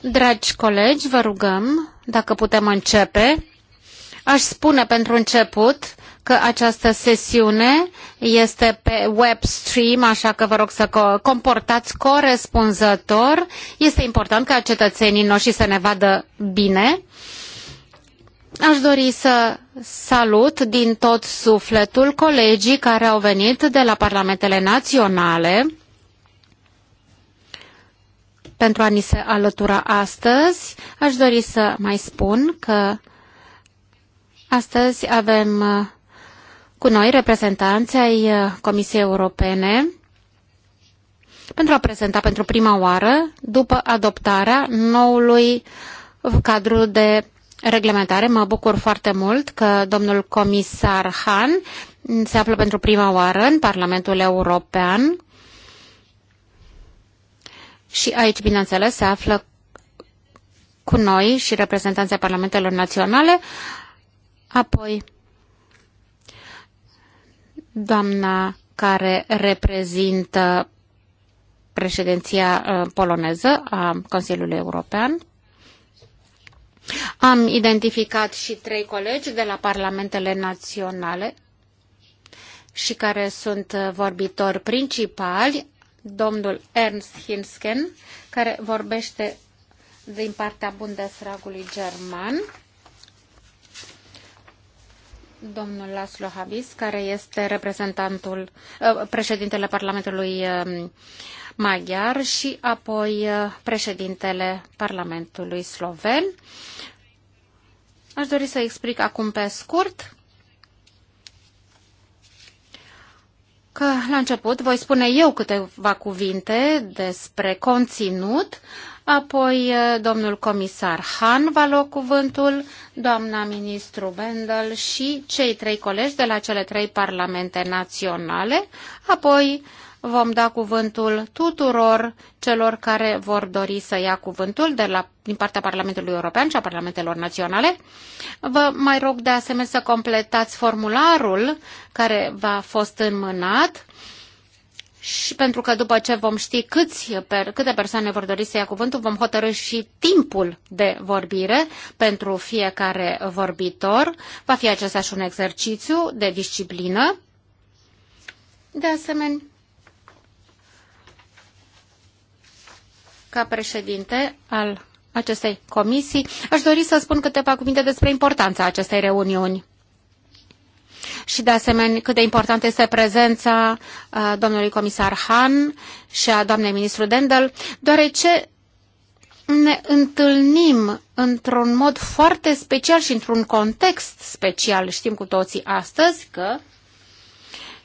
Dragi colegi, vă rugăm dacă putem începe. Aș spune pentru început că această sesiune este pe web stream, așa că vă rog să comportați corespunzător. Este important ca cetățenii noștri să ne vadă bine. Aș dori să salut din tot sufletul colegii care au venit de la parlamentele naționale pentru a ni se alătura astăzi. Aș dori să mai spun că astăzi avem uh, cu noi reprezentanții ai uh, Comisiei Europene pentru a prezenta pentru prima oară, după adoptarea noului cadru de reglementare. Mă bucur foarte mult că domnul comisar Han se află pentru prima oară în Parlamentul European și aici, bineînțeles, se află cu noi și reprezentanții Parlamentelor Naționale, apoi doamna care reprezintă președinția uh, poloneză a Consiliului European. Am identificat și trei colegi de la parlamentele naționale și care sunt uh, vorbitori principali domnul Ernst Hinsken, care vorbește din partea Bundesragului german, domnul Laszlo Habis, care este reprezentantul, uh, președintele Parlamentului um, maghiar și apoi uh, președintele Parlamentului sloven. Aș dori să explic acum pe scurt că la început voi spune eu câteva cuvinte despre conținut, apoi eh, domnul comisar Han va lua cuvântul, doamna ministru Bendel și cei trei colegi de la cele trei parlamente naționale, apoi vom da cuvântul tuturor celor care vor dori să ia cuvântul de la, din partea Parlamentului European și a Parlamentelor Naționale. Vă mai rog de asemenea să completați formularul care v-a fost înmânat și pentru că după ce vom ști câți, per, câte persoane vor dori să ia cuvântul, vom hotărâ și timpul de vorbire pentru fiecare vorbitor. Va fi acesta și un exercițiu de disciplină. De asemenea, Ca președinte al acestei comisii, aș dori să spun câteva cuvinte despre importanța acestei reuniuni și de asemenea cât de importantă este prezența domnului comisar Han și a doamnei ministru Dendel, deoarece ne întâlnim într-un mod foarte special și într-un context special. Știm cu toții astăzi că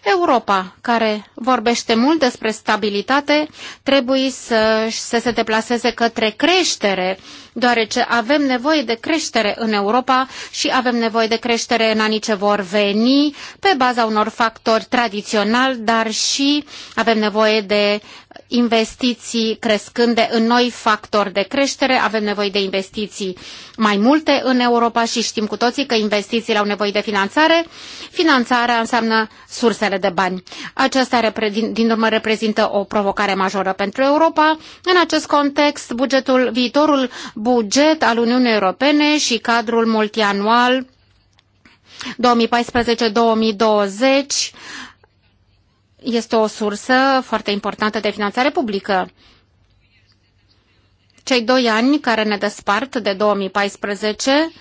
Europa, care vorbește mult despre stabilitate, trebuie să, să se deplaseze către creștere, deoarece avem nevoie de creștere în Europa și avem nevoie de creștere în anii ce vor veni, pe baza unor factori tradiționali, dar și avem nevoie de investiții crescânde în noi factori de creștere, avem nevoie de investiții mai multe în Europa și știm cu toții că investițiile au nevoie de finanțare. Finanțarea înseamnă sursele sume de bani. Aceasta, din urmă, reprezintă o provocare majoră pentru Europa. În acest context, bugetul, viitorul buget al Uniunii Europene și cadrul multianual 2014-2020 este o sursă foarte importantă de finanțare publică. Cei doi ani care ne despart de 2014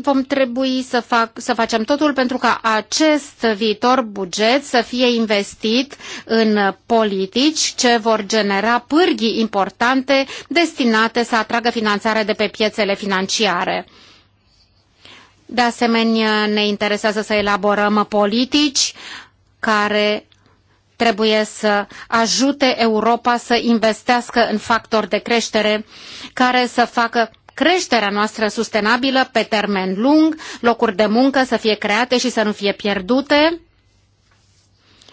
vom trebui să, fac, să facem totul pentru ca acest viitor buget să fie investit în politici ce vor genera pârghii importante destinate să atragă finanțare de pe piețele financiare. De asemenea, ne interesează să elaborăm politici care trebuie să ajute Europa să investească în factori de creștere care să facă creșterea noastră sustenabilă pe termen lung, locuri de muncă să fie create și să nu fie pierdute,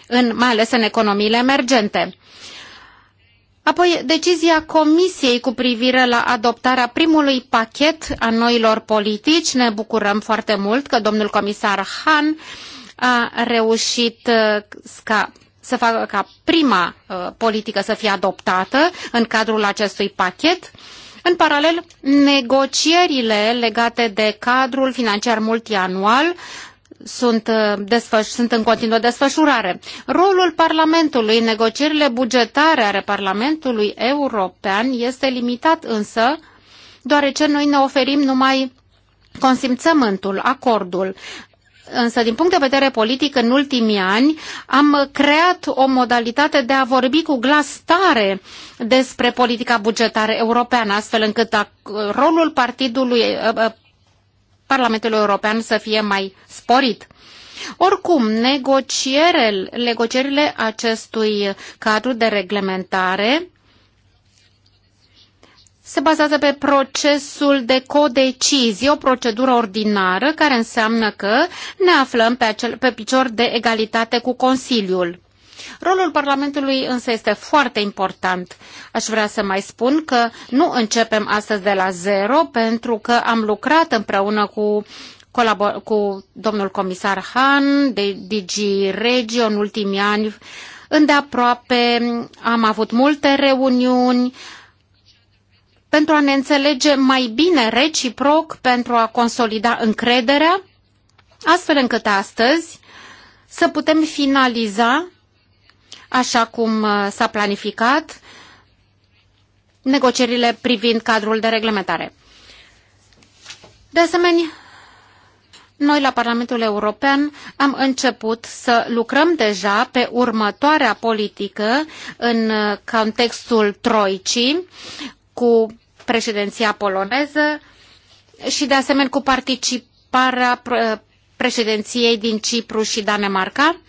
în, mai ales în economiile emergente. Apoi, decizia Comisiei cu privire la adoptarea primului pachet a noilor politici. Ne bucurăm foarte mult că domnul comisar Han a reușit uh, ca să facă ca prima uh, politică să fie adoptată în cadrul acestui pachet. Uh, în paralel, negocierile legate de cadrul financiar multianual sunt, uh, desfăș- sunt în continuă desfășurare. Rolul Parlamentului în negocierile bugetare ale Parlamentului European este limitat însă, deoarece noi ne oferim numai consimțământul, acordul. Însă, din punct de vedere politic, în ultimii ani am creat o modalitate de a vorbi cu glas tare despre politica bugetară europeană, astfel încât rolul partidului ă, ă, Parlamentului European să fie mai sporit. Oricum, negocierile acestui cadru de reglementare se bazează pe procesul de codecizie, o procedură ordinară care înseamnă că ne aflăm pe, acel, pe picior de egalitate cu Consiliul. Rolul Parlamentului însă este foarte important. Aș vrea să mai spun că nu începem astăzi de la zero pentru că am lucrat împreună cu cu domnul comisar Han de DG Regio în ultimii ani. Îndeaproape am avut multe reuniuni, pentru a ne înțelege mai bine reciproc, pentru a consolida încrederea, astfel încât astăzi să putem finaliza, așa cum uh, s-a planificat, negocierile privind cadrul de reglementare. De asemenea, noi la Parlamentul European am început să lucrăm deja pe următoarea politică în uh, contextul Troicii, cu președinția poloneză și de asemenea cu participarea președinției din Cipru și Danemarca.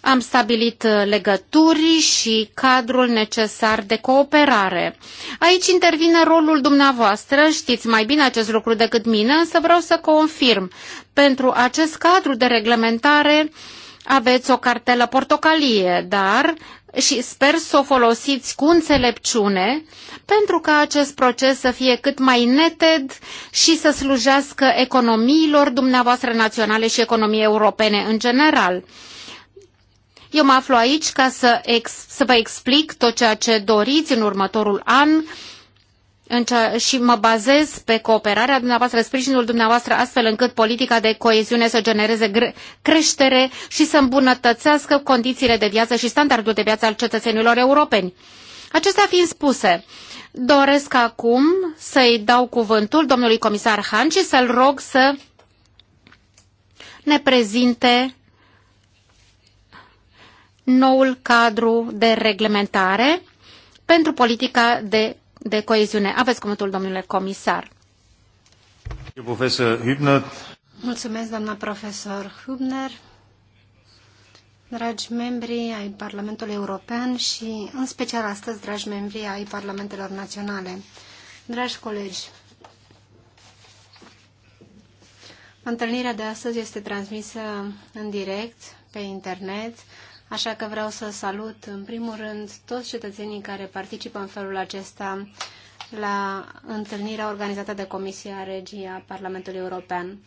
Am stabilit legături și cadrul necesar de cooperare. Aici intervine rolul dumneavoastră, știți mai bine acest lucru decât mine, însă vreau să confirm. Pentru acest cadru de reglementare aveți o cartelă portocalie, dar și sper să o folosiți cu înțelepciune pentru ca acest proces să fie cât mai neted și să slujească economiilor dumneavoastră naționale și economiei europene în general. Eu mă aflu aici ca să, ex- să vă explic tot ceea ce doriți în următorul an și mă bazez pe cooperarea dumneavoastră, sprijinul dumneavoastră, astfel încât politica de coeziune să genereze creștere și să îmbunătățească condițiile de viață și standardul de viață al cetățenilor europeni. Acestea fiind spuse, doresc acum să-i dau cuvântul domnului comisar Han și să-l rog să ne prezinte noul cadru de reglementare pentru politica de de coeziune. Aveți cuvântul, domnule comisar. Profesor Hübner. Mulțumesc, doamna profesor Hübner, dragi membri ai Parlamentului European și, în special astăzi, dragi membri ai Parlamentelor Naționale, dragi colegi. Întâlnirea de astăzi este transmisă în direct pe internet Așa că vreau să salut în primul rând toți cetățenii care participă în felul acesta la întâlnirea organizată de Comisia Regii a Parlamentului European.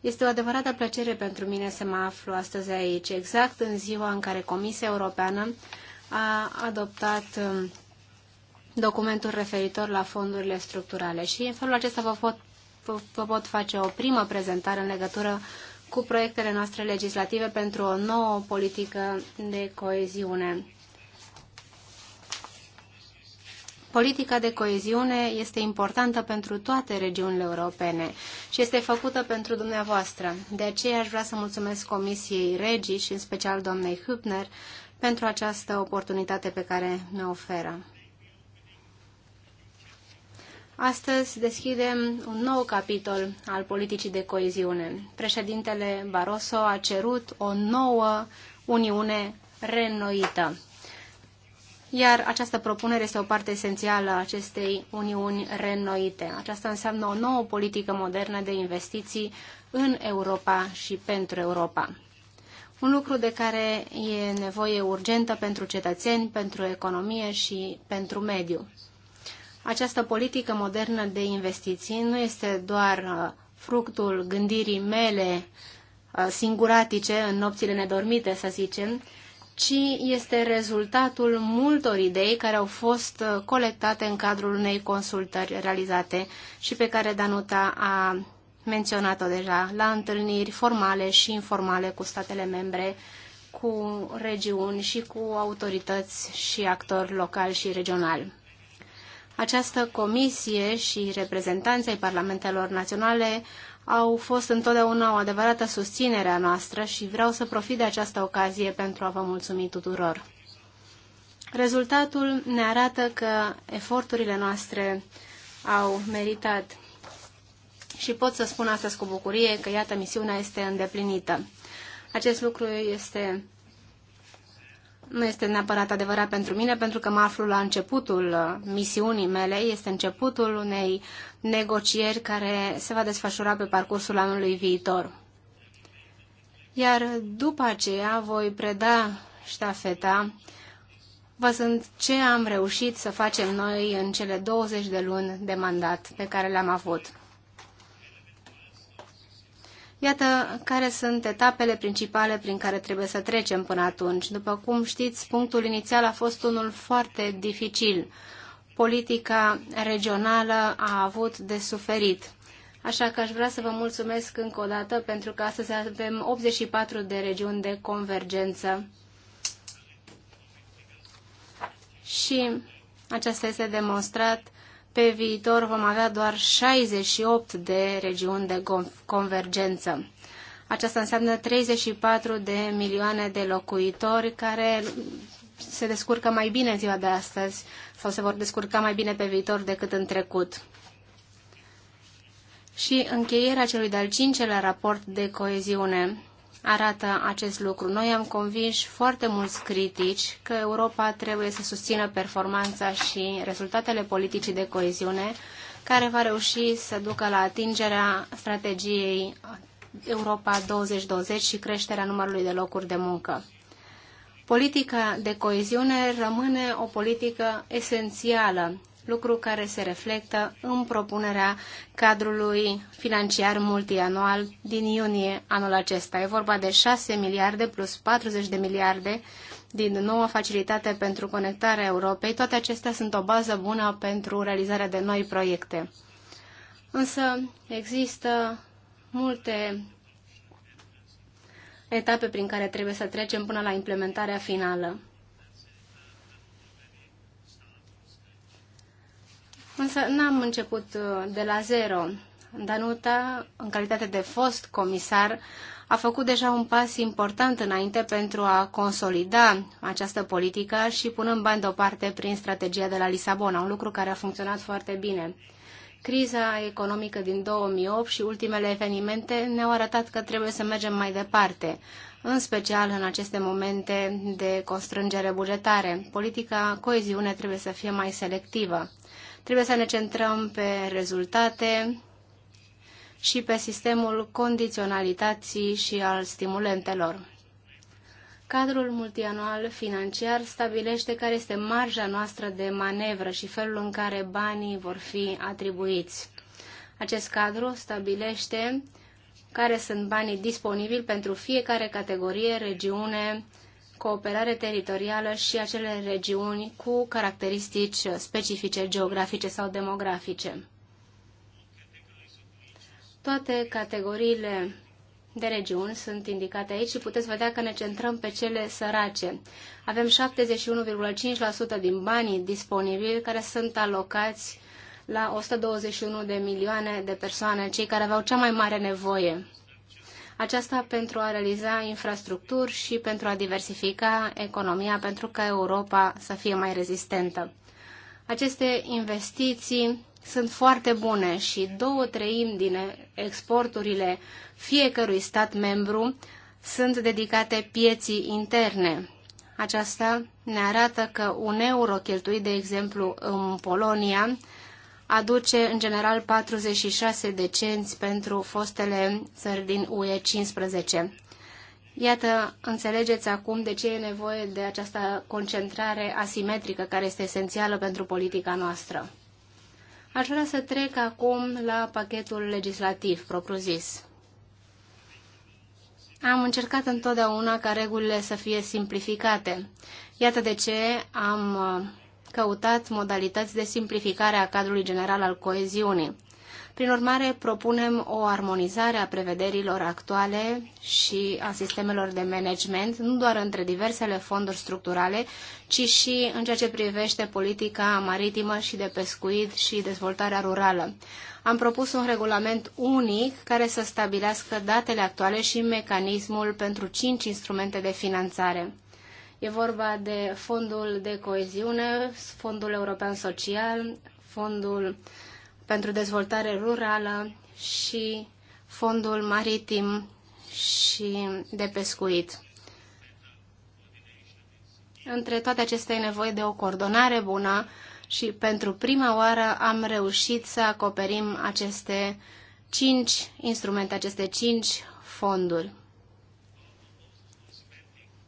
Este o adevărată plăcere pentru mine să mă aflu astăzi aici, exact în ziua în care Comisia Europeană a adoptat um, documentul referitor la fondurile structurale și în felul acesta vă pot, vă pot face o primă prezentare în legătură cu proiectele noastre legislative pentru o nouă politică de coeziune. Politica de coeziune este importantă pentru toate regiunile europene și este făcută pentru dumneavoastră. De aceea aș vrea să mulțumesc Comisiei Regii și în special doamnei Hübner pentru această oportunitate pe care ne oferă. Astăzi deschidem un nou capitol al politicii de coeziune. Președintele Barroso a cerut o nouă Uniune reînnoită. Iar această propunere este o parte esențială a acestei uniuni reînnoite. Aceasta înseamnă o nouă politică modernă de investiții în Europa și pentru Europa. Un lucru de care e nevoie urgentă pentru cetățeni, pentru economie și pentru mediu. Această politică modernă de investiții nu este doar uh, fructul gândirii mele uh, singuratice în nopțile nedormite, să zicem, ci este rezultatul multor idei care au fost uh, colectate în cadrul unei consultări realizate și pe care Danuta a menționat-o deja la întâlniri formale și informale cu statele membre, cu regiuni și cu autorități și actori locali și regionali. Această comisie și reprezentanții parlamentelor naționale au fost întotdeauna o adevărată susținere a noastră și vreau să profit de această ocazie pentru a vă mulțumi tuturor. Rezultatul ne arată că eforturile noastre au meritat și pot să spun astăzi cu bucurie că, iată, misiunea este îndeplinită. Acest lucru este nu este neapărat adevărat pentru mine, pentru că mă aflu la începutul uh, misiunii mele, este începutul unei negocieri care se va desfășura pe parcursul anului viitor. Iar după aceea voi preda ștafeta văzând ce am reușit să facem noi în cele 20 de luni de mandat pe care le-am avut. Iată care sunt etapele principale prin care trebuie să trecem până atunci. După cum știți, punctul inițial a fost unul foarte dificil. Politica regională a avut de suferit. Așa că aș vrea să vă mulțumesc încă o dată pentru că astăzi avem 84 de regiuni de convergență. Și aceasta este demonstrat pe viitor vom avea doar 68 de regiuni de convergență. Aceasta înseamnă 34 de milioane de locuitori care se descurcă mai bine în ziua de astăzi sau se vor descurca mai bine pe viitor decât în trecut. Și încheierea celui de-al cincelea raport de coeziune arată acest lucru. Noi am convins foarte mulți critici că Europa trebuie să susțină performanța și rezultatele politicii de coeziune, care va reuși să ducă la atingerea strategiei Europa 2020 și creșterea numărului de locuri de muncă. Politica de coeziune rămâne o politică esențială lucru care se reflectă în propunerea cadrului financiar multianual din iunie anul acesta. E vorba de 6 miliarde plus 40 de miliarde din noua facilitate pentru conectarea Europei. Toate acestea sunt o bază bună pentru realizarea de noi proiecte. Însă există multe etape prin care trebuie să trecem până la implementarea finală. Însă n-am început uh, de la zero. Danuta, în calitate de fost comisar, a făcut deja un pas important înainte pentru a consolida această politică și punând bani deoparte prin strategia de la Lisabona, un lucru care a funcționat foarte bine. Criza economică din 2008 și ultimele evenimente ne-au arătat că trebuie să mergem mai departe, în special în aceste momente de constrângere bugetare. Politica coeziune trebuie să fie mai selectivă. Trebuie să ne centrăm pe rezultate și pe sistemul condiționalității și al stimulentelor. Cadrul multianual financiar stabilește care este marja noastră de manevră și felul în care banii vor fi atribuiți. Acest cadru stabilește care sunt banii disponibili pentru fiecare categorie, regiune cooperare teritorială și acele regiuni cu caracteristici specifice geografice sau demografice. Toate categoriile de regiuni sunt indicate aici și puteți vedea că ne centrăm pe cele sărace. Avem 71,5% din banii disponibili care sunt alocați la 121 de milioane de persoane, cei care aveau cea mai mare nevoie aceasta pentru a realiza infrastructuri și pentru a diversifica economia pentru ca Europa să fie mai rezistentă. Aceste investiții sunt foarte bune și două treimi din exporturile fiecărui stat membru sunt dedicate pieții interne. Aceasta ne arată că un euro cheltuit, de exemplu, în Polonia, aduce în general 46 de cenți pentru fostele țări din UE 15. Iată, înțelegeți acum de ce e nevoie de această concentrare asimetrică care este esențială pentru politica noastră. Aș vrea să trec acum la pachetul legislativ propriu-zis. Am încercat întotdeauna ca regulile să fie simplificate. Iată de ce am uh, căutat modalități de simplificare a cadrului general al coeziunii. Prin urmare, propunem o armonizare a prevederilor actuale și a sistemelor de management, nu doar între diversele fonduri structurale, ci și în ceea ce privește politica maritimă și de pescuit și dezvoltarea rurală. Am propus un regulament unic care să stabilească datele actuale și mecanismul pentru cinci instrumente de finanțare. E vorba de fondul de coeziune, fondul european social, fondul pentru dezvoltare rurală și fondul maritim și de pescuit. Între toate acestea e nevoie de o coordonare bună și pentru prima oară am reușit să acoperim aceste cinci instrumente, aceste cinci fonduri.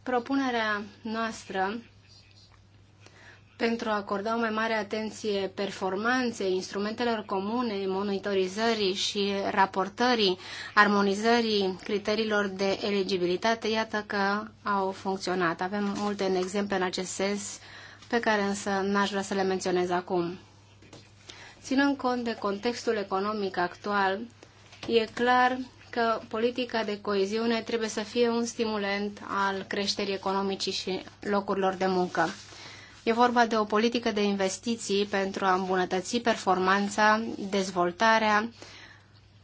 Propunerea noastră pentru a acorda o mai mare atenție performanței, instrumentelor comune, monitorizării și raportării, armonizării criteriilor de eligibilitate, iată că au funcționat. Avem multe în exemple în acest sens, pe care însă n-aș vrea să le menționez acum. Ținând cont de contextul economic actual, e clar că politica de coeziune trebuie să fie un stimulent al creșterii economicii și locurilor de muncă. E vorba de o politică de investiții pentru a îmbunătăți performanța, dezvoltarea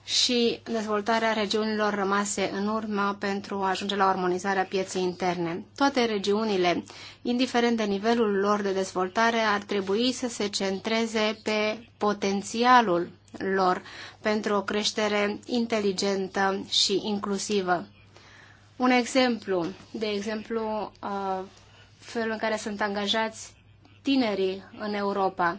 și dezvoltarea regiunilor rămase în urmă pentru a ajunge la armonizarea pieței interne. Toate regiunile, indiferent de nivelul lor de dezvoltare, ar trebui să se centreze pe potențialul lor pentru o creștere inteligentă și inclusivă. Un exemplu, de exemplu, uh, felul în care sunt angajați tinerii în Europa.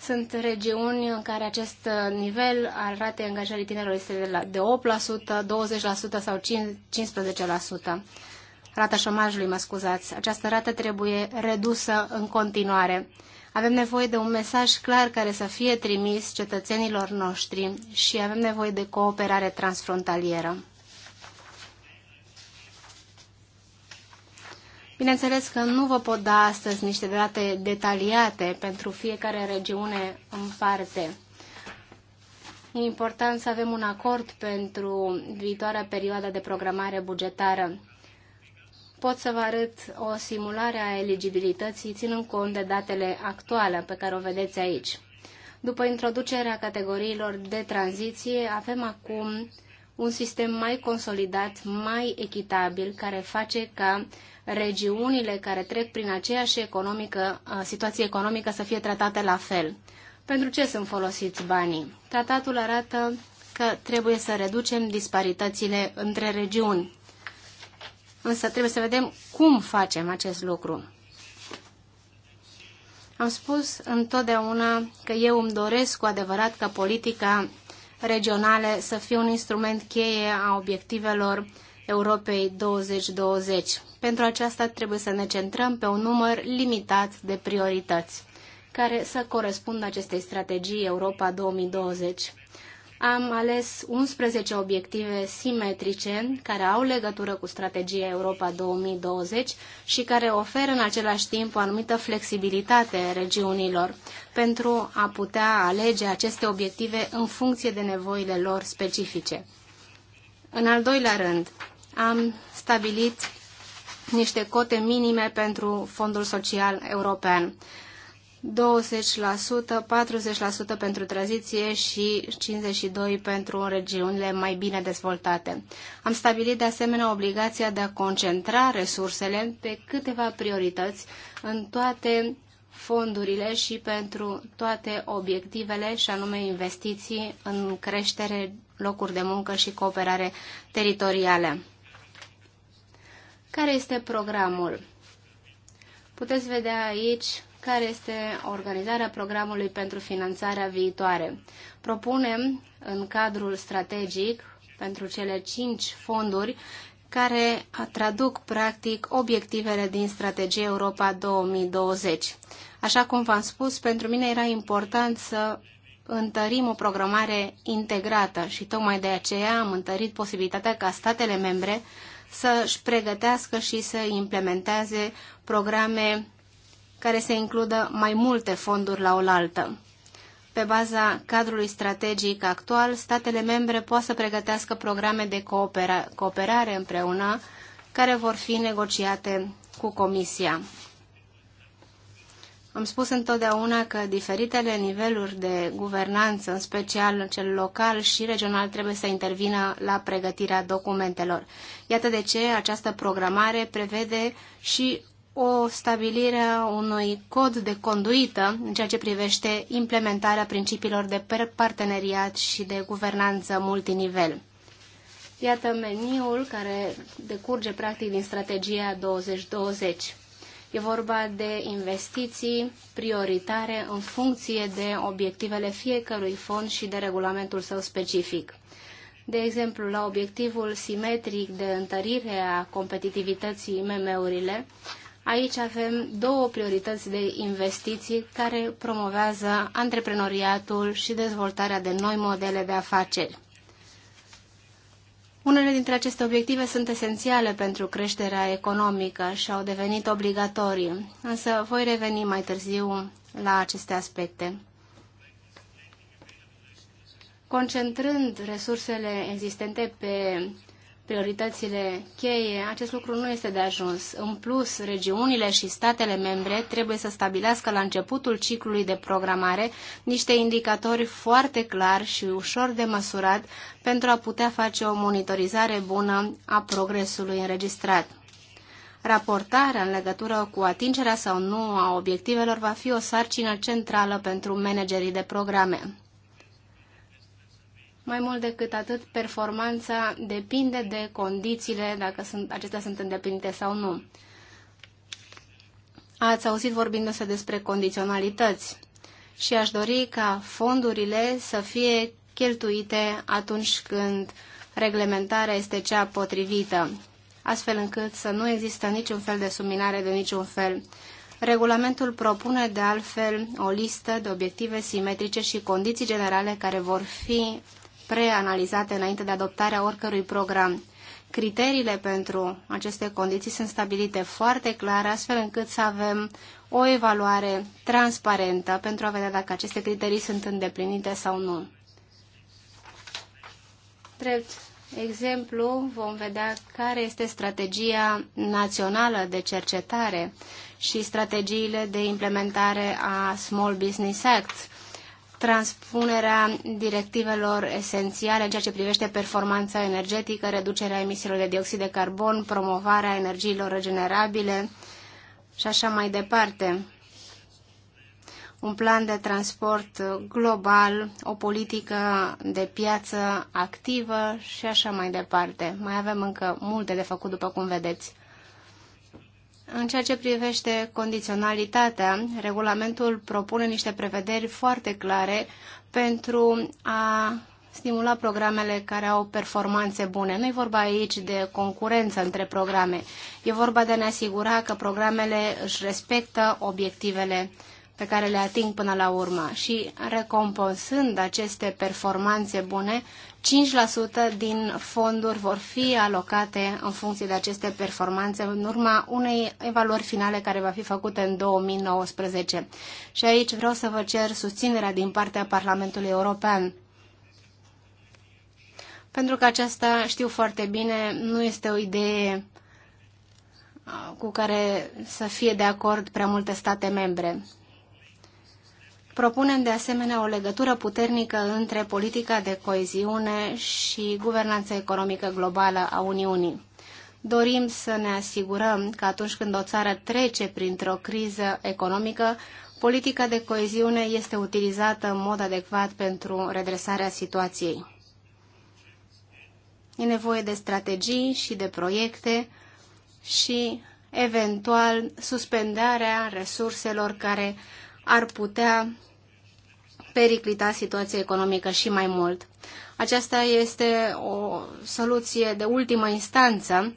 Sunt regiuni în care acest nivel al ratei angajării tinerilor este de, la, de 8%, 20% sau 15%. Rata șomajului, mă scuzați. Această rată trebuie redusă în continuare. Avem nevoie de un mesaj clar care să fie trimis cetățenilor noștri și avem nevoie de cooperare transfrontalieră. Bineînțeles că nu vă pot da astăzi niște date detaliate pentru fiecare regiune în parte. E important să avem un acord pentru viitoarea perioadă de programare bugetară pot să vă arăt o simulare a eligibilității ținând cont de datele actuale pe care o vedeți aici. După introducerea categoriilor de tranziție, avem acum un sistem mai consolidat, mai echitabil, care face ca regiunile care trec prin aceeași economică, situație economică să fie tratate la fel. Pentru ce sunt folosiți banii? Tratatul arată că trebuie să reducem disparitățile între regiuni însă trebuie să vedem cum facem acest lucru. Am spus întotdeauna că eu îmi doresc cu adevărat ca politica regională să fie un instrument cheie a obiectivelor Europei 2020. Pentru aceasta trebuie să ne centrăm pe un număr limitat de priorități care să corespundă acestei strategii Europa 2020 am ales 11 obiective simetrice care au legătură cu strategia Europa 2020 și care oferă în același timp o anumită flexibilitate regiunilor pentru a putea alege aceste obiective în funcție de nevoile lor specifice. În al doilea rând, am stabilit niște cote minime pentru Fondul Social European 20%, 40% pentru tranziție și 52% pentru regiunile mai bine dezvoltate. Am stabilit de asemenea obligația de a concentra resursele pe câteva priorități în toate fondurile și pentru toate obiectivele, și anume investiții în creștere, locuri de muncă și cooperare teritoriale. Care este programul? Puteți vedea aici care este organizarea programului pentru finanțarea viitoare. Propunem în cadrul strategic pentru cele cinci fonduri care traduc practic obiectivele din strategia Europa 2020. Așa cum v-am spus, pentru mine era important să întărim o programare integrată și tocmai de aceea am întărit posibilitatea ca statele membre să și pregătească și să implementeze programe care să includă mai multe fonduri la oaltă. Pe baza cadrului strategic actual, statele membre pot să pregătească programe de cooperare cooperare împreună care vor fi negociate cu Comisia. Am spus întotdeauna că diferitele niveluri de guvernanță, în special cel local și regional, trebuie să intervină la pregătirea documentelor. Iată de ce această programare prevede și o stabilire a unui cod de conduită în ceea ce privește implementarea principiilor de parteneriat și de guvernanță multinivel. Iată meniul care decurge practic din strategia 2020. E vorba de investiții prioritare în funcție de obiectivele fiecărui fond și de regulamentul său specific. De exemplu, la obiectivul simetric de întărire a competitivității IMM-urile, Aici avem două priorități de investiții care promovează antreprenoriatul și dezvoltarea de noi modele de afaceri. Unele dintre aceste obiective sunt esențiale pentru creșterea economică și au devenit obligatorii, însă voi reveni mai târziu la aceste aspecte. Concentrând resursele existente pe prioritățile cheie, acest lucru nu este de ajuns. În plus, regiunile și statele membre trebuie să stabilească la începutul ciclului de programare niște indicatori foarte clar și ușor de măsurat pentru a putea face o monitorizare bună a progresului înregistrat. Raportarea în legătură cu atingerea sau nu a obiectivelor va fi o sarcină centrală pentru managerii de programe. Mai mult decât atât, performanța depinde de condițiile, dacă sunt, acestea sunt îndeplinite sau nu. Ați auzit vorbindu-se despre condiționalități și aș dori ca fondurile să fie cheltuite atunci când reglementarea este cea potrivită, astfel încât să nu există niciun fel de suminare de niciun fel. Regulamentul propune de altfel o listă de obiective simetrice și condiții generale care vor fi preanalizate înainte de adoptarea oricărui program. Criteriile pentru aceste condiții sunt stabilite foarte clar, astfel încât să avem o evaluare transparentă pentru a vedea dacă aceste criterii sunt îndeplinite sau nu. Drept exemplu, vom vedea care este strategia națională de cercetare și strategiile de implementare a Small Business Act transpunerea directivelor esențiale în ceea ce privește performanța energetică, reducerea emisiilor de dioxid de carbon, promovarea energiilor regenerabile și așa mai departe. Un plan de transport global, o politică de piață activă și așa mai departe. Mai avem încă multe de făcut, după cum vedeți. În ceea ce privește condiționalitatea, regulamentul propune niște prevederi foarte clare pentru a stimula programele care au performanțe bune. Nu e vorba aici de concurență între programe. E vorba de a ne asigura că programele își respectă obiectivele pe care le ating până la urmă și recompensând aceste performanțe bune, 5% din fonduri vor fi alocate în funcție de aceste performanțe în urma unei evaluări finale care va fi făcută în 2019. Și aici vreau să vă cer susținerea din partea Parlamentului European. Pentru că aceasta, știu foarte bine, nu este o idee uh, cu care să fie de acord prea multe state membre. Propunem de asemenea o legătură puternică între politica de coeziune și guvernanța economică globală a Uniunii. Dorim să ne asigurăm că atunci când o țară trece printr-o criză economică, politica de coeziune este utilizată în mod adecvat pentru redresarea situației. E nevoie de strategii și de proiecte și, eventual, suspendarea resurselor care ar putea periclita situația economică și mai mult. Aceasta este o soluție de ultimă instanță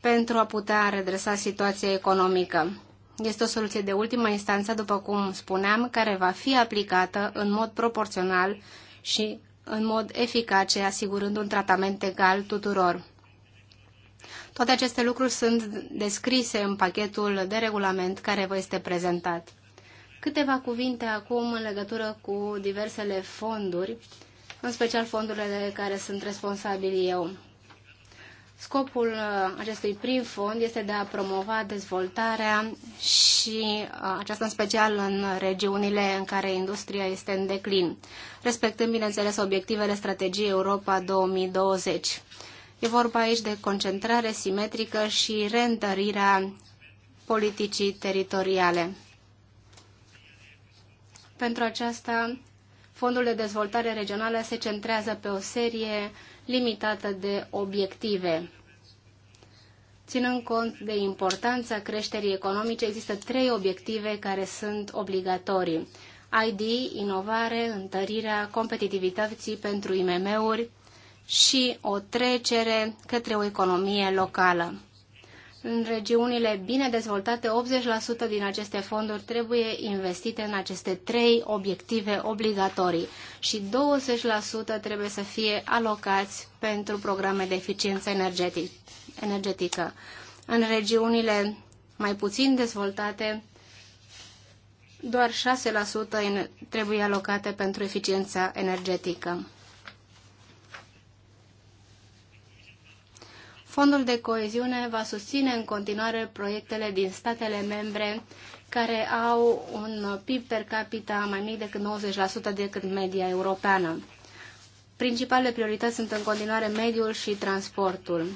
pentru a putea redresa situația economică. Este o soluție de ultimă instanță, după cum spuneam, care va fi aplicată în mod proporțional și în mod eficace, asigurând un tratament egal tuturor. Toate aceste lucruri sunt descrise în pachetul de regulament care vă este prezentat. Câteva cuvinte acum în legătură cu diversele fonduri, în special fondurile de care sunt responsabil eu. Scopul uh, acestui prim fond este de a promova dezvoltarea și uh, aceasta în special în regiunile în care industria este în declin, respectând, bineînțeles, obiectivele strategiei Europa 2020. E vorba aici de concentrare simetrică și reîntărirea politicii teritoriale. Pentru aceasta, Fondul de Dezvoltare Regională se centrează pe o serie limitată de obiective. Ținând cont de importanța creșterii economice, există trei obiective care sunt obligatorii. ID, inovare, întărirea competitivității pentru IMM-uri și o trecere către o economie locală. În regiunile bine dezvoltate, 80% din aceste fonduri trebuie investite în aceste trei obiective obligatorii și 20% trebuie să fie alocați pentru programe de eficiență energetică. În regiunile mai puțin dezvoltate, doar 6% trebuie alocate pentru eficiența energetică. Fondul de coeziune va susține în continuare proiectele din statele membre care au un PIB per capita mai mic decât 90% decât media europeană. Principalele priorități sunt în continuare mediul și transportul.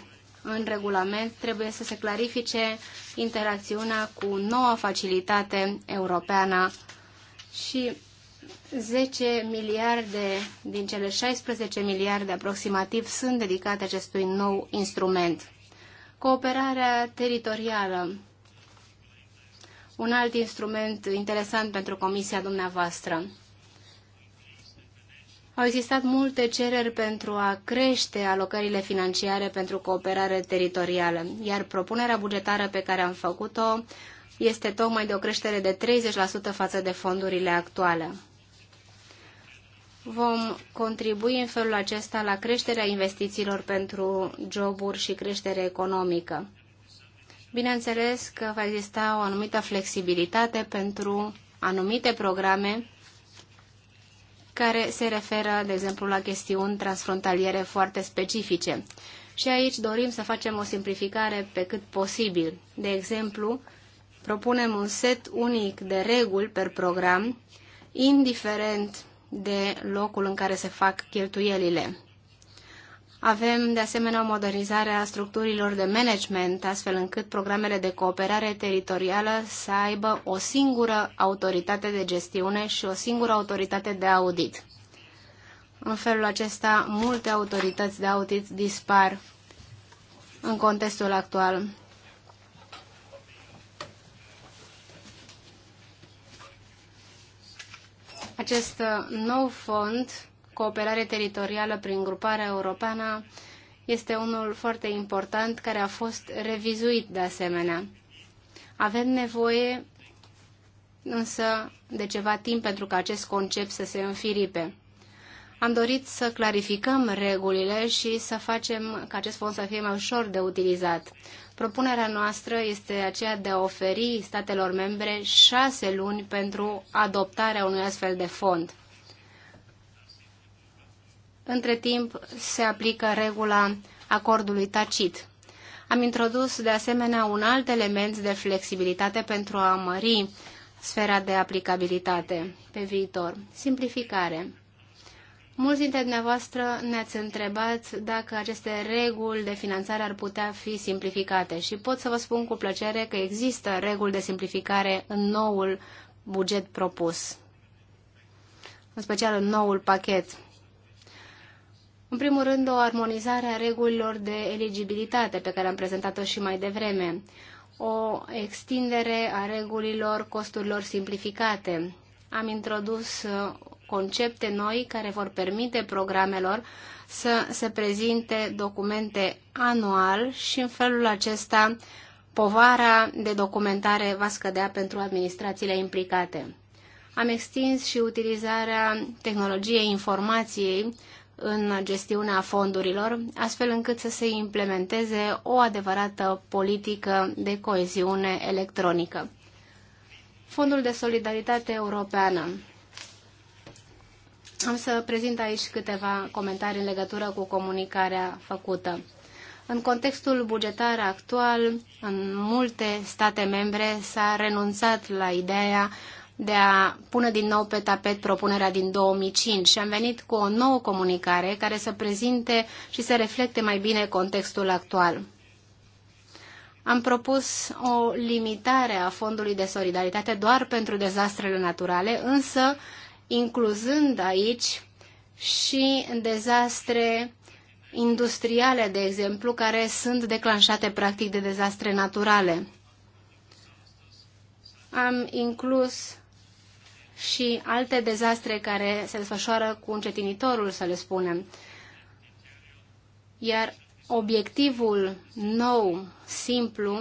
În regulament trebuie să se clarifice interacțiunea cu noua facilitate europeană și 10 miliarde din cele 16 miliarde aproximativ sunt dedicate acestui nou instrument. Cooperarea teritorială, un alt instrument interesant pentru comisia dumneavoastră. Au existat multe cereri pentru a crește alocările financiare pentru cooperare teritorială, iar propunerea bugetară pe care am făcut-o este tocmai de o creștere de 30% față de fondurile actuale vom contribui în felul acesta la creșterea investițiilor pentru joburi și creștere economică. Bineînțeles că va exista o anumită flexibilitate pentru anumite programe care se referă, de exemplu, la chestiuni transfrontaliere foarte specifice. Și aici dorim să facem o simplificare pe cât posibil. De exemplu, propunem un set unic de reguli per program, indiferent de locul în care se fac cheltuielile. Avem, de asemenea, o modernizare a structurilor de management, astfel încât programele de cooperare teritorială să aibă o singură autoritate de gestiune și o singură autoritate de audit. În felul acesta, multe autorități de audit dispar în contextul actual Acest uh, nou fond, cooperare teritorială prin gruparea europeană, este unul foarte important care a fost revizuit de asemenea. Avem nevoie însă de ceva timp pentru ca acest concept să se înfiripe. Am dorit să clarificăm regulile și să facem ca acest fond să fie mai ușor de utilizat. Propunerea noastră este aceea de a oferi statelor membre șase luni pentru adoptarea unui astfel de fond. Între timp se aplică regula acordului tacit. Am introdus de asemenea un alt element de flexibilitate pentru a mări sfera de aplicabilitate pe viitor. Simplificare. Mulți dintre dumneavoastră ne-ați întrebat dacă aceste reguli de finanțare ar putea fi simplificate și pot să vă spun cu plăcere că există reguli de simplificare în noul buget propus, în special în noul pachet. În primul rând, o armonizare a regulilor de eligibilitate pe care am prezentat-o și mai devreme, o extindere a regulilor costurilor simplificate, am introdus uh, concepte noi care vor permite programelor să se prezinte documente anual și în felul acesta povara de documentare va scădea pentru administrațiile implicate. Am extins și utilizarea tehnologiei informației în gestiunea fondurilor, astfel încât să se implementeze o adevărată politică de coeziune electronică. Fondul de Solidaritate Europeană. Am să prezint aici câteva comentarii în legătură cu comunicarea făcută. În contextul bugetar actual, în multe state membre s-a renunțat la ideea de a pune din nou pe tapet propunerea din 2005 și am venit cu o nouă comunicare care să prezinte și să reflecte mai bine contextul actual. Am propus o limitare a Fondului de Solidaritate doar pentru dezastrele naturale, însă incluzând aici și dezastre industriale, de exemplu, care sunt declanșate practic de dezastre naturale. Am inclus și alte dezastre care se desfășoară cu încetinitorul, să le spunem. Iar obiectivul nou, simplu,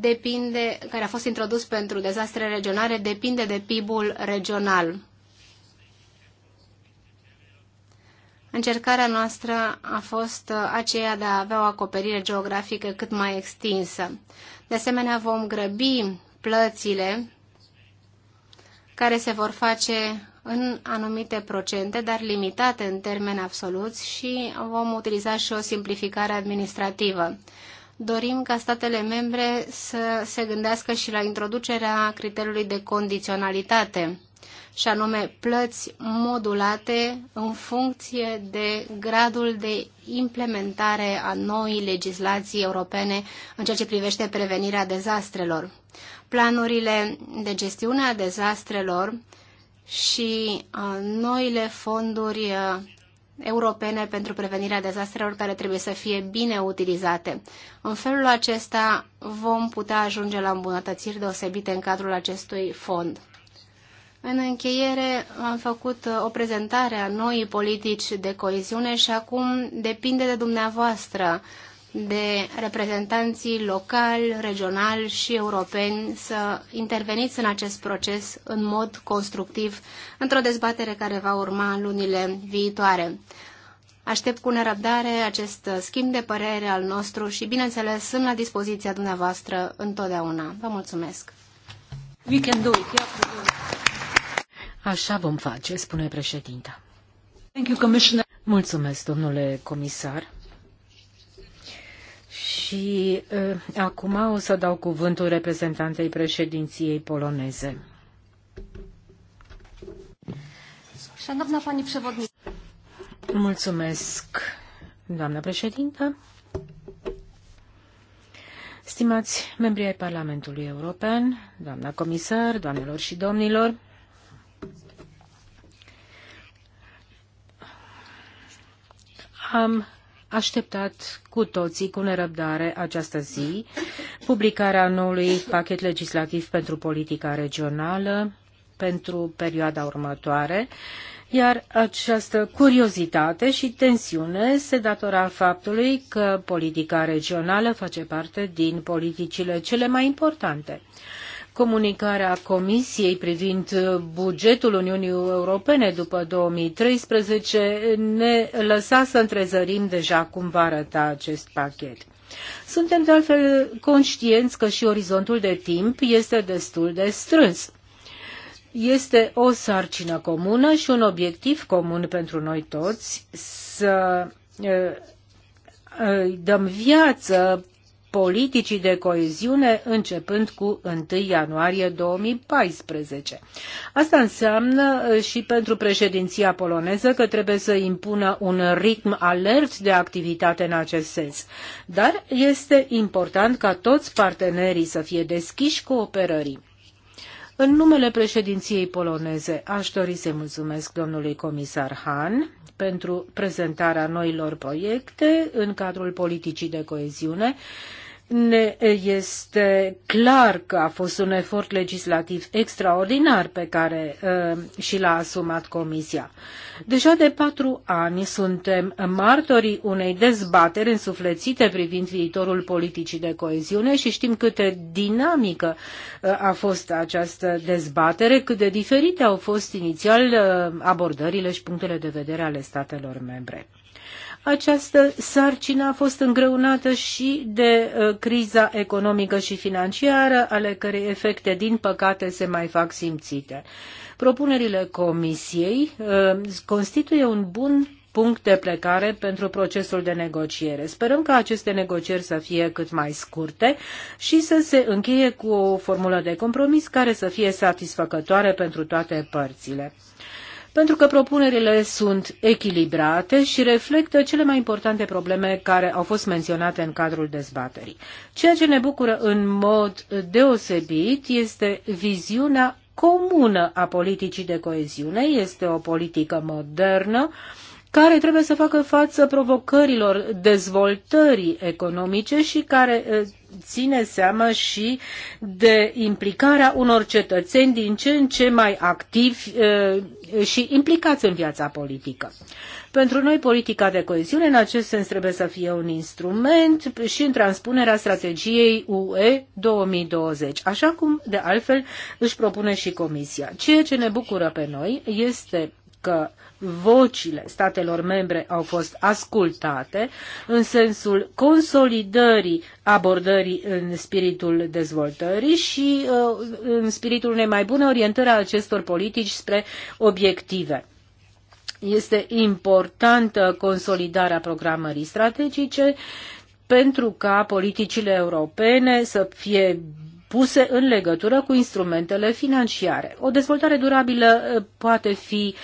depinde, care a fost introdus pentru dezastre regionale depinde de PIB-ul regional. Încercarea noastră a fost uh, aceea de a avea o acoperire geografică cât mai extinsă. De asemenea, vom grăbi plățile care se vor face în anumite procente, dar limitate în termeni absoluți și vom utiliza și o simplificare administrativă dorim ca statele membre să se gândească și la introducerea criteriului de condiționalitate, și anume plăți modulate în funcție de gradul de implementare a noii legislații europene în ceea ce privește prevenirea dezastrelor. Planurile de gestiune a dezastrelor și uh, noile fonduri uh, europene pentru prevenirea dezastrelor care trebuie să fie bine utilizate. În felul acesta vom putea ajunge la îmbunătățiri deosebite în cadrul acestui fond. În încheiere, am făcut uh, o prezentare a noii politici de coeziune și acum depinde de dumneavoastră de reprezentanții locali, regionali și europeni să interveniți în acest proces în mod constructiv într-o dezbatere care va urma în lunile viitoare. Aștept cu nerăbdare acest schimb de părere al nostru și, bineînțeles, sunt la dispoziția dumneavoastră întotdeauna. Vă mulțumesc! We can do it. Așa vom face, spune președinta. Thank you, Commissioner. Mulțumesc, domnule comisar. Și uh, acum o să dau cuvântul reprezentantei președinției poloneze. Szanowna Pani Przewodnicząca. Mulțumesc, doamnă președintă. Stimați membri ai Parlamentului European, doamna comisar, doamnelor și domnilor, am așteptat cu toții cu nerăbdare această zi publicarea noului pachet legislativ pentru politica regională pentru perioada următoare, iar această curiozitate și tensiune se datora faptului că politica regională face parte din politicile cele mai importante Comunicarea Comisiei privind bugetul Uniunii Europene după 2013 ne lăsa să întrezărim deja cum va arăta acest pachet. Suntem de altfel conștienți că și orizontul de timp este destul de strâns. Este o sarcină comună și un obiectiv comun pentru noi toți să eh, dăm viață politicii de coeziune începând cu 1 ianuarie 2014. Asta înseamnă uh, și pentru președinția poloneză că trebuie să impună un ritm alert de activitate în acest sens. Dar este important ca toți partenerii să fie deschiși cooperării. În numele președinției poloneze, aș dori să mulțumesc domnului comisar Han pentru prezentarea noilor proiecte în cadrul politicii de coeziune ne este clar că a fost un efort legislativ extraordinar pe care uh, și l-a asumat Comisia. Deja de patru ani suntem martorii unei dezbateri însuflețite privind viitorul politicii de coeziune și știm cât de dinamică uh, a fost această dezbatere, cât de diferite au fost inițial uh, abordările și punctele de vedere ale statelor membre. Această sarcină a fost îngreunată și de uh, criza economică și financiară, ale cărei efecte, din păcate, se mai fac simțite. Propunerile Comisiei uh, constituie un bun punct de plecare pentru procesul de negociere. Sperăm ca aceste negocieri să fie cât mai scurte și să se încheie cu o formulă de compromis care să fie satisfăcătoare pentru toate părțile pentru că propunerile sunt echilibrate și reflectă cele mai importante probleme care au fost menționate în cadrul dezbaterii. Ceea ce ne bucură în mod deosebit este viziunea comună a politicii de coeziune, este o politică modernă care trebuie să facă față provocărilor dezvoltării economice și care ține seama și de implicarea unor cetățeni din ce în ce mai activi uh, și implicați în viața politică. Pentru noi, politica de coeziune, în acest sens, trebuie să fie un instrument și în transpunerea strategiei UE 2020, așa cum, de altfel, își propune și Comisia. Ceea ce ne bucură pe noi este că vocile statelor membre au fost ascultate în sensul consolidării abordării în spiritul dezvoltării și uh, în spiritul unei mai bune orientări a acestor politici spre obiective este importantă consolidarea programării strategice pentru ca politicile europene să fie puse în legătură cu instrumentele financiare. O dezvoltare durabilă uh, poate fi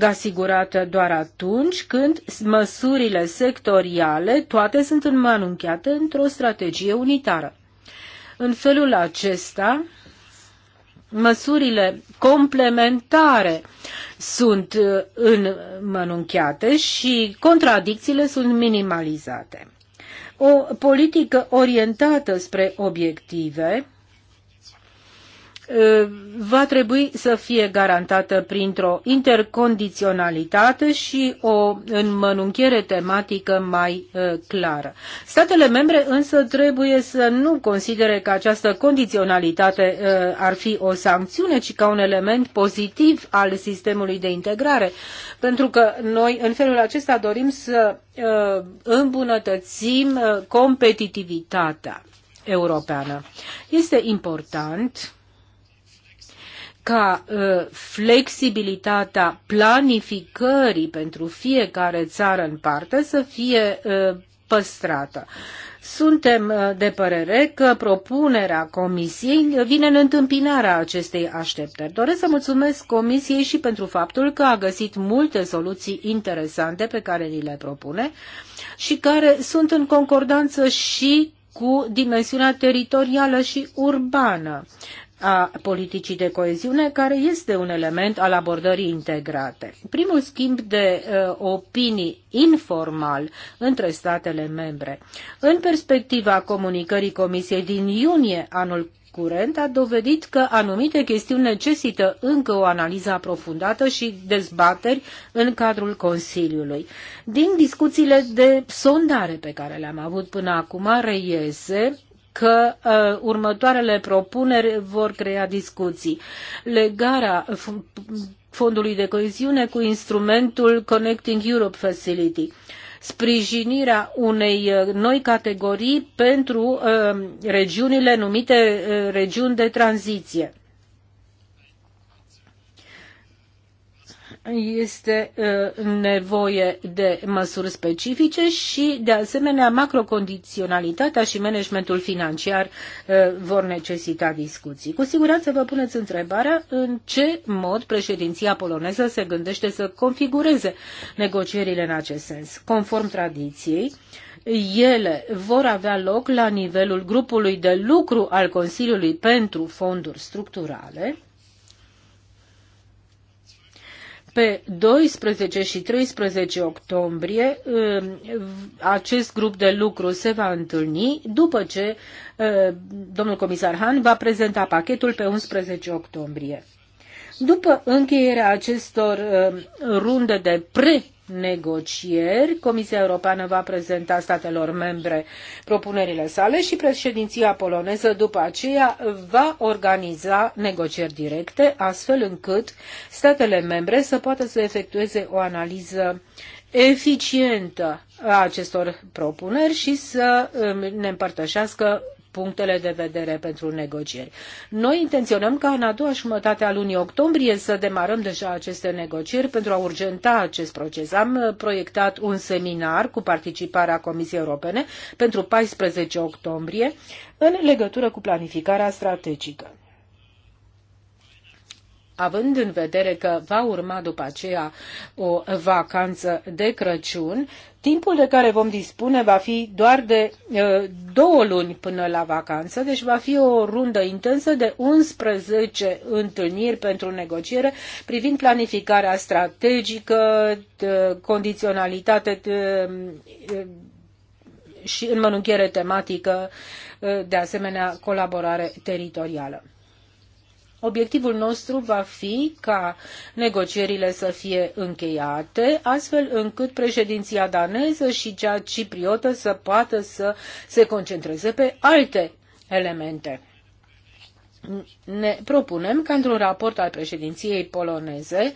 asigurată doar atunci când măsurile sectoriale toate sunt înmanunchiate într-o strategie unitară. În felul acesta, măsurile complementare sunt uh, înmanunchiate și contradicțiile sunt minimalizate. O politică orientată spre obiective Uh, va trebui să fie garantată printr-o intercondiționalitate și o înmănunchiere tematică mai uh, clară. Statele membre însă trebuie să nu considere că această condiționalitate uh, ar fi o sancțiune, ci ca un element pozitiv al sistemului de integrare, pentru că noi în felul acesta dorim să îmbunătățim competitivitatea europeană. Este important ca uh, flexibilitatea planificării pentru fiecare țară în parte să fie uh, păstrată. Suntem uh, de părere că propunerea Comisiei vine în întâmpinarea acestei așteptări. Doresc să mulțumesc Comisiei și pentru faptul că a găsit multe soluții interesante pe care ni le propune și care sunt în concordanță și cu dimensiunea teritorială și urbană a politicii de coeziune, care este un element al abordării integrate. Primul schimb de uh, opinii informal între statele membre, în perspectiva comunicării Comisiei din iunie anul curent a dovedit că anumite chestiuni necesită încă o analiză aprofundată și dezbateri în cadrul Consiliului. Din discuțiile de sondare pe care le-am avut până acum reiese că uh, următoarele propuneri vor crea discuții. Legarea fondului de coeziune cu instrumentul Connecting Europe Facility sprijinirea unei uh, noi categorii pentru uh, regiunile numite uh, regiuni de tranziție este uh, nevoie de măsuri specifice și, de asemenea, macrocondiționalitatea și managementul financiar uh, vor necesita discuții. Cu siguranță vă puneți întrebarea în ce mod președinția poloneză se gândește să configureze negocierile în acest sens. Conform tradiției, ele vor avea loc la nivelul grupului de lucru al Consiliului pentru fonduri structurale, pe 12 și 13 octombrie um, acest grup de lucru se va întâlni după ce uh, domnul comisar Han va prezenta pachetul pe 11 octombrie. După încheierea acestor um, runde de pre negocieri. Comisia Europeană va prezenta statelor membre propunerile sale și președinția poloneză după aceea va organiza negocieri directe, astfel încât statele membre să poată să efectueze o analiză eficientă a acestor propuneri și să um, ne împărtășească punctele de vedere pentru negocieri. Noi intenționăm ca în a doua jumătate a lunii octombrie să demarăm deja aceste negocieri pentru a urgenta acest proces. Am uh, proiectat un seminar cu participarea Comisiei Europene pentru 14 octombrie în legătură cu planificarea strategică având în vedere că va urma după aceea o vacanță de Crăciun, timpul de care vom dispune va fi doar de eh, două luni până la vacanță, deci va fi o rundă intensă de 11 întâlniri pentru negociere privind planificarea strategică, de condiționalitate de, eh, și înmănunchiere tematică, eh, de asemenea colaborare teritorială. Obiectivul nostru va fi ca negocierile să fie încheiate, astfel încât președinția daneză și cea cipriotă să poată să se concentreze pe alte elemente. Ne propunem ca într-un raport al președinției poloneze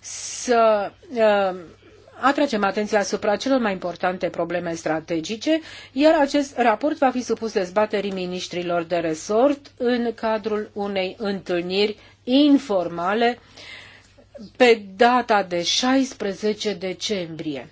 să uh, atragem atenția asupra celor mai importante probleme strategice, iar acest raport va fi supus dezbaterii ministrilor de resort în cadrul unei întâlniri informale pe data de 16 decembrie.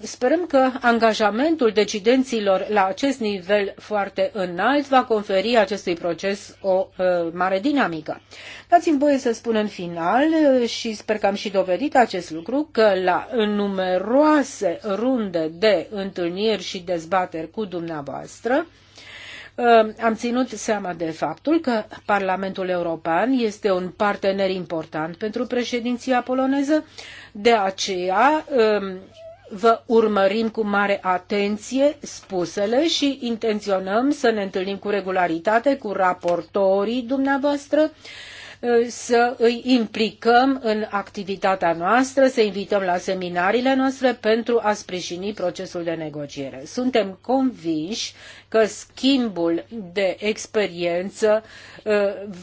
Sperăm că angajamentul decidenților la acest nivel foarte înalt va conferi acestui proces o uh, mare dinamică. Dați-mi voie să spun în final uh, și sper că am și dovedit acest lucru că la numeroase runde de întâlniri și dezbateri cu dumneavoastră uh, am ținut seama de faptul că Parlamentul European este un partener important pentru președinția poloneză, de aceea um, vă urmărim cu mare atenție spusele și intenționăm să ne întâlnim cu regularitate cu raportorii dumneavoastră uh, Uh, să îi implicăm în activitatea noastră, să invităm la seminariile noastre pentru a sprijini procesul de negociere. Suntem convinși că schimbul de experiență uh,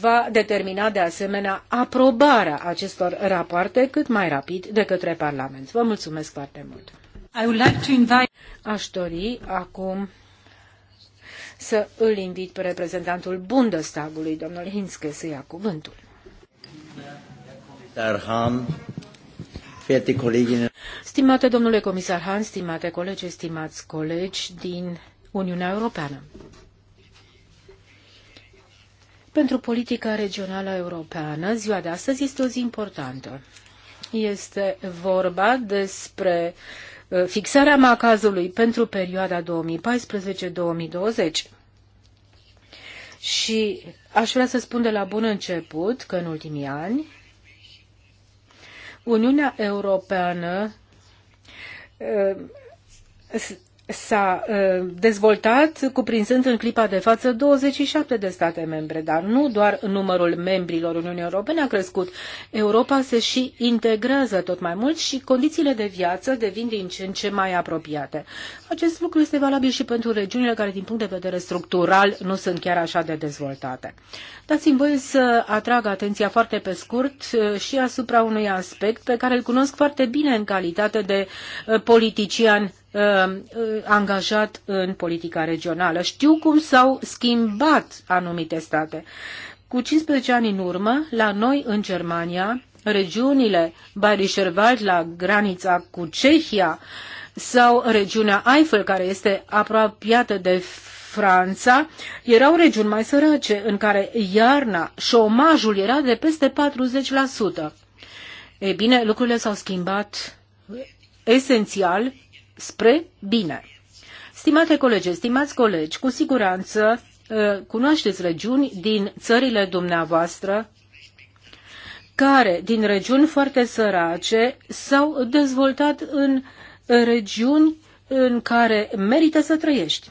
va determina de asemenea aprobarea acestor rapoarte cât mai rapid de către Parlament. Vă mulțumesc foarte mult! I would like to invite... Aș dori acum să îl invit pe reprezentantul Bundestagului, domnul Hinske, să ia cuvântul. Stimate domnule comisar Han, stimate colegi, stimați colegi din Uniunea Europeană. Pentru politica regională europeană, ziua de astăzi este o zi importantă. Este vorba despre uh, fixarea macazului pentru perioada 2014-2020. Și aș vrea să spun de la bun început că în ultimii ani Uniunea Europeană uh, s-a uh, dezvoltat cuprinzând în clipa de față 27 de state membre, dar nu doar numărul membrilor Uniunii Europene a crescut. Europa se și integrează tot mai mult și condițiile de viață devin din ce în ce mai apropiate. Acest lucru este valabil și pentru regiunile care, din punct de vedere structural, nu sunt chiar așa de dezvoltate. Dați-mi voie să atrag atenția foarte pe scurt uh, și asupra unui aspect pe care îl cunosc foarte bine în calitate de uh, politician Um, angajat în politica regională. Știu cum s-au schimbat anumite state. Cu 15 ani în urmă, la noi în Germania, regiunile Bayerischer Wald la granița cu Cehia sau regiunea Eiffel, care este apropiată de Franța, erau regiuni mai sărace, în care iarna șomajul era de peste 40%. Ei bine, lucrurile s-au schimbat esențial spre bine. Stimate colegi, stimați colegi, cu siguranță uh, cunoașteți regiuni din țările dumneavoastră care, din regiuni foarte sărace, s-au dezvoltat în uh, regiuni în care merită să trăiești.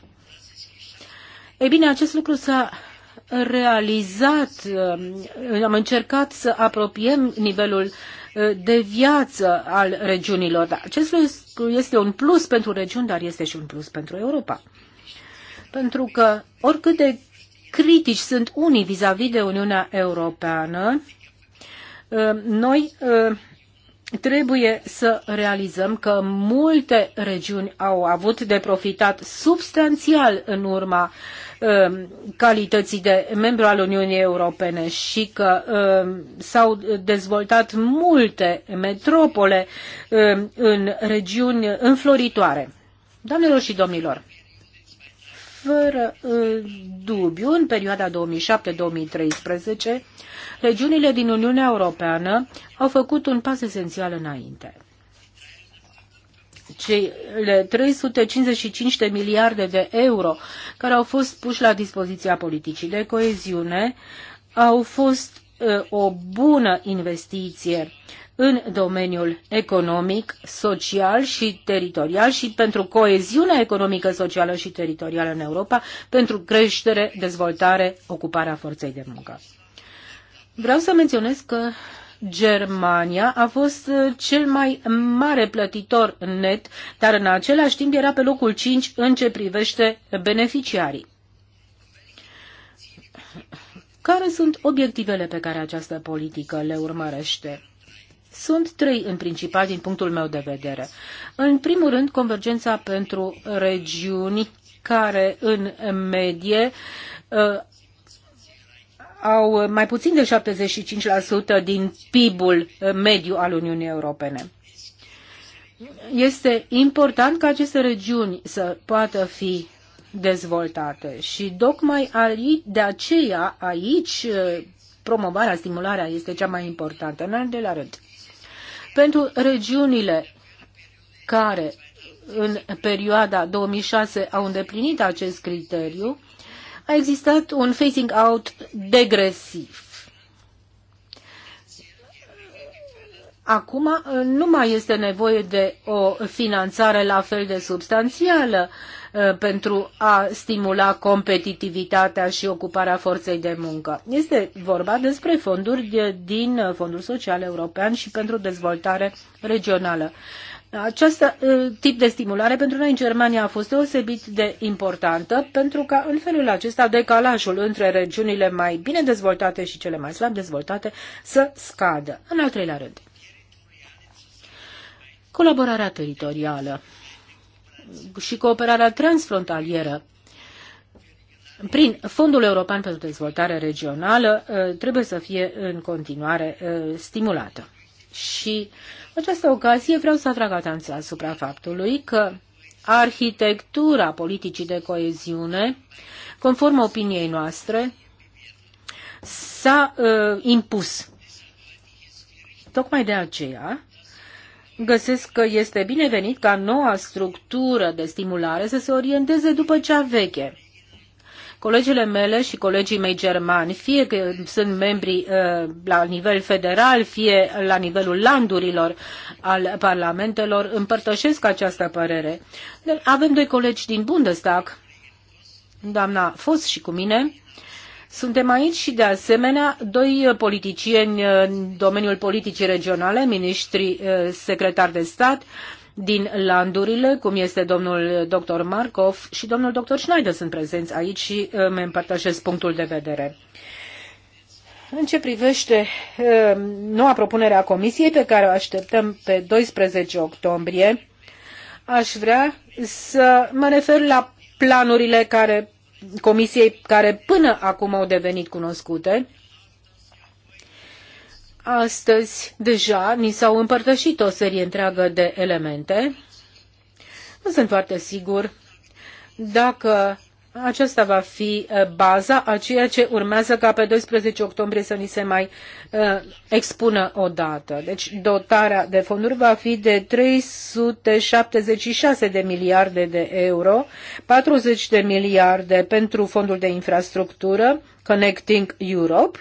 Ei bine, acest lucru s-a realizat, uh, am încercat să apropiem nivelul Eh, de viață al regiunilor. Acest lucru este un plus pentru regiuni, dar este și un plus pentru Europa. Pentru că oricât de critici sunt unii vis-a-vis -vis de Uniunea Europeană, eh, noi eh, trebuie să realizăm că multe regiuni au avut de profitat substanțial în urma uh, Um, calității de membru al Uniunii Europene și că um, s-au dezvoltat multe metropole um, în regiuni înfloritoare. Doamnelor și domnilor, fără uh, dubiu, în perioada 2007-2013, regiunile din Uniunea Europeană au făcut un pas esențial înainte cele 355 de miliarde de euro care au fost puși la dispoziția politicii de coeziune au fost ă, o bună investiție în domeniul economic, social și teritorial și pentru coeziunea economică, socială și teritorială în Europa, pentru creștere, dezvoltare, ocuparea forței de muncă. Vreau să menționez că Germania a fost uh, cel mai mare plătitor net, dar în același timp era pe locul 5 în ce privește beneficiarii. Care sunt obiectivele pe care această politică le urmărește? Sunt trei în principal din punctul meu de vedere. În primul rând, convergența pentru regiuni care în medie uh, au mai puțin de 75% din PIB-ul eh, mediu al Uniunii Europene. Este important ca aceste regiuni să poată fi dezvoltate și tocmai de aceea aici eh, promovarea, stimularea este cea mai importantă. În al doilea rând, pentru regiunile care în perioada 2006 au îndeplinit acest criteriu, a existat un phasing out degresiv. Acum nu mai este nevoie de o finanțare la fel de substanțială uh, pentru a stimula competitivitatea și ocuparea forței de muncă. Este vorba despre fonduri din Fondul Social European și pentru dezvoltare regională. Acest uh, tip de stimulare pentru noi în Germania a fost deosebit de importantă pentru că în felul acesta decalajul între regiunile mai bine dezvoltate și cele mai slab dezvoltate să scadă. În al treilea rând, colaborarea teritorială și cooperarea transfrontalieră prin Fondul European pentru Dezvoltare Regională uh, trebuie să fie în continuare uh, stimulată. Și această ocazie vreau să atrag atenția asupra faptului că arhitectura politicii de coeziune, conform opiniei noastre, s-a uh, impus. Tocmai de aceea, Găsesc că este binevenit ca noua structură de stimulare să se orienteze după cea veche. Colegele mele și colegii mei germani, fie că sunt membri uh, la nivel federal, fie la nivelul landurilor al parlamentelor, împărtășesc această părere. Avem doi colegi din Bundestag, doamna Fos și cu mine, suntem aici și de asemenea doi politicieni în domeniul politicii regionale, miniștri uh, secretari de stat din landurile, cum este domnul dr. Markov și domnul dr. Schneider sunt prezenți aici și îmi uh, împărtășesc punctul de vedere. În ce privește uh, noua propunere a Comisiei pe care o așteptăm pe 12 octombrie, aș vrea să mă refer la planurile care, Comisiei care până acum au devenit cunoscute Astăzi deja ni s-au împărtășit o serie întreagă de elemente. Nu sunt foarte sigur dacă aceasta va fi eh, baza a ceea ce urmează ca pe 12 octombrie să ni se mai uh, expună o dată. Deci dotarea de fonduri va fi de 376 de miliarde de euro, 40 de miliarde pentru fondul de infrastructură Connecting Europe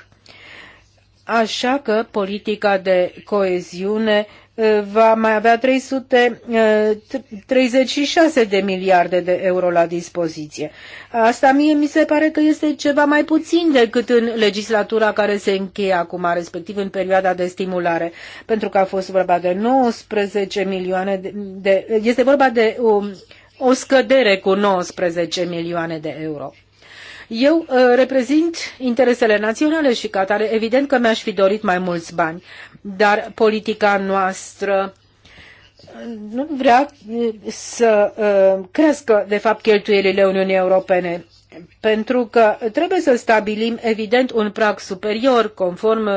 Așa că politica de coeziune uh, va mai avea 336 uh, de miliarde de euro la dispoziție. Asta mie mi se pare că este ceva mai puțin decât în legislatura care se încheie acum, respectiv în perioada de stimulare, pentru că a fost vorba de 19 milioane de, de este vorba de o, um, o scădere cu 19 milioane de euro. Eu uh, reprezint interesele naționale și ca atare evident că mi-aș fi dorit mai mulți bani, dar politica noastră uh, nu vrea uh, să crească, de fapt, cheltuielile Uniunii Europene pentru că trebuie să stabilim, evident, un prag superior conform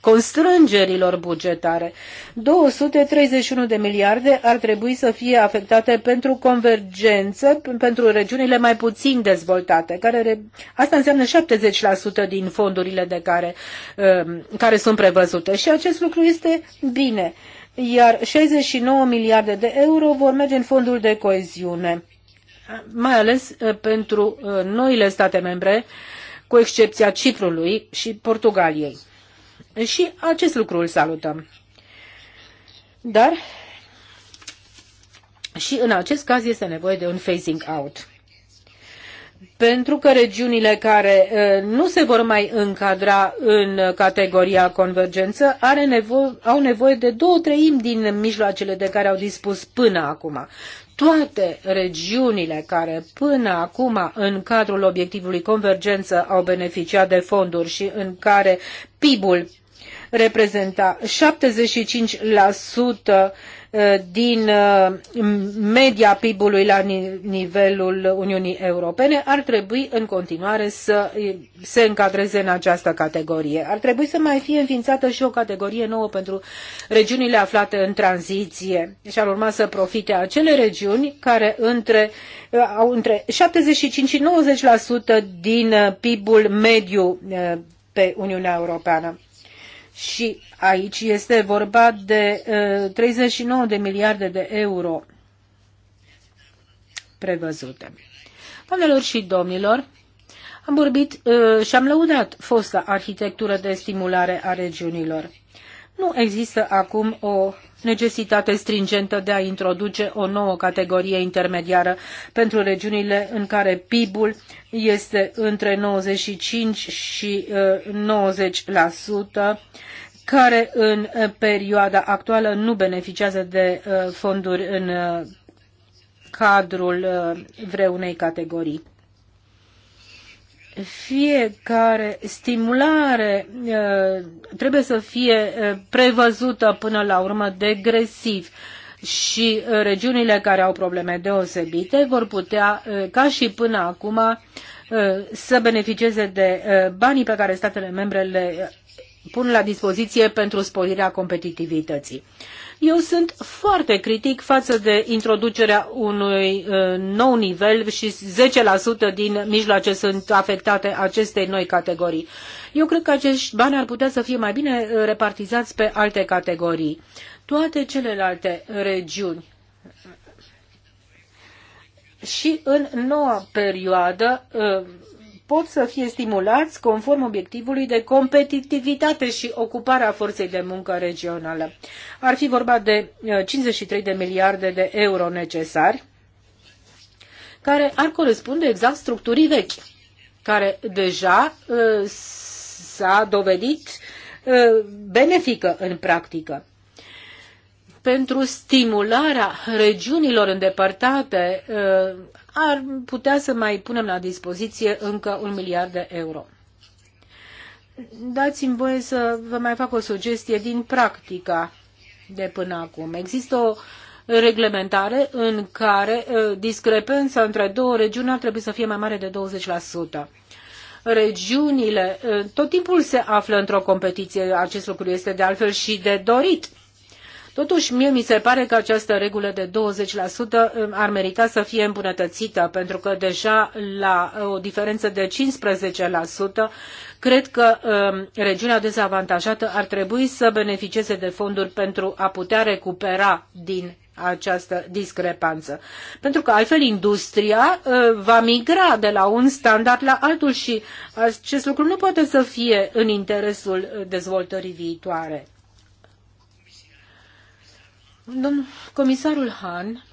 constrângerilor bugetare. 231 de miliarde ar trebui să fie afectate pentru convergență, pentru regiunile mai puțin dezvoltate, care asta înseamnă 70% din fondurile de care, um, care sunt prevăzute și acest lucru este bine. Iar 69 miliarde de euro vor merge în fondul de coeziune, mai ales uh, pentru uh, noile state membre, cu excepția Ciprului și Portugaliei. Și acest lucru îl salutăm. Dar și în acest caz este nevoie de un phasing out. Pentru că regiunile care nu se vor mai încadra în categoria convergență are nevo- au nevoie de două treimi din mijloacele de care au dispus până acum. Toate regiunile care până acum în cadrul obiectivului convergență au beneficiat de fonduri și în care PIB-ul reprezenta 75% eh, din eh, media PIB-ului la nivelul Uniunii Europene, ar trebui în continuare să eh, se încadreze în această categorie. Ar trebui să mai fie înființată și o categorie nouă pentru regiunile aflate în tranziție și ar urma să profite acele regiuni care între, au între 75 și 90% din PIB-ul mediu pe Uniunea Europeană și aici este vorba de 39 de miliarde de euro prevăzute. Doamnelor și domnilor, am vorbit și am lăudat fosta arhitectură de stimulare a regiunilor. Nu există acum o necesitate stringentă de a introduce o nouă categorie intermediară pentru regiunile în care PIB-ul este între 95 și 90%, uh, care în uh, perioada actuală nu beneficiază de uh, fonduri în cadrul vreunei categorii fiecare stimulare uh, trebuie să fie uh, prevăzută până la urmă degresiv și uh, regiunile care au probleme deosebite vor putea, ca și până acum, să beneficieze de banii pe care statele membre le pun la dispoziție pentru sporirea competitivității. Eu sunt foarte critic față de introducerea unui uh, nou nivel și 10% din mijloace sunt afectate acestei noi categorii. Eu cred că acești bani ar putea să fie mai bine uh, repartizați pe alte categorii. Toate celelalte regiuni și în noua perioadă uh, pot să fie stimulați conform obiectivului de competitivitate și ocuparea forței de muncă regională. Ar fi vorba de 53 uh, de miliarde de euro necesari, care ar corespunde exact structurii vechi, care deja uh, s-a dovedit uh, benefică în practică pentru stimularea regiunilor îndepărtate ar putea să mai punem la dispoziție încă un miliard de euro. Dați-mi voie să vă mai fac o sugestie din practica de până acum. Există o reglementare în care uh, discrepanța între două regiuni ar trebui să fie mai mare de 20% regiunile uh, tot timpul se află într-o competiție. Acest lucru este de altfel și de dorit. Totuși, mie mi se pare că această regulă de 20% um, ar merita să fie îmbunătățită, pentru că deja la uh, o diferență de 15%, cred că um, regiunea dezavantajată ar trebui să beneficieze de fonduri pentru a putea recupera din această discrepanță. Pentru că altfel industria uh, va migra de la un standard la altul și acest lucru nu poate să fie în interesul uh, dezvoltării viitoare. Domnul comisarul Han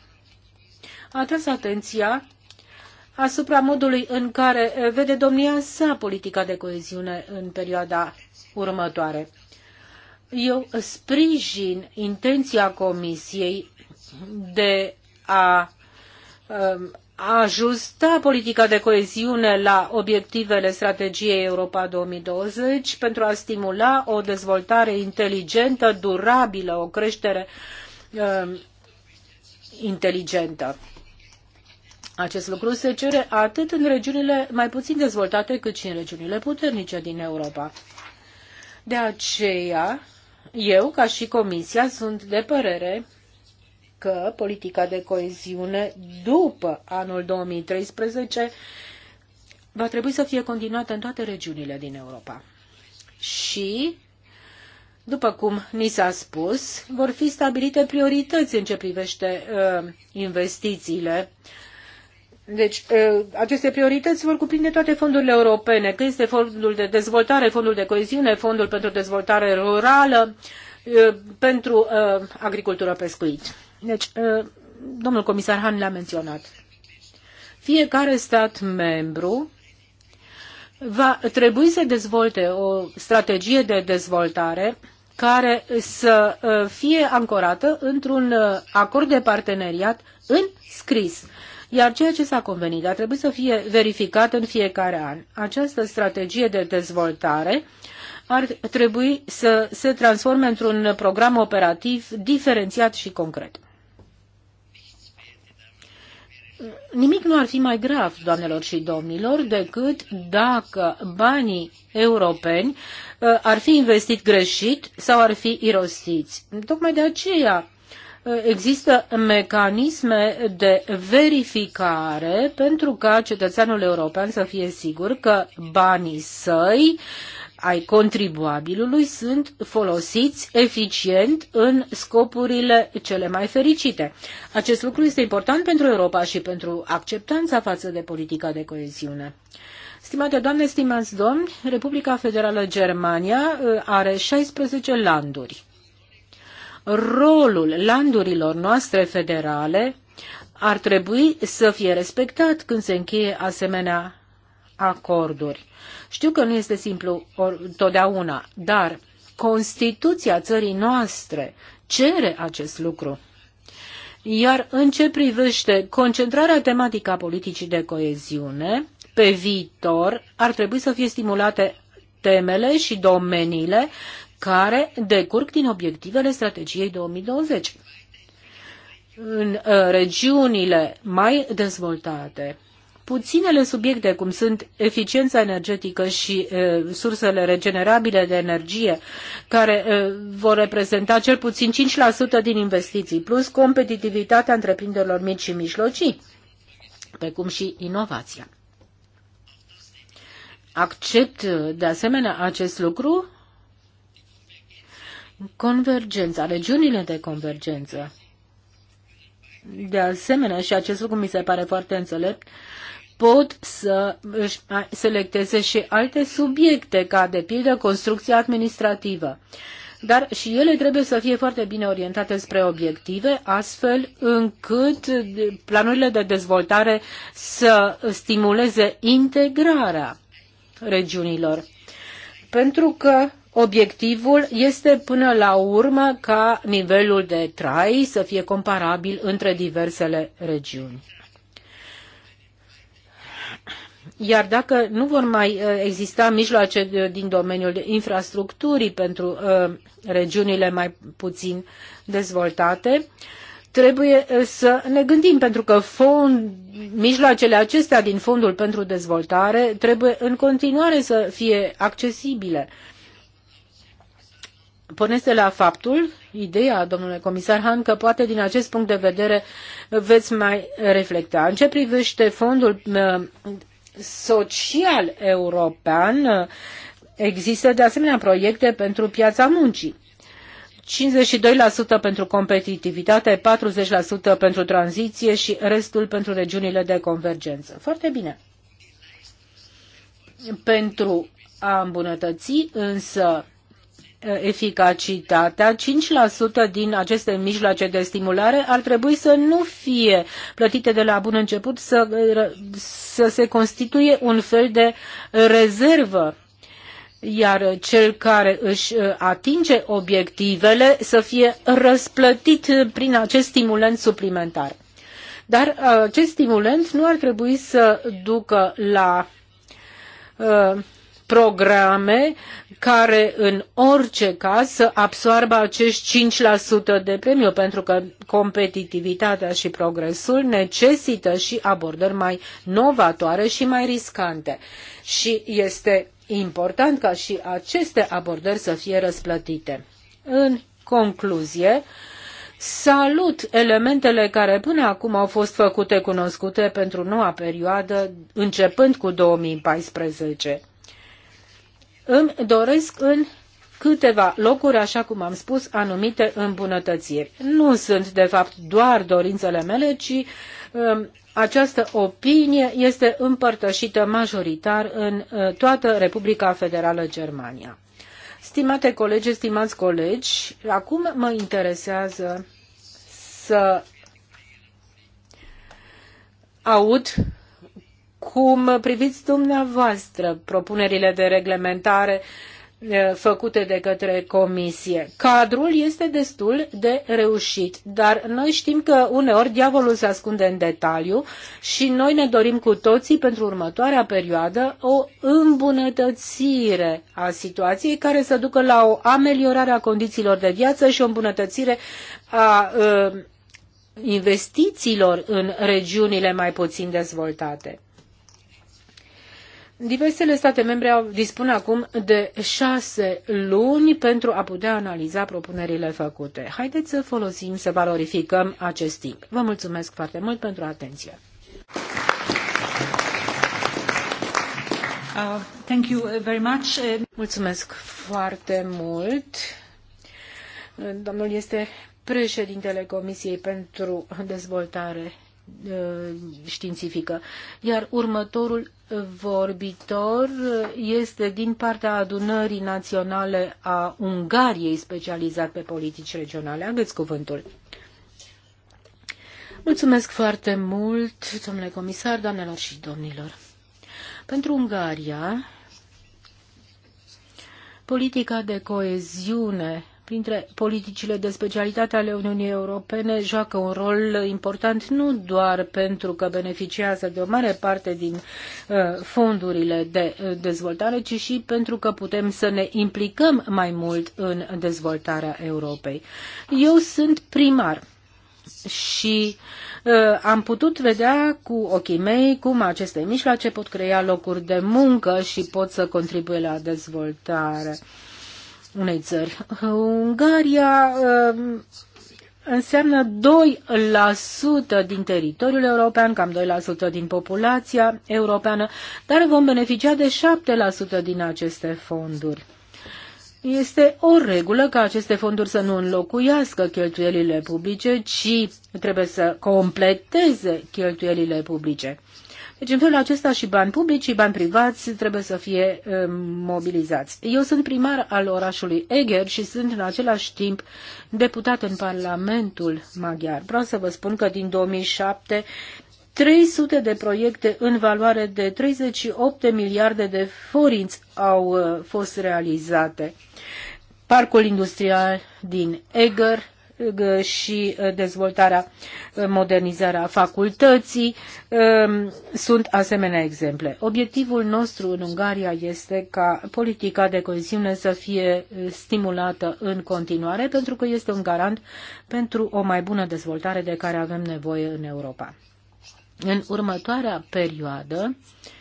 a atras atenția asupra modului în care vede domnia sa politica de coeziune în perioada următoare. Eu sprijin intenția Comisiei de a ajusta politica de coeziune la obiectivele strategiei Europa 2020 pentru a stimula o dezvoltare inteligentă, durabilă, o creștere uh, Um, inteligentă. Acest lucru se cere atât în regiunile mai puțin dezvoltate, cât și în regiunile puternice din Europa. De aceea, eu, ca și Comisia, sunt de părere că politica de coeziune după anul 2013 va trebui să fie continuată în toate regiunile din Europa. Și după cum ni s-a spus, vor fi stabilite priorități în ce privește uh, investițiile. Deci, uh, aceste priorități vor cuprinde toate fondurile europene, că este fondul de dezvoltare, fondul de coeziune, fondul pentru dezvoltare rurală, uh, pentru uh, agricultură pescuit. Deci, uh, domnul comisar Han le-a menționat. Fiecare stat membru va trebui să dezvolte o strategie de dezvoltare care să uh, fie ancorată într-un uh, acord de parteneriat în scris. Iar ceea ce s-a convenit a trebuit să fie verificat în fiecare an. Această strategie de dezvoltare ar trebui să se transforme într-un program operativ diferențiat și concret nimic nu ar fi mai grav, doamnelor și domnilor, decât dacă banii europeni uh, ar fi investit greșit sau ar fi irosiți. Tocmai de aceea uh, există mecanisme de verificare pentru ca cetățeanul european să fie sigur că banii săi ai contribuabilului sunt folosiți eficient în scopurile cele mai fericite. Acest lucru este important pentru Europa și pentru acceptanța față de politica de coeziune. Stimate doamne, stimați domni, Republica Federală Germania uh, are 16 landuri. Rolul landurilor noastre federale ar trebui să fie respectat când se încheie asemenea acorduri. Știu că nu este simplu or, totdeauna, dar Constituția țării noastre cere acest lucru. Iar în ce privește concentrarea tematică a politicii de coeziune, pe viitor ar trebui să fie stimulate temele și domeniile care decurg din obiectivele strategiei 2020. În uh, regiunile mai dezvoltate, puținele subiecte, cum sunt eficiența energetică și e, sursele regenerabile de energie, care e, vor reprezenta cel puțin 5% din investiții, plus competitivitatea întreprinderilor mici și mijlocii, precum și inovația. Accept de asemenea acest lucru? Convergența, regiunile de convergență. De asemenea, și acest lucru mi se pare foarte înțelept, pot să își selecteze și alte subiecte, ca de pildă construcția administrativă. Dar și ele trebuie să fie foarte bine orientate spre obiective, astfel încât planurile de dezvoltare să stimuleze integrarea regiunilor. Pentru că Obiectivul este până la urmă ca nivelul de trai să fie comparabil între diversele regiuni. Iar dacă nu vor mai uh, exista mijloace uh, din domeniul infrastructurii pentru uh, regiunile mai puțin dezvoltate, trebuie să ne gândim, pentru că fond, mijloacele acestea din Fondul pentru Dezvoltare trebuie în continuare să fie accesibile. Puneți la faptul, ideea, domnule comisar Han, că poate din acest punct de vedere veți mai reflecta. În ce privește fondul social european. Există de asemenea proiecte pentru piața muncii. 52% pentru competitivitate, 40% pentru tranziție și restul pentru regiunile de convergență. Foarte bine. Pentru a îmbunătăți însă eficacitatea, 5% din aceste mijloace de stimulare ar trebui să nu fie plătite de la bun început, să, să se constituie un fel de rezervă iar cel care își uh, atinge obiectivele să fie răsplătit prin acest stimulant suplimentar. Dar uh, acest stimulant nu ar trebui să ducă la uh, programe care în orice caz să absoarbă acești 5% de premiu, pentru că competitivitatea și progresul necesită și abordări mai novatoare și mai riscante. Și este important ca și aceste abordări să fie răsplătite. În concluzie, salut elementele care până acum au fost făcute cunoscute pentru noua perioadă, începând cu 2014. Îmi doresc în câteva locuri, așa cum am spus, anumite îmbunătățiri. Nu sunt, de fapt, doar dorințele mele, ci um, această opinie este împărtășită majoritar în uh, toată Republica Federală Germania. Stimate colegi, stimați colegi, acum mă interesează să aud cum priviți dumneavoastră propunerile de reglementare făcute de către comisie. Cadrul este destul de reușit, dar noi știm că uneori diavolul se ascunde în detaliu și noi ne dorim cu toții pentru următoarea perioadă o îmbunătățire a situației care să ducă la o ameliorare a condițiilor de viață și o îmbunătățire a uh, investițiilor în regiunile mai puțin dezvoltate. Diversele state membre au dispun acum de șase luni pentru a putea analiza propunerile făcute. Haideți să folosim, să valorificăm acest timp. Vă mulțumesc foarte mult pentru atenție. Uh, thank you uh, very much. Uh, mulțumesc foarte mult. Domnul este președintele Comisiei pentru Dezvoltare Uh, științifică. Iar următorul vorbitor este din partea adunării naționale a Ungariei, specializat pe politici regionale. Aveți cuvântul. Mulțumesc foarte mult, domnule comisar, doamnelor și domnilor. Pentru Ungaria, politica de coeziune printre politicile de specialitate ale Uniunii Europene joacă un rol important nu doar pentru că beneficiază de o mare parte din uh, fondurile de uh, dezvoltare, ci și pentru că putem să ne implicăm mai mult în dezvoltarea Europei. Eu sunt primar și uh, am putut vedea cu ochii mei cum aceste mijloace pot crea locuri de muncă și pot să contribuie la dezvoltare. Uh, unei țări. Ungaria uh, înseamnă 2% din teritoriul european, cam 2% din populația europeană, dar vom beneficia de 7% din aceste fonduri. Este o regulă ca aceste fonduri să nu înlocuiască cheltuielile publice, ci trebuie să completeze cheltuielile publice. Deci în felul acesta și bani publici și bani privați trebuie să fie mobilizați. Eu sunt primar al orașului Eger și sunt în același timp deputat în Parlamentul Maghiar. Vreau să vă spun că din 2007 300 de proiecte în valoare de 38 de miliarde de forinți au fost realizate. Parcul industrial din Eger, Uh, și uh, dezvoltarea, uh, modernizarea facultății um, sunt asemenea exemple. Obiectivul nostru în Ungaria este ca politica de coeziune să fie stimulată în continuare pentru că este un garant pentru o mai bună dezvoltare de care avem nevoie în Europa. În următoarea perioadă, uh,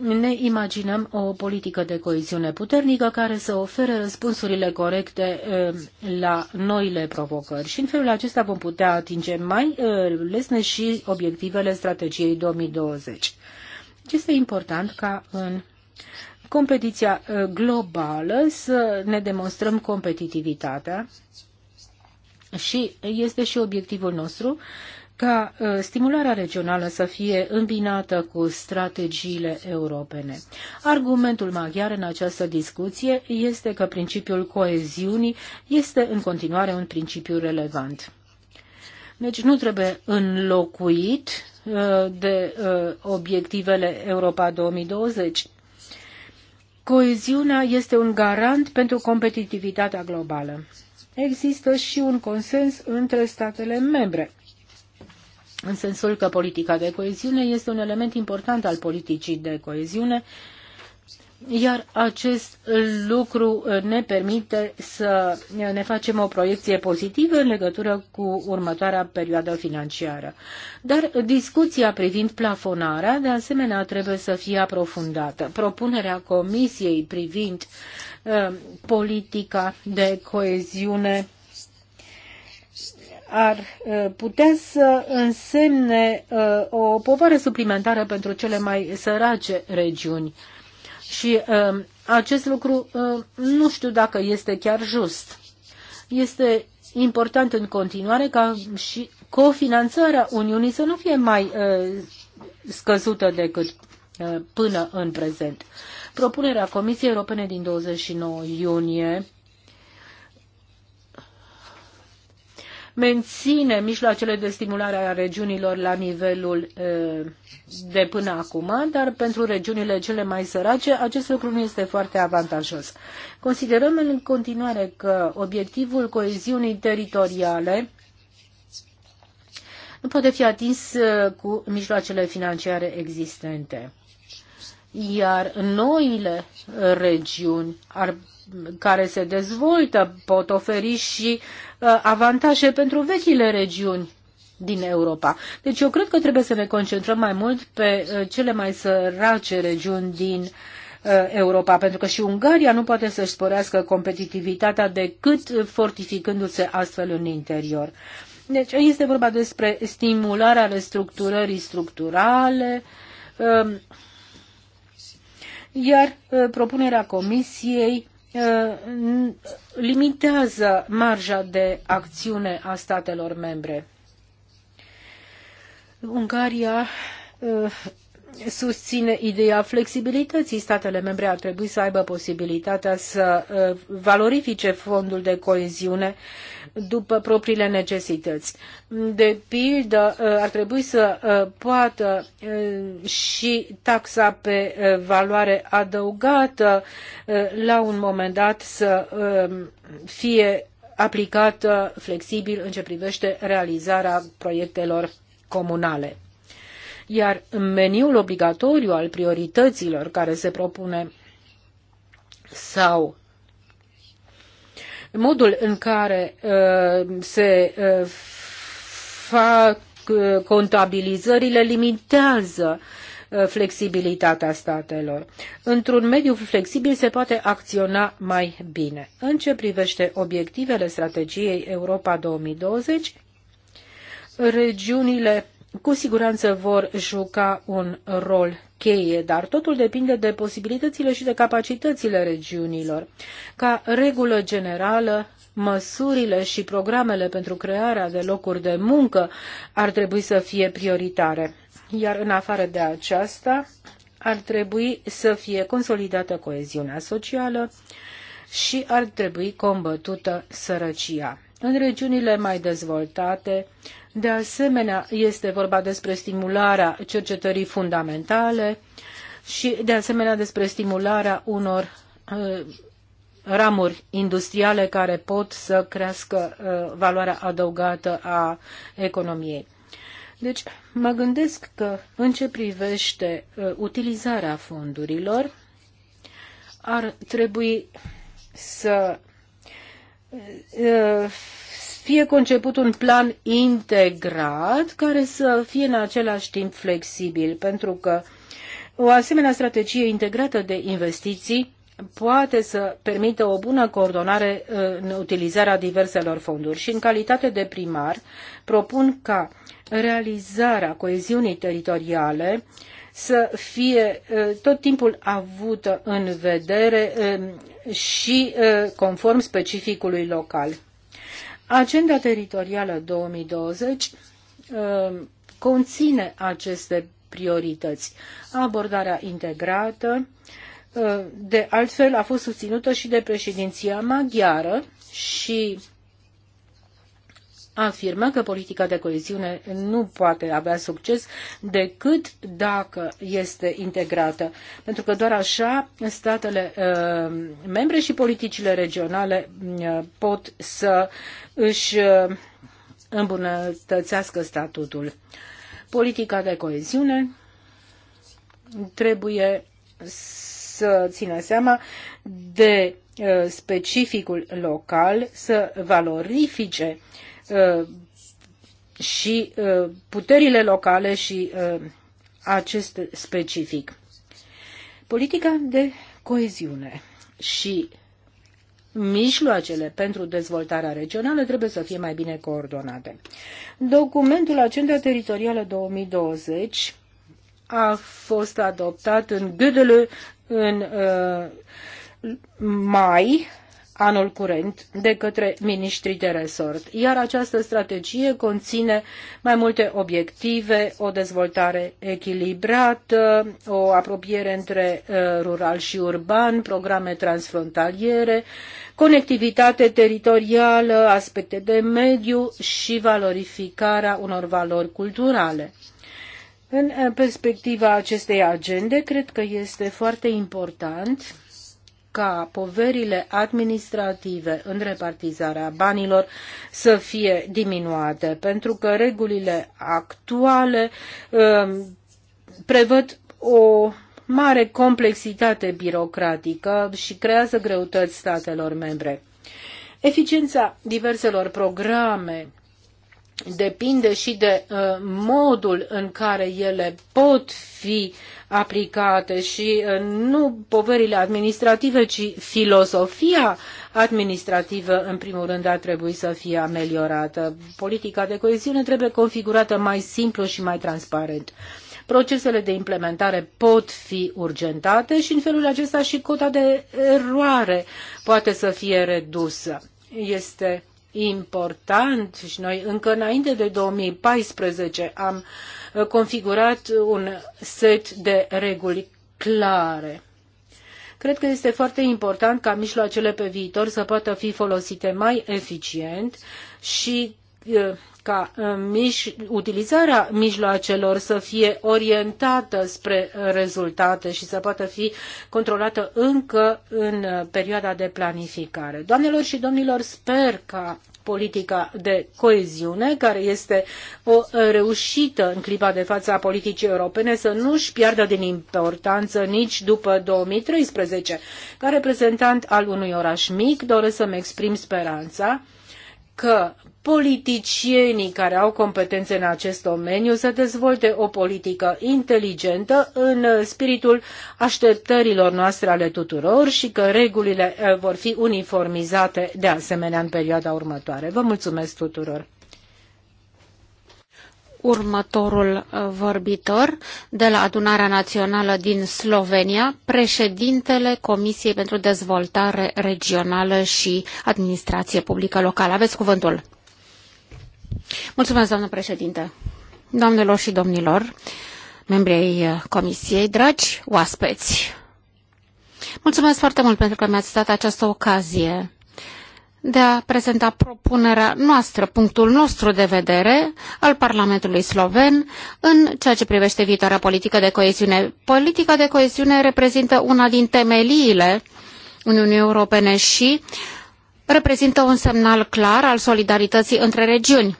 ne imaginăm o politică de coeziune puternică care să ofere răspunsurile corecte eh, la noile provocări și în felul acesta vom putea atinge mai eh, lesne și obiectivele strategiei 2020. Deci este important ca în competiția eh, globală să ne demonstrăm competitivitatea și este și obiectivul nostru ca uh, stimularea regională să fie îmbinată cu strategiile europene. Argumentul maghiar în această discuție este că principiul coeziunii este în continuare un principiu relevant. Deci nu trebuie înlocuit uh, de uh, obiectivele Europa 2020. Coeziunea este un garant pentru competitivitatea globală. Există și un consens între statele membre în sensul că politica de coeziune este un element important al politicii de coeziune, iar acest lucru ne permite să ne facem o proiecție pozitivă în legătură cu următoarea perioadă financiară. Dar discuția privind plafonarea, de asemenea, trebuie să fie aprofundată. Propunerea Comisiei privind uh, politica de coeziune ar uh, putea să însemne uh, o povară suplimentară pentru cele mai sărace regiuni. Și um, acest lucru um, nu știu dacă este chiar just. Este important în continuare ca și cofinanțarea Uniunii să nu fie mai uh, scăzută decât până în prezent. Propunerea Comisiei Europene din 29 iunie menține mijloacele de stimulare a regiunilor la nivelul de până acum, dar pentru regiunile cele mai sărace acest lucru nu este foarte avantajos. Considerăm în continuare că obiectivul coeziunii teritoriale nu poate fi atins cu mijloacele financiare existente iar noile regiuni ar care se dezvoltă pot oferi și uh, avantaje pentru vechile regiuni din Europa. Deci eu cred că trebuie să ne concentrăm mai mult pe uh, cele mai sărace regiuni din uh, Europa, pentru că și Ungaria nu poate să-și sporească competitivitatea decât fortificându-se astfel în interior. Deci este vorba despre stimularea restructurării structurale, um, iar propunerea Comisiei Uh, limitează marja de acțiune a statelor membre. Ungaria uh, susține ideea flexibilității. Statele membre ar trebui să aibă posibilitatea să uh, valorifice fondul de coeziune după propriile necesități. De pildă, uh, ar trebui să uh, poată uh, și taxa pe valoare adăugată la un moment dat să fie aplicată flexibil în ce privește realizarea proiectelor comunale. Iar meniul obligatoriu al priorităților care se propune sau modul în care uh, se uh, fac uh, contabilizările limitează flexibilitatea statelor. Într-un mediu flexibil se poate acționa mai bine. În ce privește obiectivele strategiei Europa 2020, regiunile cu siguranță vor juca un rol cheie, dar totul depinde de posibilitățile și de capacitățile regiunilor. Ca regulă generală, măsurile și programele pentru crearea de locuri de muncă ar trebui să fie prioritare. Iar în afară de aceasta, ar trebui să fie consolidată coeziunea socială și ar trebui combătută sărăcia. În regiunile mai dezvoltate, de asemenea, este vorba despre stimularea cercetării fundamentale și, de asemenea, despre stimularea unor uh, ramuri industriale care pot să crească uh, valoarea adăugată a economiei. Deci, mă gândesc că, în ce privește uh, utilizarea fondurilor, ar trebui să uh, fie conceput un plan integrat care să fie în același timp flexibil, pentru că o asemenea strategie integrată de investiții poate să permită o bună coordonare uh, în utilizarea diverselor fonduri și în calitate de primar propun ca realizarea coeziunii teritoriale să fie uh, tot timpul avută în vedere uh, și conform specificului local. Agenda teritorială 2020 uh, conține aceste priorități. Abordarea integrată, uh, de altfel, a fost susținută și de președinția maghiară și afirma că politica de coeziune nu poate avea succes decât dacă este integrată, pentru că doar așa statele uh, membre și politicile regionale uh, pot să își uh, îmbunătățească statutul. Politica de coeziune trebuie să țină seama de specificul local, să valorifice uh, Uh, și uh, puterile locale și uh, acest specific. Politica de coeziune și mijloacele pentru dezvoltarea regională trebuie să fie mai bine coordonate. Documentul Agenda Teritorială 2020 a fost adoptat în Gödele în uh, mai anul curent de către miniștrii de resort. Iar această strategie conține mai multe obiective, o dezvoltare echilibrată, o apropiere între uh, rural și urban, programe transfrontaliere, conectivitate teritorială, aspecte de mediu și valorificarea unor valori culturale. În uh, perspectiva acestei agende, cred că este foarte important ca poverile administrative în repartizarea banilor să fie diminuate, pentru că regulile actuale um, prevăd o mare complexitate birocratică și creează greutăți statelor membre. Eficiența diverselor programe depinde și de uh, modul în care ele pot fi aplicate și uh, nu poverile administrative, ci filosofia administrativă, în primul rând, ar trebui să fie ameliorată. Politica de coeziune trebuie configurată mai simplu și mai transparent. Procesele de implementare pot fi urgentate și în felul acesta și cota de eroare poate să fie redusă. Este important și noi încă înainte de 2014 am uh, configurat un set de reguli clare. Cred că este foarte important ca mijloacele pe viitor să poată fi folosite mai eficient și ca miș, utilizarea mijloacelor să fie orientată spre rezultate și să poată fi controlată încă în perioada de planificare. Doamnelor și domnilor, sper ca politica de coeziune, care este o reușită în clipa de față a politicii europene, să nu își piardă din importanță nici după 2013. Ca reprezentant al unui oraș mic, doresc să-mi exprim speranța că politicienii care au competențe în acest domeniu să dezvolte o politică inteligentă în spiritul așteptărilor noastre ale tuturor și că regulile eh, vor fi uniformizate de asemenea în perioada următoare. Vă mulțumesc tuturor! Următorul eh, vorbitor de la Adunarea Națională din Slovenia, președintele Comisiei pentru Dezvoltare Regională și Administrație Publică Locală. Aveți cuvântul. Mulțumesc, doamnă președinte. Doamnelor și domnilor, membrii uh, comisiei, dragi oaspeți, mulțumesc foarte mult pentru că mi-ați dat această ocazie de a prezenta propunerea noastră, punctul nostru de vedere al Parlamentului sloven în ceea ce privește viitoarea politică de coeziune. Politica de coeziune reprezintă una din temeliile Uniunii Europene și reprezintă un semnal clar al solidarității între regiuni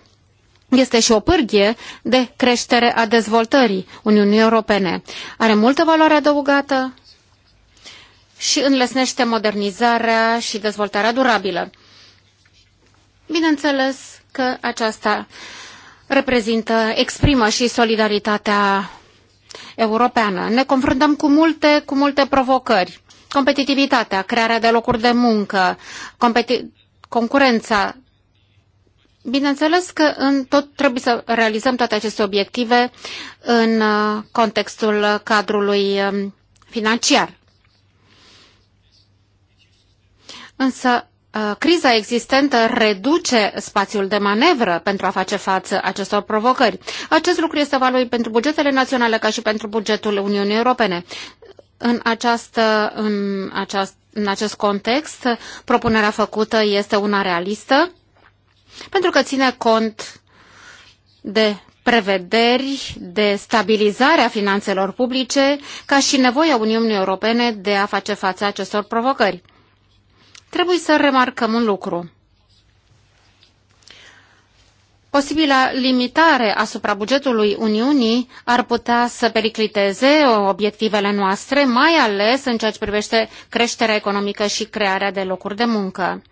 este și o pârghie de creștere a dezvoltării Uniunii Europene. Are multă valoare adăugată și înlesnește modernizarea și dezvoltarea durabilă. Bineînțeles că aceasta reprezintă, exprimă și solidaritatea europeană. Ne confruntăm cu multe, cu multe provocări. Competitivitatea, crearea de locuri de muncă, competi- concurența Bineînțeles că în tot trebuie să realizăm toate aceste obiective în uh, contextul cadrului um, financiar. Însă uh, criza existentă reduce spațiul de manevră pentru a face față acestor provocări. Acest lucru este valorit pentru bugetele naționale ca și pentru bugetul Uniunii Europene. În, această, în, această, în acest context, propunerea făcută este una realistă pentru că ține cont de prevederi de stabilizare a finanțelor publice, ca și nevoia Uniunii Europene de a face față acestor provocări. Trebuie să remarcăm un lucru. Posibila limitare asupra bugetului Uniunii ar putea să pericliteze obiectivele noastre, mai ales în ceea ce privește creșterea economică și crearea de locuri de muncă.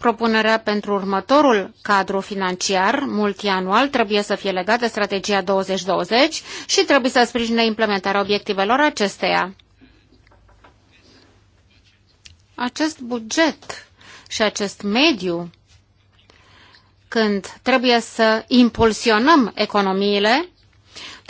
Propunerea pentru următorul cadru financiar multianual trebuie să fie legată de strategia 2020 și trebuie să sprijine implementarea obiectivelor acesteia. Acest buget și acest mediu, când trebuie să impulsionăm economiile,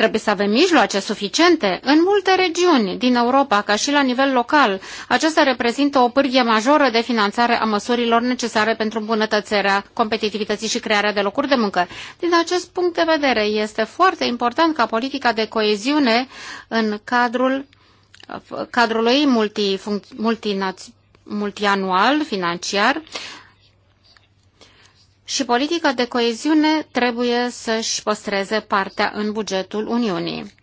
Trebuie să avem mijloace suficiente în multe regiuni din Europa, ca și la nivel local. Acesta reprezintă o pârghie majoră de finanțare a măsurilor necesare pentru îmbunătățirea competitivității și crearea de locuri de muncă. Din acest punct de vedere, este foarte important ca politica de coeziune în cadrul cadrului multianual multi financiar și politica de coeziune trebuie să-și păstreze partea în bugetul Uniunii.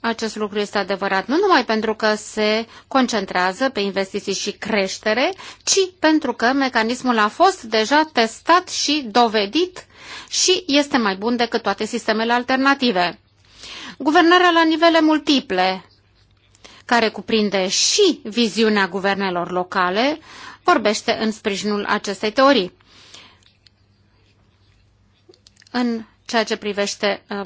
Acest lucru este adevărat nu numai pentru că se concentrează pe investiții și creștere, ci pentru că mecanismul a fost deja testat și dovedit și este mai bun decât toate sistemele alternative. Guvernarea la nivele multiple, care cuprinde și viziunea guvernelor locale, vorbește în sprijinul acestei teorii în ceea ce privește uh,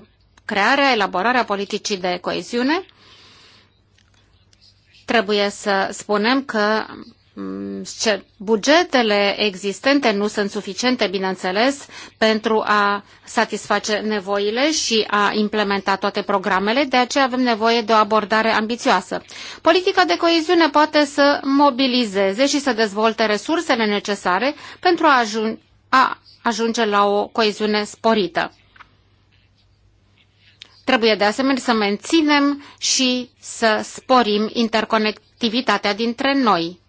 crearea, elaborarea politicii de coeziune. Trebuie să spunem că mm, bugetele existente nu sunt suficiente, bineînțeles, pentru a satisface nevoile și a implementa toate programele, de aceea avem nevoie de o abordare ambițioasă. Politica de coeziune poate să mobilizeze și să dezvolte resursele necesare pentru a, ajun- a ajunge la o coeziune sporită. Trebuie de asemenea să menținem și să sporim interconectivitatea dintre noi.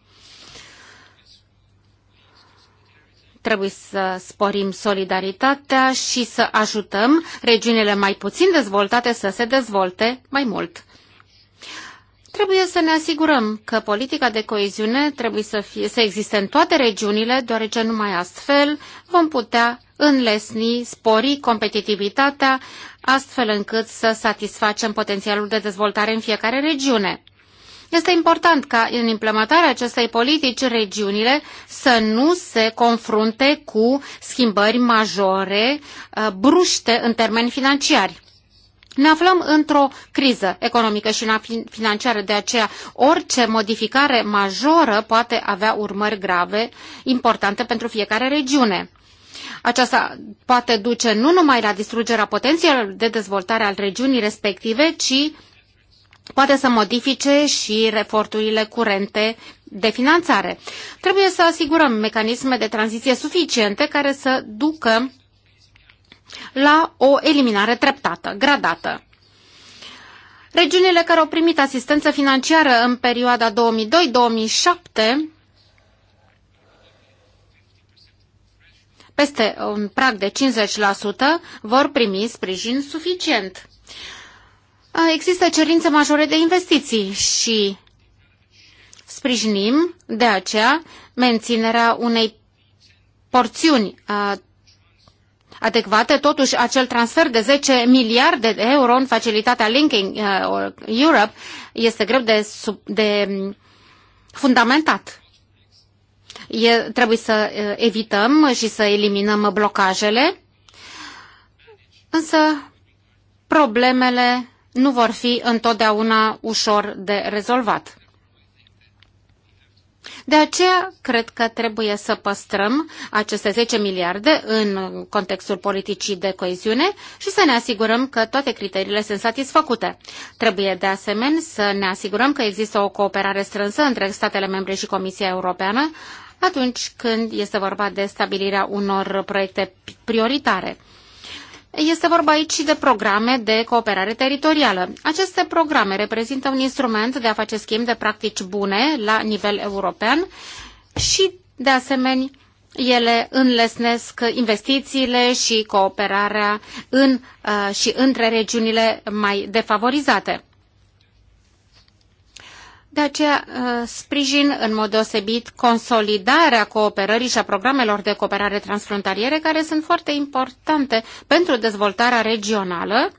Trebuie să sporim solidaritatea și să ajutăm regiunile mai puțin dezvoltate să se dezvolte mai mult. Trebuie să ne asigurăm că politica de coeziune trebuie să, fie, să existe în toate regiunile, deoarece numai astfel vom putea înlesni, spori competitivitatea, astfel încât să satisfacem potențialul de dezvoltare în fiecare regiune. Este important ca în implementarea acestei politici regiunile să nu se confrunte cu schimbări majore, uh, bruște în termeni financiari. Ne aflăm într-o criză economică și financiară, de aceea orice modificare majoră poate avea urmări grave, importante pentru fiecare regiune. Aceasta poate duce nu numai la distrugerea potențialului de dezvoltare al regiunii respective, ci poate să modifice și reforturile curente de finanțare. Trebuie să asigurăm mecanisme de tranziție suficiente care să ducă la o eliminare treptată, gradată. Regiunile care au primit asistență financiară în perioada 2002-2007 peste un prag de 50% vor primi sprijin suficient. Există cerințe majore de investiții și sprijinim de aceea menținerea unei porțiuni adecvate, totuși acel transfer de 10 miliarde de euro în facilitatea Linking uh, Europe este greu de, sub, de mm, fundamentat. E, trebuie să uh, evităm și să eliminăm blocajele, însă problemele nu vor fi întotdeauna ușor de rezolvat. De aceea, cred că trebuie să păstrăm aceste 10 miliarde în contextul politicii de coeziune și să ne asigurăm că toate criteriile sunt satisfăcute. Trebuie de asemenea să ne asigurăm că există o cooperare strânsă între statele membre și Comisia Europeană atunci când este vorba de stabilirea unor proiecte prioritare. Este vorba aici și de programe de cooperare teritorială. Aceste programe reprezintă un instrument de a face schimb de practici bune la nivel european și, de asemenea, ele înlesnesc investițiile și cooperarea în uh, și între regiunile mai defavorizate. De aceea uh, sprijin în mod deosebit consolidarea cooperării și a programelor de cooperare transfrontaliere care sunt foarte importante pentru dezvoltarea regională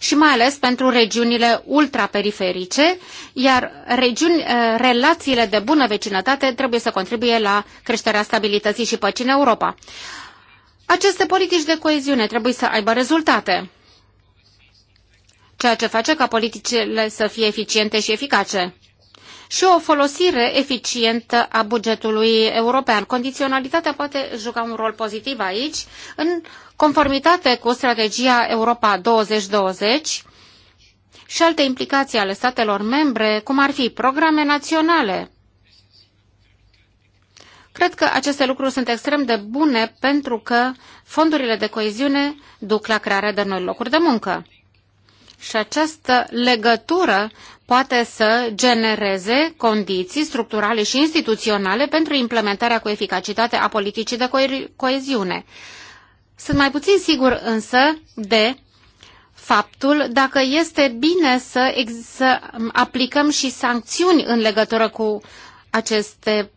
și mai ales pentru regiunile ultraperiferice, iar regiuni, uh, relațiile de bună vecinătate trebuie să contribuie la creșterea stabilității și păcii în Europa. Aceste politici de coeziune trebuie să aibă rezultate, ceea ce face ca politicile să fie eficiente și eficace și o folosire eficientă a bugetului european. Condiționalitatea poate juca un rol pozitiv aici, în conformitate cu strategia Europa 2020 și alte implicații ale statelor membre, cum ar fi programe naționale. Cred că aceste lucruri sunt extrem de bune pentru că fondurile de coeziune duc la crearea de noi locuri de muncă. Și această legătură poate să genereze condiții structurale și instituționale pentru implementarea cu eficacitate a politicii de coeziune. Sunt mai puțin sigur însă de faptul dacă este bine să, să aplicăm și sancțiuni în legătură cu, aceste,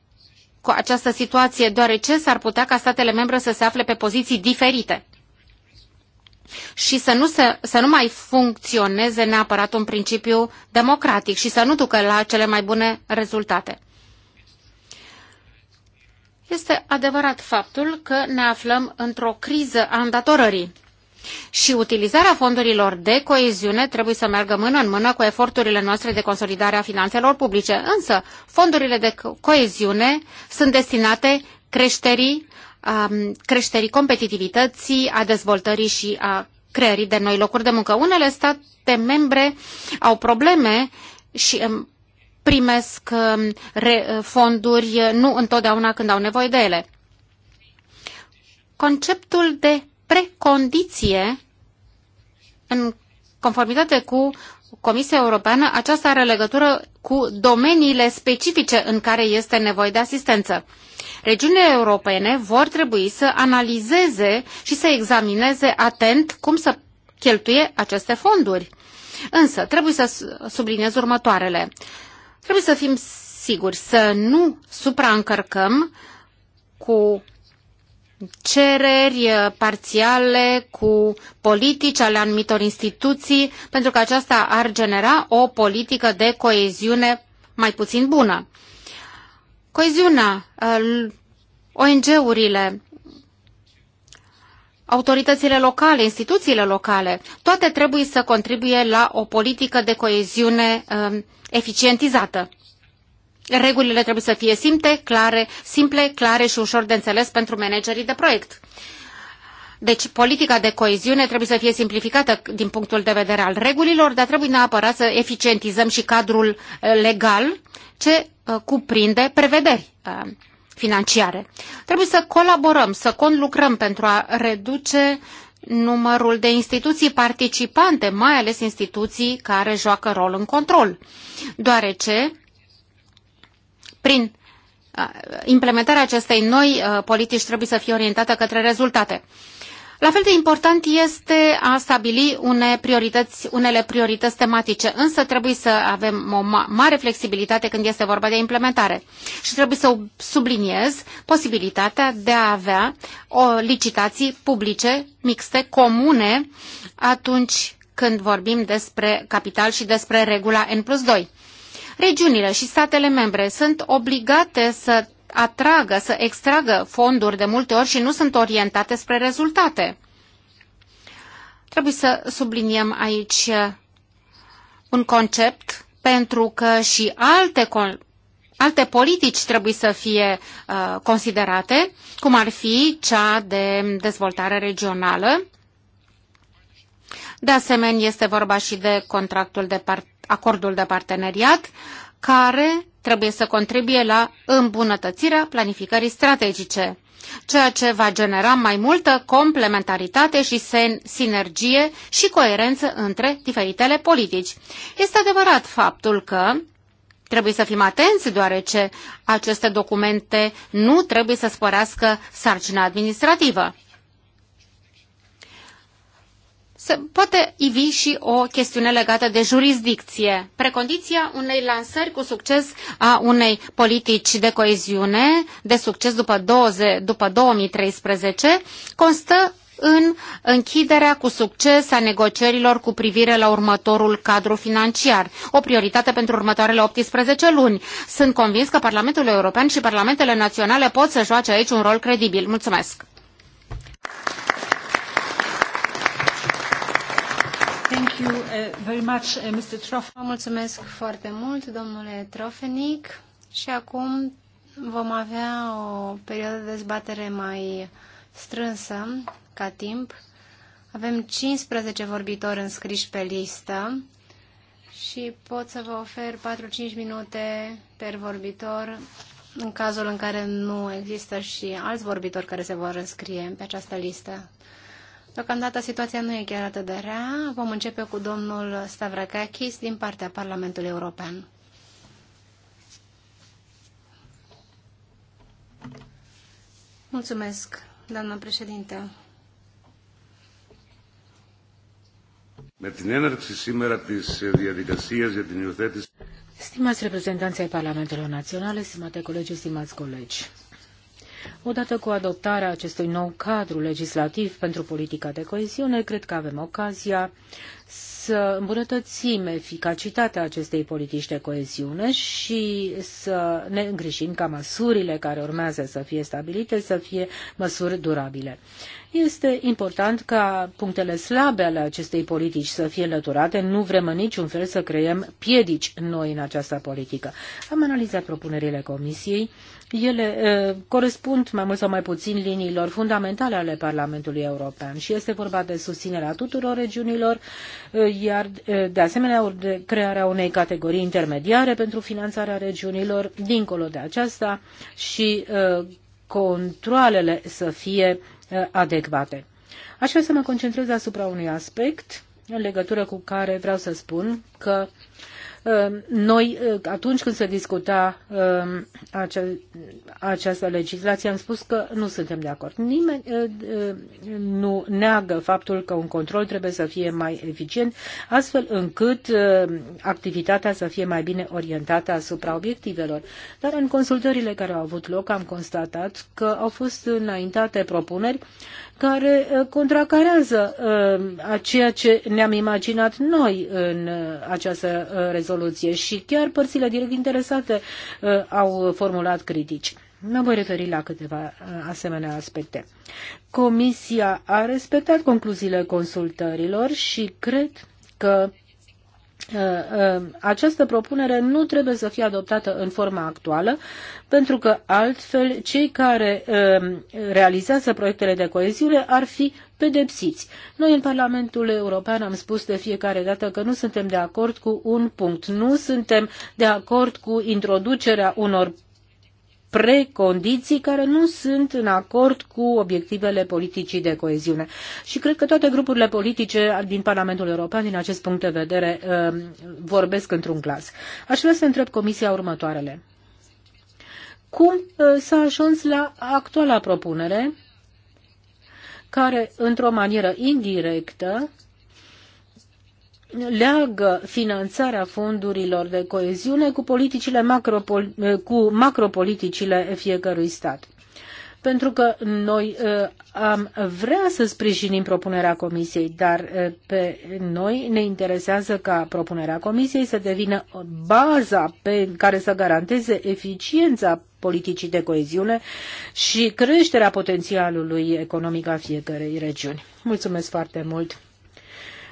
cu această situație, deoarece s-ar putea ca statele membre să se afle pe poziții diferite și să nu, se, să nu mai funcționeze neapărat un principiu democratic și să nu ducă la cele mai bune rezultate. Este adevărat faptul că ne aflăm într-o criză a îndatorării și utilizarea fondurilor de coeziune trebuie să meargă mână în mână cu eforturile noastre de consolidare a finanțelor publice. Însă, fondurile de coeziune sunt destinate creșterii creșterii competitivității, a dezvoltării și a creării de noi locuri de muncă. Unele state membre au probleme și um, primesc um, fonduri uh, nu întotdeauna când au nevoie de ele. Conceptul de precondiție, în conformitate cu Comisia Europeană, aceasta are legătură cu domeniile specifice în care este nevoie de asistență regiunile europene vor trebui să analizeze și să examineze atent cum să cheltuie aceste fonduri. Însă, trebuie să subliniez următoarele. Trebuie să fim siguri să nu supraîncărcăm cu cereri parțiale cu politici ale anumitor instituții, pentru că aceasta ar genera o politică de coeziune mai puțin bună. Coeziunea, uh, ONG-urile, autoritățile locale, instituțiile locale, toate trebuie să contribuie la o politică de coeziune um, eficientizată. Regulile trebuie să fie simple, clare, simple, clare și ușor de înțeles pentru managerii de proiect. Deci politica de coeziune trebuie să fie simplificată din punctul de vedere al regulilor, dar trebuie neapărat să eficientizăm și cadrul uh, legal ce uh, cuprinde prevederi uh, financiare. Trebuie să colaborăm, să conlucrăm pentru a reduce numărul de instituții participante, mai ales instituții care joacă rol în control, deoarece prin implementarea acestei noi politici trebuie să fie orientată către rezultate. La fel de important este a stabili une priorități, unele priorități tematice, însă trebuie să avem o ma mare flexibilitate când este vorba de implementare și trebuie să subliniez posibilitatea de a avea o licitații publice, mixte, comune, atunci când vorbim despre capital și despre regula N plus 2. Regiunile și statele membre sunt obligate să atragă, să extragă fonduri de multe ori și nu sunt orientate spre rezultate. Trebuie să subliniem aici uh, un concept pentru că și alte, alte politici trebuie să fie uh, considerate, cum ar fi cea de dezvoltare regională. De asemenea, este vorba și de contractul de acordul de parteneriat, care trebuie să contribuie la îmbunătățirea planificării strategice, ceea ce va genera mai multă complementaritate și sinergie și coerență între diferitele politici. Este adevărat faptul că Trebuie să fim atenți, deoarece aceste documente nu trebuie să spărească sarcina administrativă să poate ivi și o chestiune legată de jurisdicție. Precondiția unei lansări cu succes a unei politici de coeziune de succes după, 20, după 2013 constă în închiderea cu succes a negocierilor cu privire la următorul cadru financiar, o prioritate pentru următoarele 18 luni. Sunt convins că Parlamentul European și Parlamentele Naționale pot să joace aici un rol credibil. Mulțumesc! Uh, uh, mulțumesc foarte mult, domnule Trofenic. Și acum vom avea o perioadă de dezbatere mai strânsă ca timp. Avem 15 vorbitori înscriși pe listă și pot să vă ofer 4-5 minute per vorbitor în cazul în care nu există și alți vorbitori care se vor înscrie pe această listă. Deocamdată situația nu e chiar atât de rea. Vom începe cu domnul Stavrakakis din partea Parlamentului European. Mulțumesc, doamna președinte. Με την έναρξη σήμερα της διαδικασίας για την υιοθέτηση... Stimați reprezentanții ai Parlamentelor Naționale, stimate colegi, stimați colegi, Odată cu adoptarea acestui nou cadru legislativ pentru politica de coeziune, cred că avem ocazia să îmbunătățim eficacitatea acestei politici de coeziune și să ne îngrijim ca măsurile care urmează să fie stabilite să fie măsuri durabile. Este important ca punctele slabe ale acestei politici să fie lăturate. Nu vrem în niciun fel să creăm piedici noi în această politică. Am analizat propunerile Comisiei ele corespund mai mult sau mai puțin liniilor fundamentale ale Parlamentului European și este vorba de susținerea tuturor regiunilor, iar de asemenea de crearea unei categorii intermediare pentru finanțarea regiunilor dincolo de aceasta și controlele să fie adecvate. Aș vrea să mă concentrez asupra unui aspect în legătură cu care vreau să spun că Ehm, noi, eh, atunci când se discuta ehm, această legislație, am spus că nu suntem de acord. Nimeni eh, eh, nu neagă faptul că un control trebuie să fie mai eficient, astfel încât activitatea să fie mai bine orientată asupra obiectivelor. Dar în consultările care au avut loc am constatat că au fost înaintate propuneri care uh, contracarează uh, a ceea ce ne-am imaginat noi în uh, această rezoluție și chiar părțile direct interesate au formulat critici. Mă voi referi la câteva asemenea aspecte. Comisia a respectat concluziile consultărilor și cred că Uh, uh, această propunere nu trebuie să fie adoptată în forma actuală, pentru că altfel cei care uh, realizează proiectele de coeziune ar fi pedepsiți. Noi în Parlamentul European am spus de fiecare dată că nu suntem de acord cu un punct, nu suntem de acord cu introducerea unor precondiții care nu sunt în acord cu obiectivele politicii de coeziune. Și cred că toate grupurile politice din Parlamentul European, din acest punct de vedere, um, vorbesc într-un glas. Aș vrea să întreb Comisia următoarele. Cum uh, s-a ajuns la actuala propunere care, într-o manieră indirectă, leagă finanțarea fondurilor de coeziune cu, politicile macropol, cu macropoliticile fiecărui stat. Pentru că noi eh, am vrea să sprijinim propunerea Comisiei, dar eh, pe noi ne interesează ca propunerea Comisiei să devină baza pe care să garanteze eficiența politicii de coeziune și creșterea potențialului economic a fiecărei regiuni. Mulțumesc foarte mult!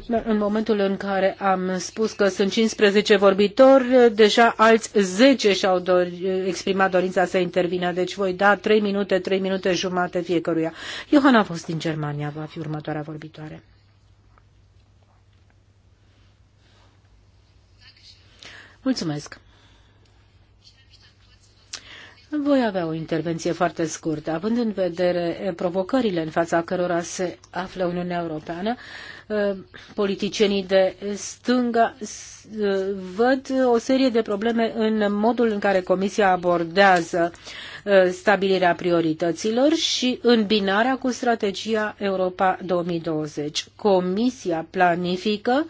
În momentul în care am spus că sunt 15 vorbitori, deja alți 10 și-au dor- exprimat dorința să intervină, deci voi da 3 minute, 3 minute jumate fiecăruia. Johanna a fost din Germania, va fi următoarea vorbitoare. Mulțumesc. Voi avea o intervenție foarte scurtă, având în vedere provocările în fața cărora se află Uniunea Europeană. Uh, politicienii de stânga uh, văd o serie de probleme în modul în care Comisia abordează uh, stabilirea priorităților și îmbinarea cu strategia Europa 2020. Comisia planifică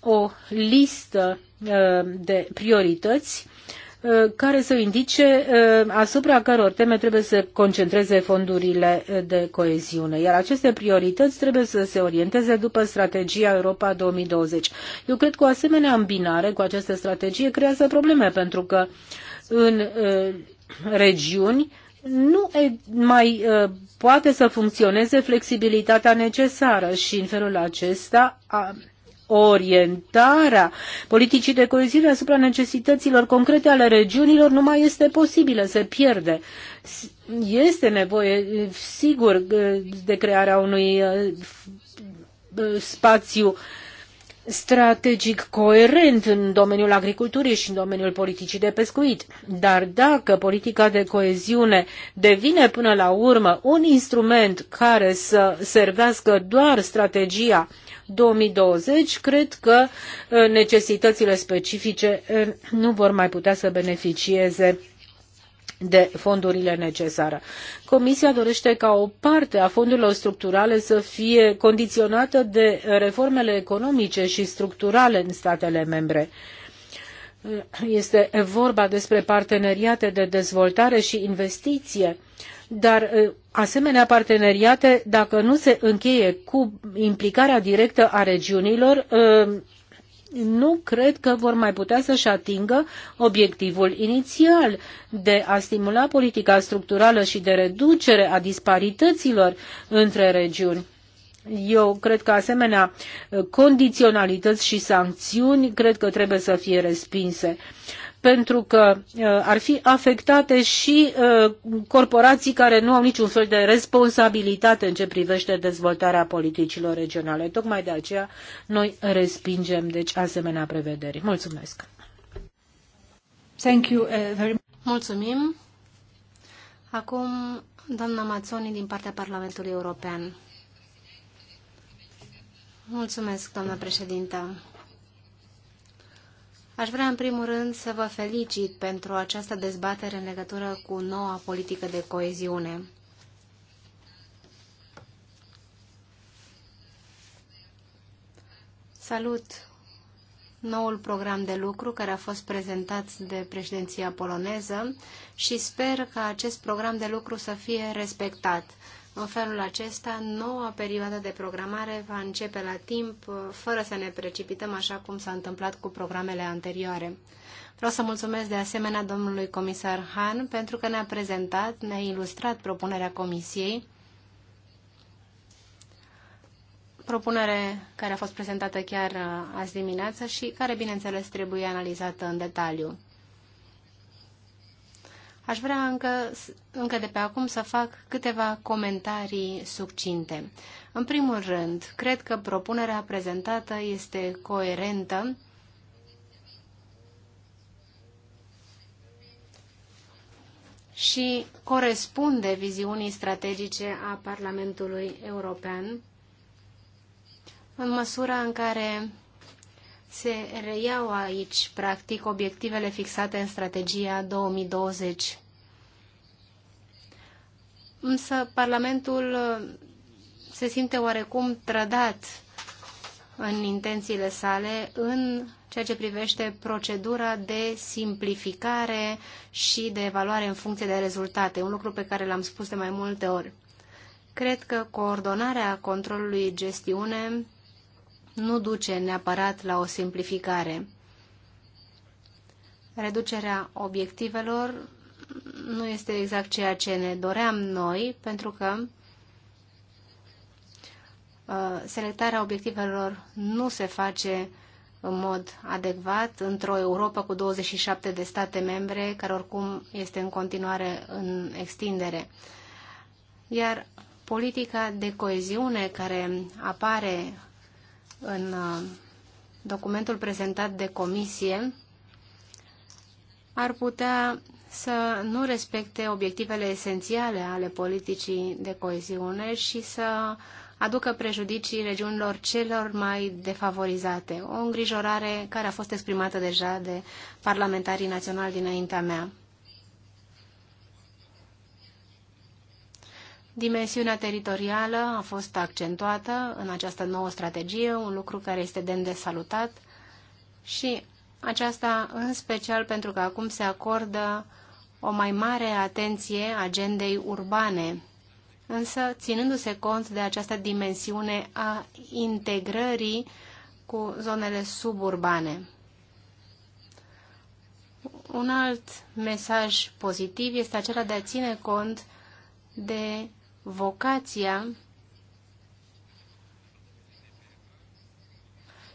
o listă de priorități Uh, care să indice uh, asupra căror teme trebuie să concentreze fondurile uh, de coeziune. Iar aceste priorități trebuie să se orienteze după strategia Europa 2020. Eu cred că o asemenea îmbinare cu această strategie creează probleme pentru că în regiuni nu mai poate să funcționeze flexibilitatea necesară și în felul acesta orientarea politicii de coeziune asupra necesităților concrete ale regiunilor nu mai este posibilă, se pierde. Este nevoie, sigur, de crearea unui uh, spațiu strategic coerent în domeniul agriculturii și în domeniul politicii de pescuit. Dar dacă politica de coeziune devine până la urmă un instrument care să servească doar strategia 2020, cred că uh, necesitățile specifice uh, nu vor mai putea să beneficieze de fondurile necesare. Comisia dorește ca o parte a fondurilor structurale să fie condiționată de reformele economice și structurale în statele membre. Uh, este vorba despre parteneriate de dezvoltare și investiție. Dar uh, asemenea parteneriate, dacă nu se încheie cu implicarea directă a regiunilor, uh, nu cred că vor mai putea să-și atingă obiectivul inițial de a stimula politica structurală și de reducere a disparităților între regiuni. Eu cred că asemenea uh, condiționalități și sancțiuni cred că trebuie să fie respinse pentru că uh, ar fi afectate și uh, corporații care nu au niciun fel de responsabilitate în ce privește dezvoltarea politicilor regionale. Tocmai de aceea noi respingem deci asemenea prevederi. Mulțumesc! Thank you, uh, very much. Mulțumim! Acum, doamna Mazzoni din partea Parlamentului European. Mulțumesc, doamna președintă. Aș vrea în primul rând să vă felicit pentru această dezbatere în legătură cu noua politică de coeziune. Salut noul program de lucru care a fost prezentat de președinția poloneză și sper ca acest program de lucru să fie respectat. În felul acesta, noua perioadă de programare va începe la timp, uh, fără să ne precipităm așa cum s-a întâmplat cu programele anterioare. Vreau să mulțumesc de asemenea domnului comisar Han pentru că ne-a prezentat, ne-a ilustrat propunerea comisiei, propunere care a fost prezentată chiar uh, azi dimineață și care, bineînțeles, trebuie analizată în detaliu. Aș vrea încă, încă de pe acum să fac câteva comentarii succinte. În primul rând, cred că propunerea prezentată este coerentă și corespunde viziunii strategice a Parlamentului European în măsura în care se reiau aici, practic, obiectivele fixate în strategia 2020 însă Parlamentul uh, se simte oarecum trădat în intențiile sale în ceea ce privește procedura de simplificare și de evaluare în funcție de rezultate, un lucru pe care l-am spus de mai multe ori. Cred că coordonarea controlului gestiune nu duce neapărat la o simplificare. Reducerea obiectivelor nu este exact ceea ce ne doream noi, pentru că uh, selectarea obiectivelor nu se face în mod adecvat într-o Europa cu 27 de state membre, care oricum este în continuare în extindere. Iar politica de coeziune care apare în uh, documentul prezentat de comisie ar putea să nu respecte obiectivele esențiale ale politicii de coeziune și să aducă prejudicii regiunilor celor mai defavorizate. O îngrijorare care a fost exprimată deja de parlamentarii naționali dinaintea mea. Dimensiunea teritorială a fost accentuată în această nouă strategie, un lucru care este demn de salutat și aceasta în special pentru că acum se acordă o mai mare atenție agendei urbane, însă ținându-se cont de această dimensiune a integrării cu zonele suburbane. Un alt mesaj pozitiv este acela de a ține cont de vocația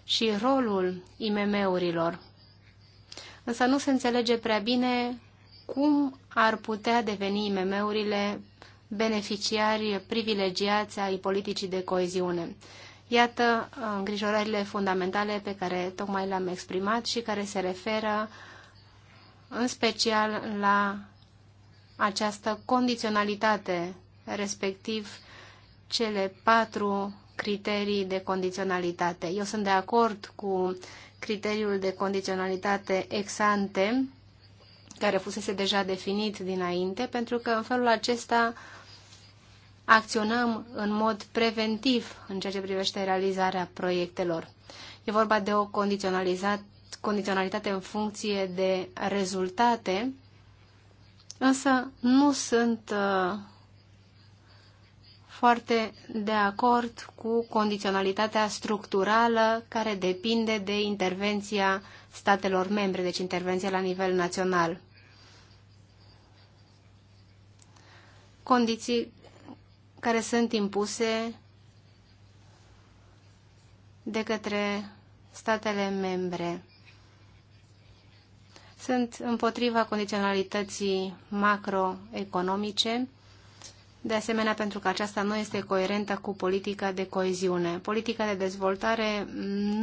și rolul IMM-urilor. Însă nu se înțelege prea bine cum ar putea deveni IMM-urile beneficiari privilegiați ai politicii de coeziune. Iată uh, îngrijorările fundamentale pe care tocmai le-am exprimat și care se referă în special la această condiționalitate, respectiv cele patru criterii de condiționalitate. Eu sunt de acord cu criteriul de condiționalitate ex ante, care fusese deja definit dinainte, pentru că în felul acesta acționăm în mod preventiv în ceea ce privește realizarea proiectelor. E vorba de o condiționalitate în funcție de rezultate, însă nu sunt uh, foarte de acord cu condiționalitatea structurală care depinde de intervenția statelor membre, deci intervenția la nivel național. condiții care sunt impuse de către statele membre. Sunt împotriva condiționalității macroeconomice, de asemenea pentru că aceasta nu este coerentă cu politica de coeziune. Politica de dezvoltare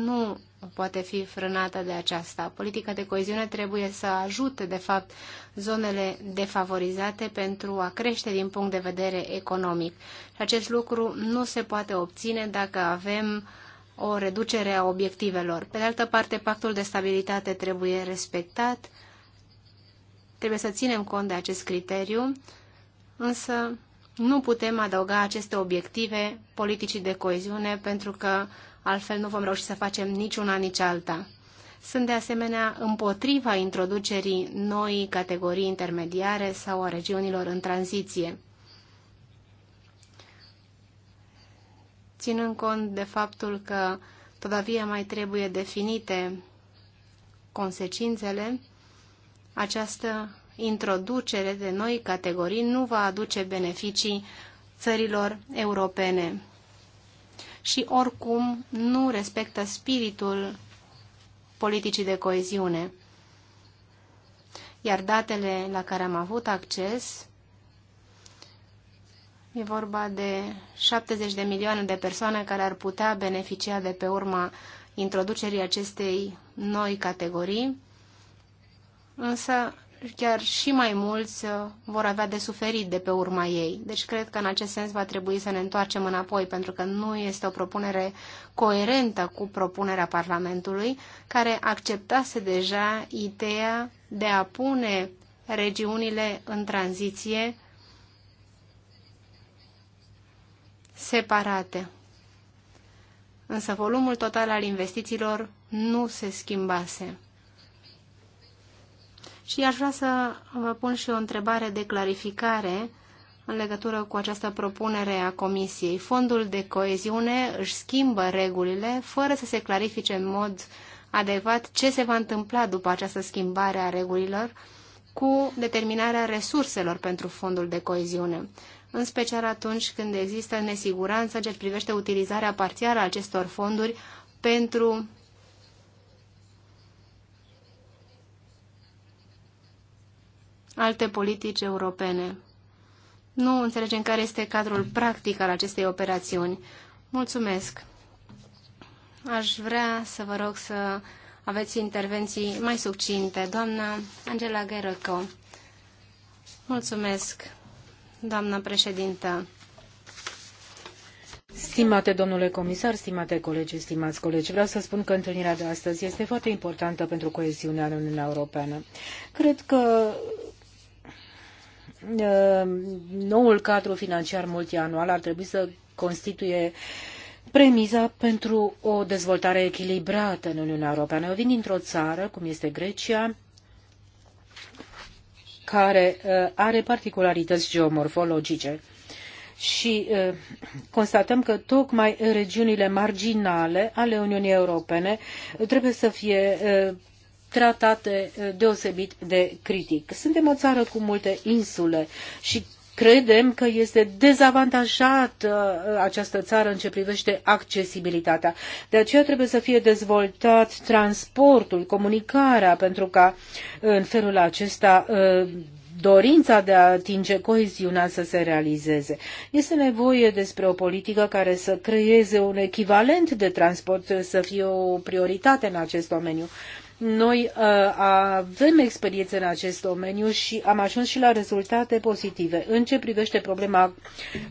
nu poate fi frânată de aceasta. Politica de coeziune trebuie să ajute, de fapt, zonele defavorizate pentru a crește din punct de vedere economic. Și acest lucru nu se poate obține dacă avem o reducere a obiectivelor. Pe de altă parte, pactul de stabilitate trebuie respectat, trebuie să ținem cont de acest criteriu, însă nu putem adăuga aceste obiective politicii de coeziune pentru că altfel nu vom reuși să facem nici una, nici alta. Sunt de asemenea împotriva introducerii noi categorii intermediare sau a regiunilor în tranziție. Ținând cont de faptul că todavia mai trebuie definite consecințele, această introducere de noi categorii nu va aduce beneficii țărilor europene și oricum nu respectă spiritul politicii de coeziune. Iar datele la care am avut acces, e vorba de 70 de milioane de persoane care ar putea beneficia de pe urma introducerii acestei noi categorii, însă chiar și mai mulți uh, vor avea de suferit de pe urma ei. Deci cred că în acest sens va trebui să ne întoarcem înapoi, pentru că nu este o propunere coerentă cu propunerea Parlamentului, care acceptase deja ideea de a pune regiunile în tranziție separate. Însă volumul total al investițiilor nu se schimbase. Și aș vrea să vă uh, pun și o întrebare de clarificare în legătură cu această propunere a Comisiei. Fondul de coeziune își schimbă regulile fără să se clarifice în mod adecvat ce se va întâmpla după această schimbare a regulilor cu determinarea resurselor pentru fondul de coeziune, în special atunci când există nesiguranță ce privește utilizarea parțială a acestor fonduri pentru alte politici europene. Nu înțelegem care este cadrul practic al acestei operațiuni. Mulțumesc! Aș vrea să vă rog să aveți intervenții mai succinte. Doamna Angela Gherăco. Mulțumesc, doamna președintă. Stimate domnule comisar, stimate colegi, stimați colegi, vreau să spun că întâlnirea de astăzi este foarte importantă pentru coeziunea în Uniunea Europeană. Cred că Ă, noul cadru financiar multianual ar trebui să constituie premiza pentru o dezvoltare echilibrată în Uniunea Europeană. Eu vin dintr-o țară, cum este Grecia, care ă, are particularități geomorfologice și ă, constatăm că tocmai regiunile marginale ale Uniunii Europene trebuie să fie tratate eh, deosebit de critic. Suntem o țară cu multe insule și credem că este dezavantajată eh, această țară în ce privește accesibilitatea. De aceea trebuie să fie dezvoltat transportul, comunicarea, pentru ca eh, în felul acesta dorința de a atinge coeziunea să se realizeze. Este nevoie despre o politică care să creeze un echivalent de transport, să fie o prioritate în acest domeniu. Noi uh, avem experiență în acest domeniu și am ajuns și la rezultate pozitive. În ce privește problema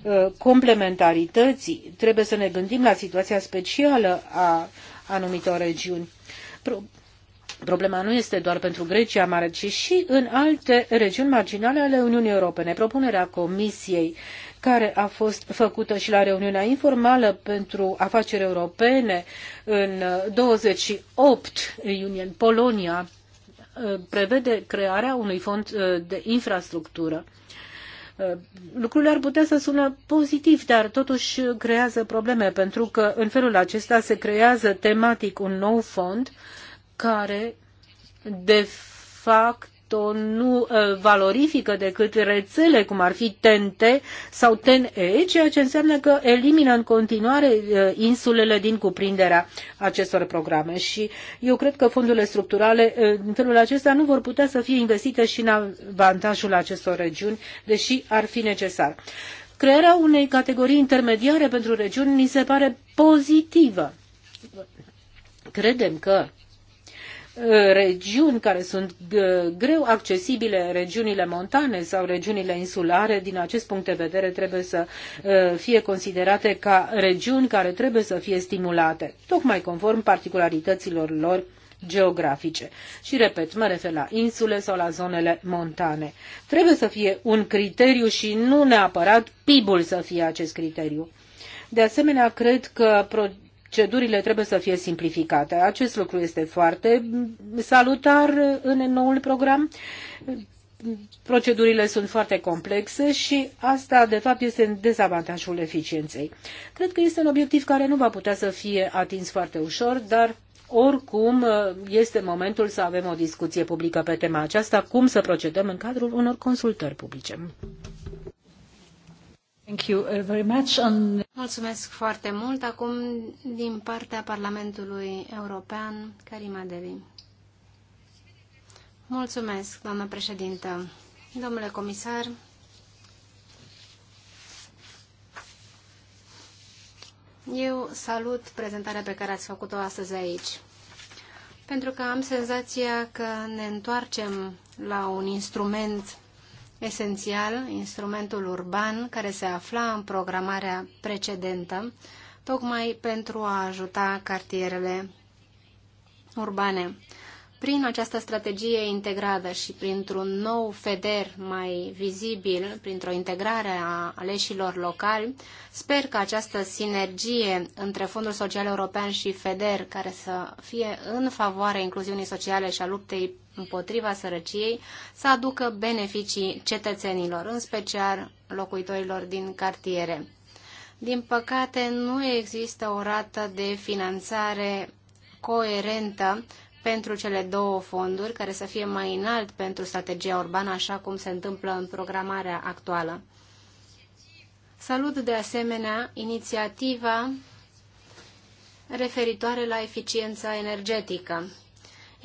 uh, complementarității, trebuie să ne gândim la situația specială a anumitor regiuni. Pro Problema nu este doar pentru Grecia mare, ci și în alte regiuni marginale ale Uniunii Europene. Propunerea Comisiei care a fost făcută și la reuniunea informală pentru afaceri europene în 28 iunie în Polonia, uh, prevede crearea unui fond uh, de infrastructură. Uh, lucrurile ar putea să sună pozitiv, dar totuși creează probleme, pentru că în felul acesta se creează tematic un nou fond care, de fapt, o nu uh, valorifică decât rețele cum ar fi TNT sau TNE, ceea ce înseamnă că elimină în continuare uh, insulele din cuprinderea acestor programe. Și eu cred că fondurile structurale uh, în felul acesta nu vor putea să fie investite și în avantajul acestor regiuni, deși ar fi necesar. Crearea unei categorii intermediare pentru regiuni mi se pare pozitivă. Credem că Uh, regiuni care sunt uh, greu accesibile, regiunile montane sau regiunile insulare, din acest punct de vedere trebuie să uh, fie considerate ca regiuni care trebuie să fie stimulate, tocmai conform particularităților lor geografice. Și repet, mă refer la insule sau la zonele montane. Trebuie să fie un criteriu și nu neapărat PIB-ul să fie acest criteriu. De asemenea, cred că procedurile trebuie să fie simplificate. Acest lucru este foarte salutar în noul program. Procedurile sunt foarte complexe și asta, de fapt, este în dezavantajul eficienței. Cred că este un obiectiv care nu va putea să fie atins foarte ușor, dar oricum uh, este momentul să avem o discuție publică pe tema aceasta, cum să procedăm în cadrul unor consultări publice. Thank you uh, very much. On... Mulțumesc foarte mult. Acum, din partea Parlamentului European, Karima Deli. Mulțumesc, doamnă președintă. Domnule comisar, eu salut prezentarea pe care ați făcut-o astăzi aici pentru că am senzația că ne întoarcem la un instrument esențial instrumentul urban care se afla în programarea precedentă, tocmai pentru a ajuta cartierele urbane. Prin această strategie integrată și printr-un nou FEDER mai vizibil, printr-o integrare a aleșilor locali, sper că această sinergie între Fondul Social European și FEDER, care să fie în favoarea incluziunii sociale și a luptei împotriva sărăciei să aducă beneficii cetățenilor, în special locuitorilor din cartiere. Din păcate, nu există o rată de finanțare coerentă pentru cele două fonduri, care să fie mai înalt pentru strategia urbană, așa cum se întâmplă în programarea actuală. Salut de asemenea inițiativa referitoare la eficiența energetică.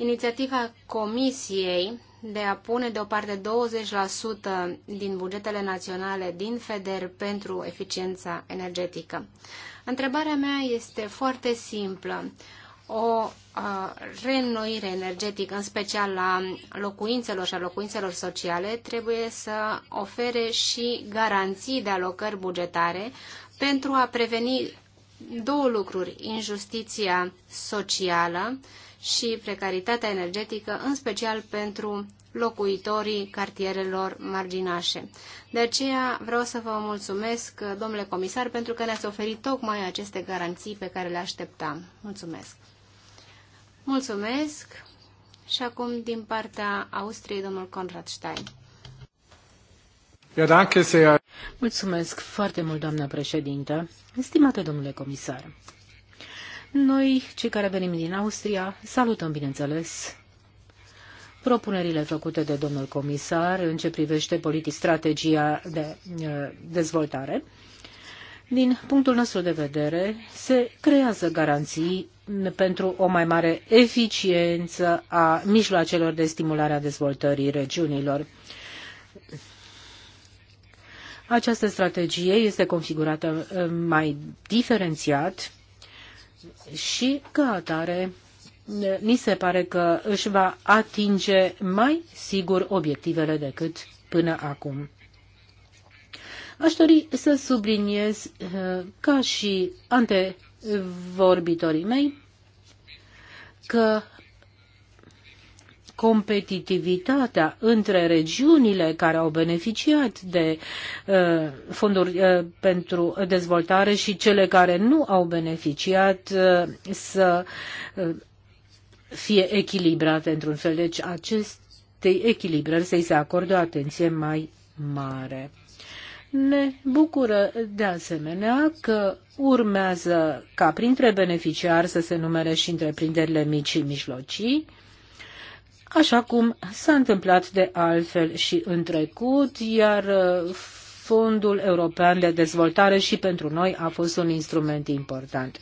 Inițiativa Comisiei de a pune deoparte 20% din bugetele naționale din FEDER pentru eficiența energetică. Întrebarea mea este foarte simplă. O a, reînnoire energetică, în special la locuințelor și a locuințelor sociale, trebuie să ofere și garanții de alocări bugetare pentru a preveni două lucruri, injustiția socială și precaritatea energetică, în special pentru locuitorii cartierelor marginașe. De aceea vreau să vă mulțumesc, domnule comisar, pentru că ne-ați oferit tocmai aceste garanții pe care le așteptam. Mulțumesc! Mulțumesc! Și acum din partea Austriei, domnul Conrad Stein. Mulțumesc foarte mult, doamnă președintă. estimate domnule comisar, noi, cei care venim din Austria, salutăm, bineînțeles, propunerile făcute de domnul comisar în ce privește politic strategia de uh, dezvoltare. Din punctul nostru de vedere, se creează garanții pentru o mai mare eficiență a mijloacelor de stimulare a dezvoltării regiunilor. Această strategie este configurată uh, mai diferențiat și ca atare ni se pare că își va atinge mai sigur obiectivele decât până acum. Aș dori să subliniez, eh, ca și antevorbitorii mei, că competitivitatea între regiunile care au beneficiat de uh, fonduri uh, pentru dezvoltare și cele care nu au beneficiat uh, să uh, fie echilibrate într-un fel. Deci acestei echilibrări să-i se acorde o atenție mai mare. Ne bucură de asemenea că urmează ca printre beneficiari să se numere și întreprinderile mici și mijlocii, așa cum s-a întâmplat de altfel și în trecut, iar uh, Fondul European de Dezvoltare și pentru noi a fost un instrument important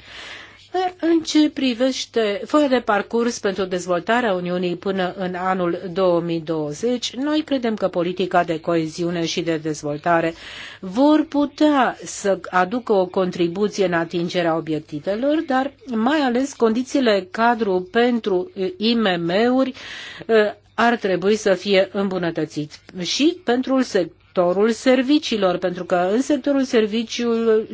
în ce privește foaia de parcurs pentru dezvoltarea Uniunii până în anul 2020, noi credem că politica de coeziune și de dezvoltare vor putea să aducă o contribuție în atingerea obiectivelor, dar mai ales condițiile cadru pentru IMM-uri ar trebui să fie îmbunătățit și pentru sectorul serviciilor, pentru că în sectorul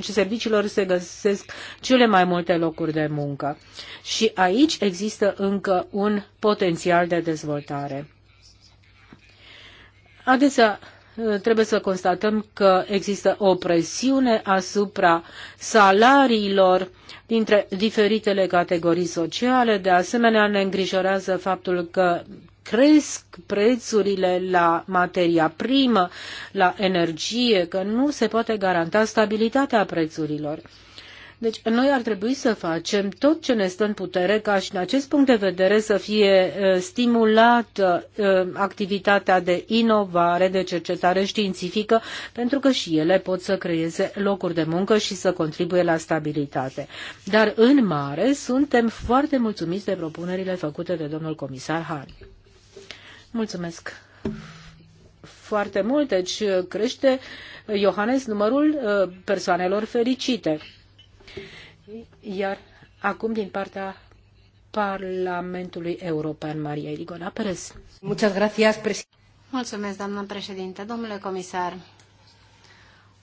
serviciilor se găsesc cele mai multe locuri de muncă. Și aici există încă un potențial de dezvoltare. Adesea trebuie să constatăm că există o presiune asupra salariilor dintre diferitele categorii sociale. De asemenea, ne îngrijorează faptul că cresc prețurile la materia primă, la energie, că nu se poate garanta stabilitatea prețurilor. Deci noi ar trebui să facem tot ce ne stă în putere ca și în acest punct de vedere să fie stimulată activitatea de inovare, de cercetare științifică, pentru că și ele pot să creeze locuri de muncă și să contribuie la stabilitate. Dar în mare suntem foarte mulțumiți de propunerile făcute de domnul comisar Hahn. Mulțumesc foarte mult, deci crește, Iohannes, numărul uh, persoanelor fericite. Iar acum, din partea Parlamentului European, Maria Irigona Perez. președinte. Mulțumesc, doamnă președinte. Domnule comisar,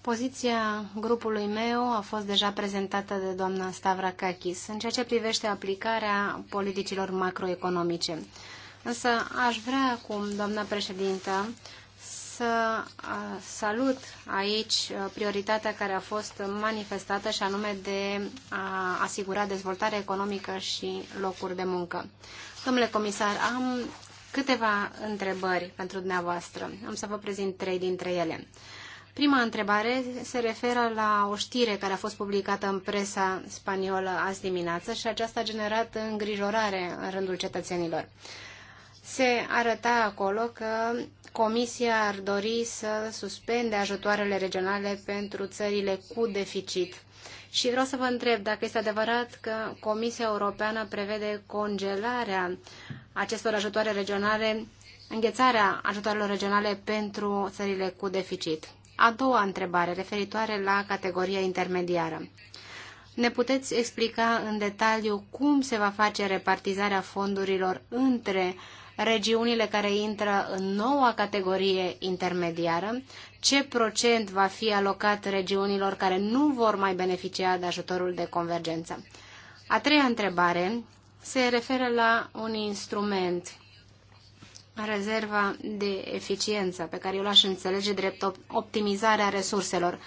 Poziția grupului meu a fost deja prezentată de doamna Kakis în ceea ce privește aplicarea politicilor macroeconomice. Însă aș vrea acum, doamna președintă, să salut aici prioritatea care a fost manifestată și anume de a asigura dezvoltare economică și locuri de muncă. Domnule comisar, am câteva întrebări pentru dumneavoastră. Am să vă prezint trei dintre ele. Prima întrebare se referă la o știre care a fost publicată în presa spaniolă azi dimineață și aceasta a generat îngrijorare în rândul cetățenilor se arăta acolo că Comisia ar dori să suspende ajutoarele regionale pentru țările cu deficit. Și vreau să vă întreb dacă este adevărat că Comisia Europeană prevede congelarea acestor ajutoare regionale, înghețarea ajutoarelor regionale pentru țările cu deficit. A doua întrebare, referitoare la categoria intermediară. Ne puteți explica în detaliu cum se va face repartizarea fondurilor între uh, regiunile care intră în noua categorie intermediară, ce procent va fi alocat regiunilor care nu vor mai beneficia de ajutorul de convergență. A treia întrebare se referă la un instrument, rezerva de eficiență, pe care eu l-aș înțelege drept optimizarea resurselor.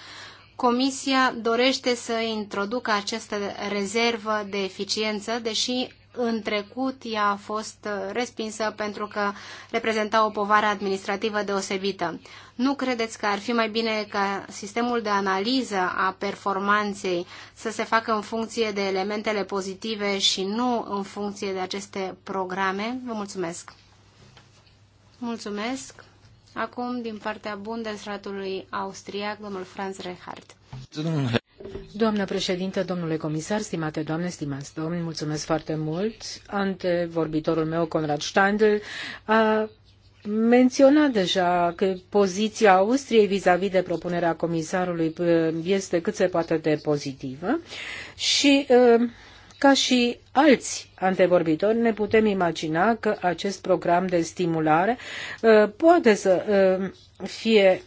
Comisia dorește să introducă această rezervă de eficiență, deși în trecut ea a fost uh, respinsă pentru că reprezenta o povară administrativă deosebită. Nu credeți că ar fi mai bine ca sistemul de analiză a performanței să se facă în funcție de elementele pozitive și nu în funcție de aceste programe? Vă mulțumesc! Mulțumesc! Acum, din partea Bundesratului austriac, domnul Franz Rehardt. Doamnă președinte, domnule comisar, stimate doamne, stimați domni, mulțumesc foarte mult. Antevorbitorul meu, Conrad Steindl, a menționat deja că poziția Austriei vizavi de propunerea comisarului uh, este cât se poate de pozitivă și uh, ca și alți antevorbitori, ne putem imagina că acest program de stimulare uh, poate să fie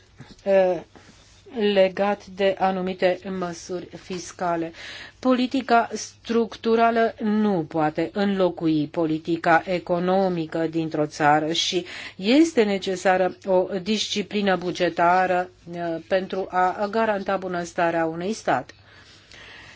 legat de anumite măsuri fiscale. Politica structurală nu poate înlocui politica economică dintr-o țară și este necesară o disciplină bugetară uh, pentru a garanta bunăstarea unui stat.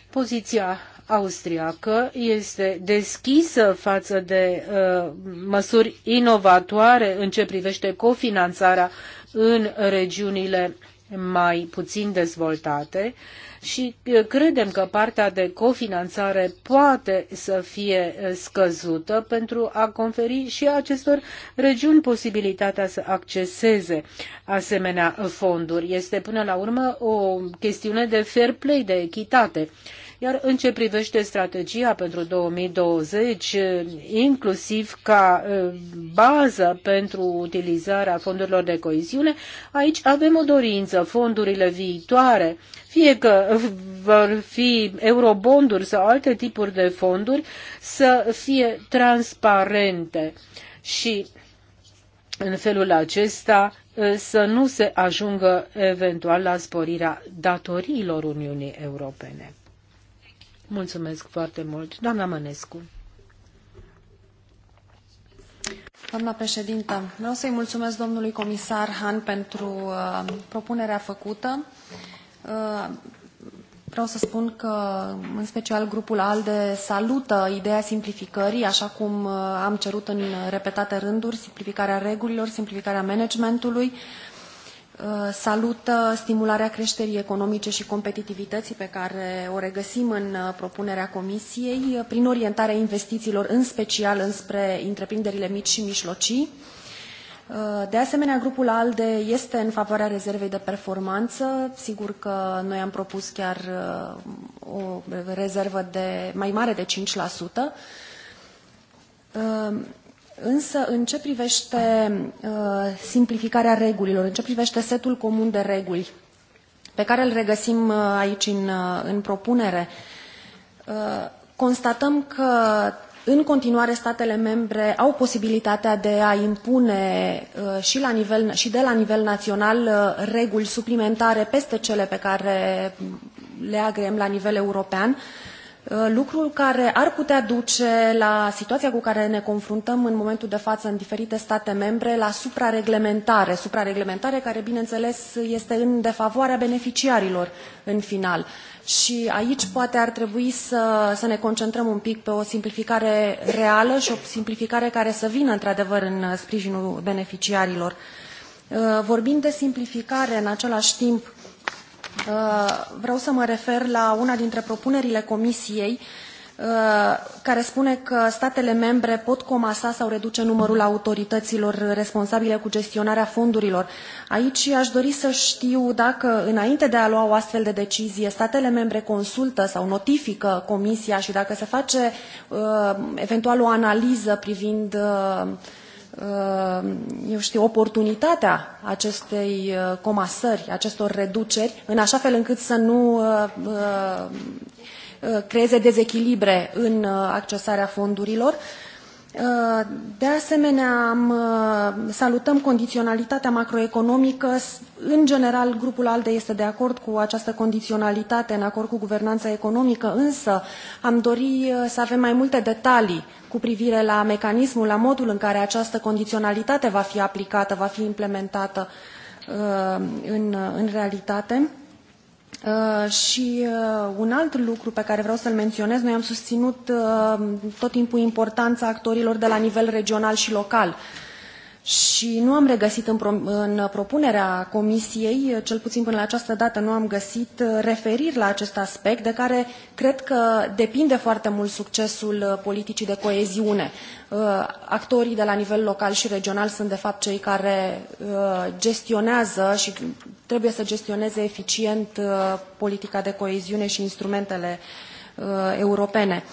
Poziția austriacă este deschisă față de uh, măsuri inovatoare în ce privește cofinanțarea în regiunile mai puțin dezvoltate și credem că partea de cofinanțare poate să fie scăzută pentru a conferi și acestor regiuni posibilitatea să acceseze asemenea fonduri. Este până la urmă o chestiune de fair play, de echitate iar în ce privește strategia pentru 2020, inclusiv ca bază pentru utilizarea fondurilor de coeziune, aici avem o dorință, fondurile viitoare, fie că vor fi eurobonduri sau alte tipuri de fonduri, să fie transparente și în felul acesta să nu se ajungă eventual la sporirea datoriilor Uniunii Europene. Mulțumesc foarte mult. Doamna Mănescu. Doamna președintă, vreau să-i mulțumesc domnului comisar Han pentru uh, propunerea făcută. Uh, vreau să spun că, în special, grupul ALDE salută ideea simplificării, așa cum uh, am cerut în repetate rânduri, simplificarea regulilor, simplificarea managementului, Uh, salută stimularea creșterii economice și competitivității pe care o regăsim în uh, propunerea Comisiei, uh, prin orientarea investițiilor în special înspre întreprinderile mici și mijlocii. De asemenea, grupul ALDE este în favoarea rezervei de performanță. Sigur că noi am propus chiar o rezervă de mai mare de 5%. Însă, în ce privește uh, simplificarea regulilor, în ce privește setul comun de reguli pe care îl regăsim uh, aici în, uh, în propunere, constatăm că în continuare statele membre au posibilitatea de a impune și, la nivel, și de la nivel național reguli suplimentare peste cele pe care le agreem la nivel european, uh, Uh, lucru care ar putea duce la situația cu care ne confruntăm în momentul de față în diferite state membre, la suprareglementare, suprareglementare care, bineînțeles, este în defavoarea beneficiarilor în final. Și aici poate ar trebui să, să ne concentrăm un pic pe o simplificare reală și o simplificare care să vină, într-adevăr, în sprijinul beneficiarilor. Uh, vorbind de simplificare, în același timp, Uh, vreau să mă refer la una dintre propunerile Comisiei uh, care spune că statele membre pot comasa sau reduce numărul autorităților responsabile cu gestionarea fondurilor. Aici aș dori să știu dacă, înainte de a lua o astfel de decizie, statele membre consultă sau notifică Comisia și dacă se face uh, eventual o analiză privind Uh, eu știu, oportunitatea acestei uh, comasări, acestor reduceri, în așa fel încât să nu uh, creeze dezechilibre în accesarea fondurilor. De asemenea, salutăm condiționalitatea macroeconomică. În general, grupul ALDE este de acord cu această condiționalitate în acord cu guvernanța economică, însă am dori să avem mai multe detalii cu privire la mecanismul, la modul în care această condiționalitate va fi aplicată, va fi implementată uh, în, în realitate. Uh, și uh, un alt lucru pe care vreau să-l menționez, noi am susținut tot timpul importanța actorilor de la nivel regional și local și nu am regăsit în, pro, în propunerea Comisiei, cel puțin până la această dată nu am găsit uh, referiri la acest aspect, de care cred că depinde foarte mult succesul uh, politicii de coeziune. Uh, actorii de la nivel local și regional sunt de fapt cei care gestionează și trebuie să gestioneze eficient politica de coeziune și instrumentele europene.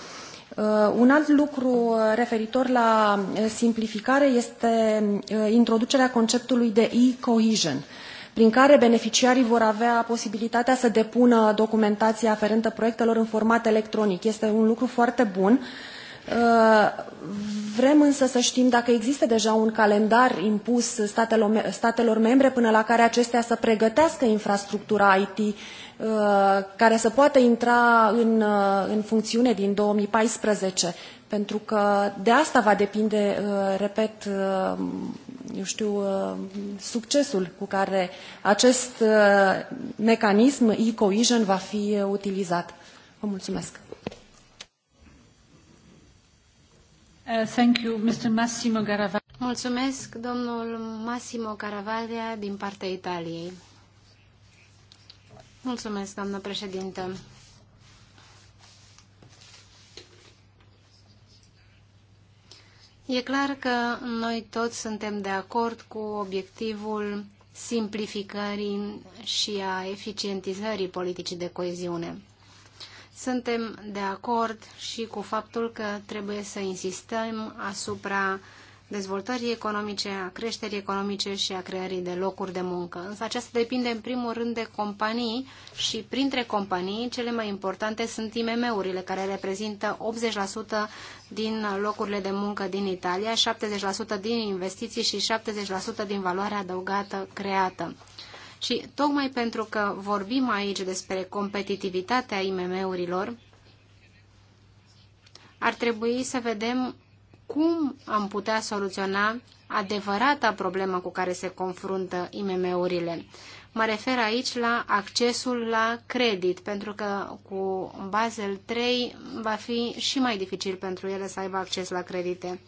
Uh, un alt lucru uh, referitor la uh, simplificare este introducerea conceptului de e-cohesion prin care beneficiarii vor avea posibilitatea să depună documentația aferentă proiectelor în format electronic. Este un lucru foarte bun. Vrem însă să știm dacă există deja un calendar impus statelor, statelor membre până la care acestea să pregătească infrastructura IT Uh, care să poată intra în, uh, în funcțiune din 2014, pentru că de asta va depinde, uh, repet, eu știu, succesul cu care acest mecanism e-cohesion va fi utilizat. Vă mulțumesc! Thank you, Mr. Massimo Garavaglia. Mulțumesc, domnul Massimo Caravaglia, din partea Italiei. Mulțumesc, doamnă președintă. E clar că noi toți suntem de acord cu obiectivul simplificării și a eficientizării politicii de coeziune. Suntem de acord și cu faptul că trebuie să insistăm asupra dezvoltării economice, a creșterii economice și a creării de locuri de muncă. Însă aceasta depinde în primul rând de companii și printre companii cele mai importante sunt IMM-urile care reprezintă 80% din locurile de muncă din Italia, 70% din investiții și 70% din valoarea adăugată creată. Și tocmai pentru că vorbim aici despre competitivitatea IMM-urilor, ar trebui să vedem cum am putea soluționa adevărata problemă cu care se confruntă IMM-urile. Mă refer aici la accesul la credit, pentru că cu Basel 3 va fi și mai dificil pentru ele să aibă acces la credite.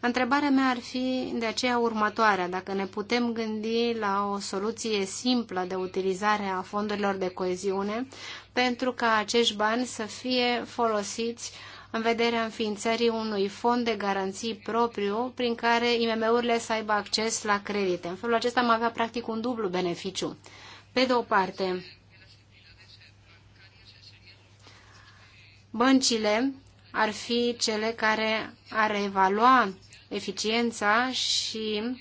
Întrebarea mea ar fi de aceea următoarea, dacă ne putem gândi la o soluție simplă de utilizare a fondurilor de coeziune pentru ca acești bani să fie folosiți uh, în vederea înființării unui fond de garanții propriu prin care IMM-urile să aibă acces la credite. În felul acesta am avea practic un dublu beneficiu. Pe de o parte, băncile ar fi cele care ar evalua eficiența și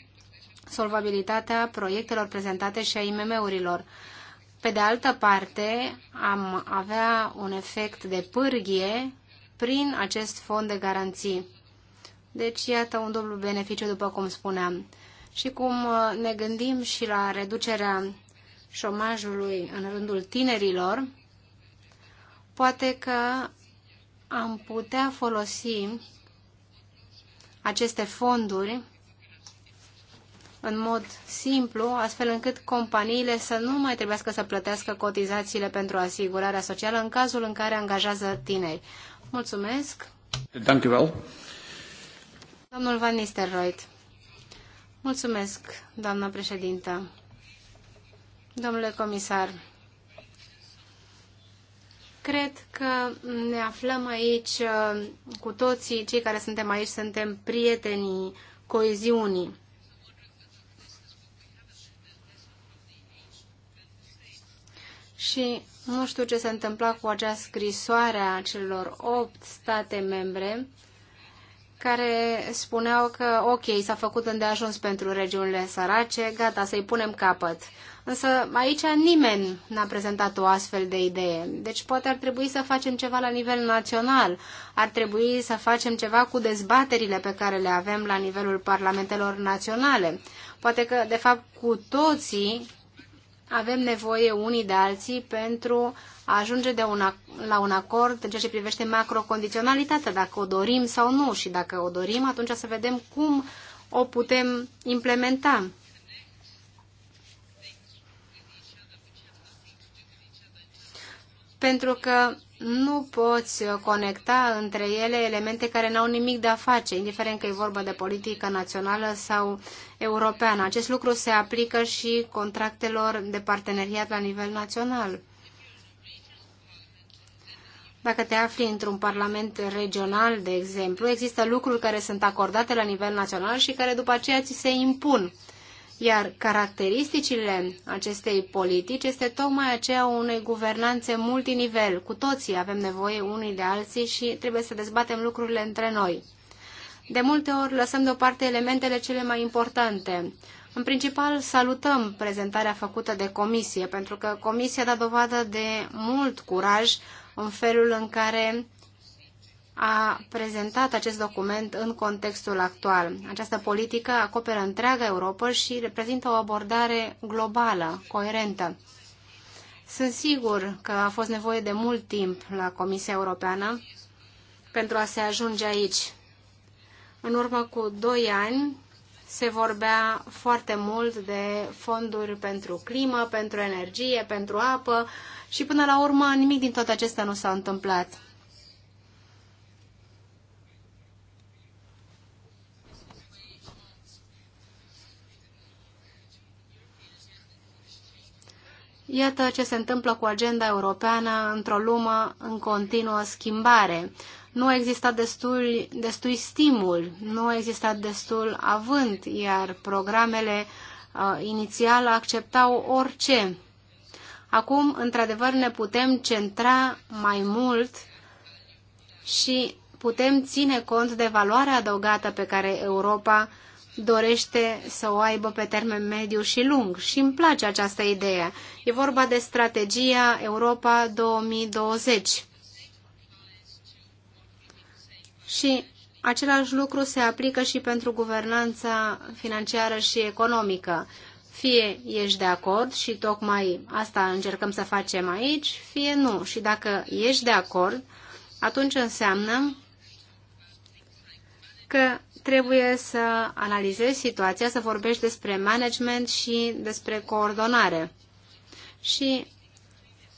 solvabilitatea proiectelor prezentate și a IMM-urilor. Pe de altă parte, am avea un efect de pârghie prin acest fond de garanții. Deci, iată un dublu beneficiu, după cum spuneam. Și cum uh, ne gândim și la reducerea șomajului în rândul tinerilor, poate că am putea folosi aceste fonduri în mod simplu, astfel încât companiile să nu mai trebuiască să plătească cotizațiile pentru asigurarea socială în cazul în care angajează tineri. Mulțumesc. Dank u wel. Domnul Van Nistelrooy. Mulțumesc, doamna președintă. Domnule comisar, cred că ne aflăm aici uh, cu toții, cei care suntem aici, suntem prietenii coeziunii. Și nu știu ce s-a întâmplat cu acea scrisoare a celor opt state membre care spuneau că, ok, s-a făcut îndeajuns pentru regiunile sărace, gata, să-i punem capăt. Însă aici nimeni n-a prezentat o astfel de idee. Deci poate ar trebui să facem ceva la nivel național, ar trebui să facem ceva cu dezbaterile pe care le avem la nivelul parlamentelor naționale. Poate că, de fapt, cu toții avem nevoie unii de alții pentru a ajunge de un, la un acord în ceea ce privește macrocondiționalitatea, dacă o dorim sau nu și dacă o dorim, atunci să vedem cum o putem implementa. pentru că nu poți conecta între ele elemente care n-au nimic de a face, indiferent că e vorba de politică națională sau europeană. Acest lucru se aplică și contractelor de parteneriat la nivel național. Dacă te afli într-un parlament regional, de exemplu, există lucruri care sunt acordate la nivel național și care după aceea ți se impun. Iar caracteristicile acestei politici este tocmai aceea unei guvernanțe multinivel. Cu toții avem nevoie unii de alții și trebuie să dezbatem lucrurile între noi. De multe ori lăsăm deoparte elementele cele mai importante. În principal, salutăm prezentarea făcută de comisie, pentru că comisia a dat dovadă de mult curaj în felul în care a prezentat acest document în contextul actual. Această politică acoperă întreaga Europa și reprezintă o abordare globală, coerentă. Sunt sigur că a fost nevoie de mult timp la Comisia Europeană pentru a se ajunge aici. În urmă cu doi ani se vorbea foarte mult de fonduri pentru climă, pentru energie, pentru apă și până la urmă nimic din toate acestea nu s-a întâmplat. Iată ce se întâmplă cu agenda europeană într-o lume în continuă schimbare. Nu a existat destul, destui stimul, nu a existat destul avânt, iar programele uh, inițial acceptau orice. Acum, într-adevăr, ne putem centra mai mult și putem ține cont de valoarea adăugată pe care Europa dorește să o aibă pe termen mediu și lung și îmi place această idee. E vorba de strategia Europa 2020. Și același lucru se aplică și pentru guvernanța financiară și economică. Fie ești de acord și tocmai asta încercăm să facem aici, fie nu. Și dacă ești de acord, atunci înseamnă că trebuie să analizezi situația, să vorbești despre management și despre coordonare. Și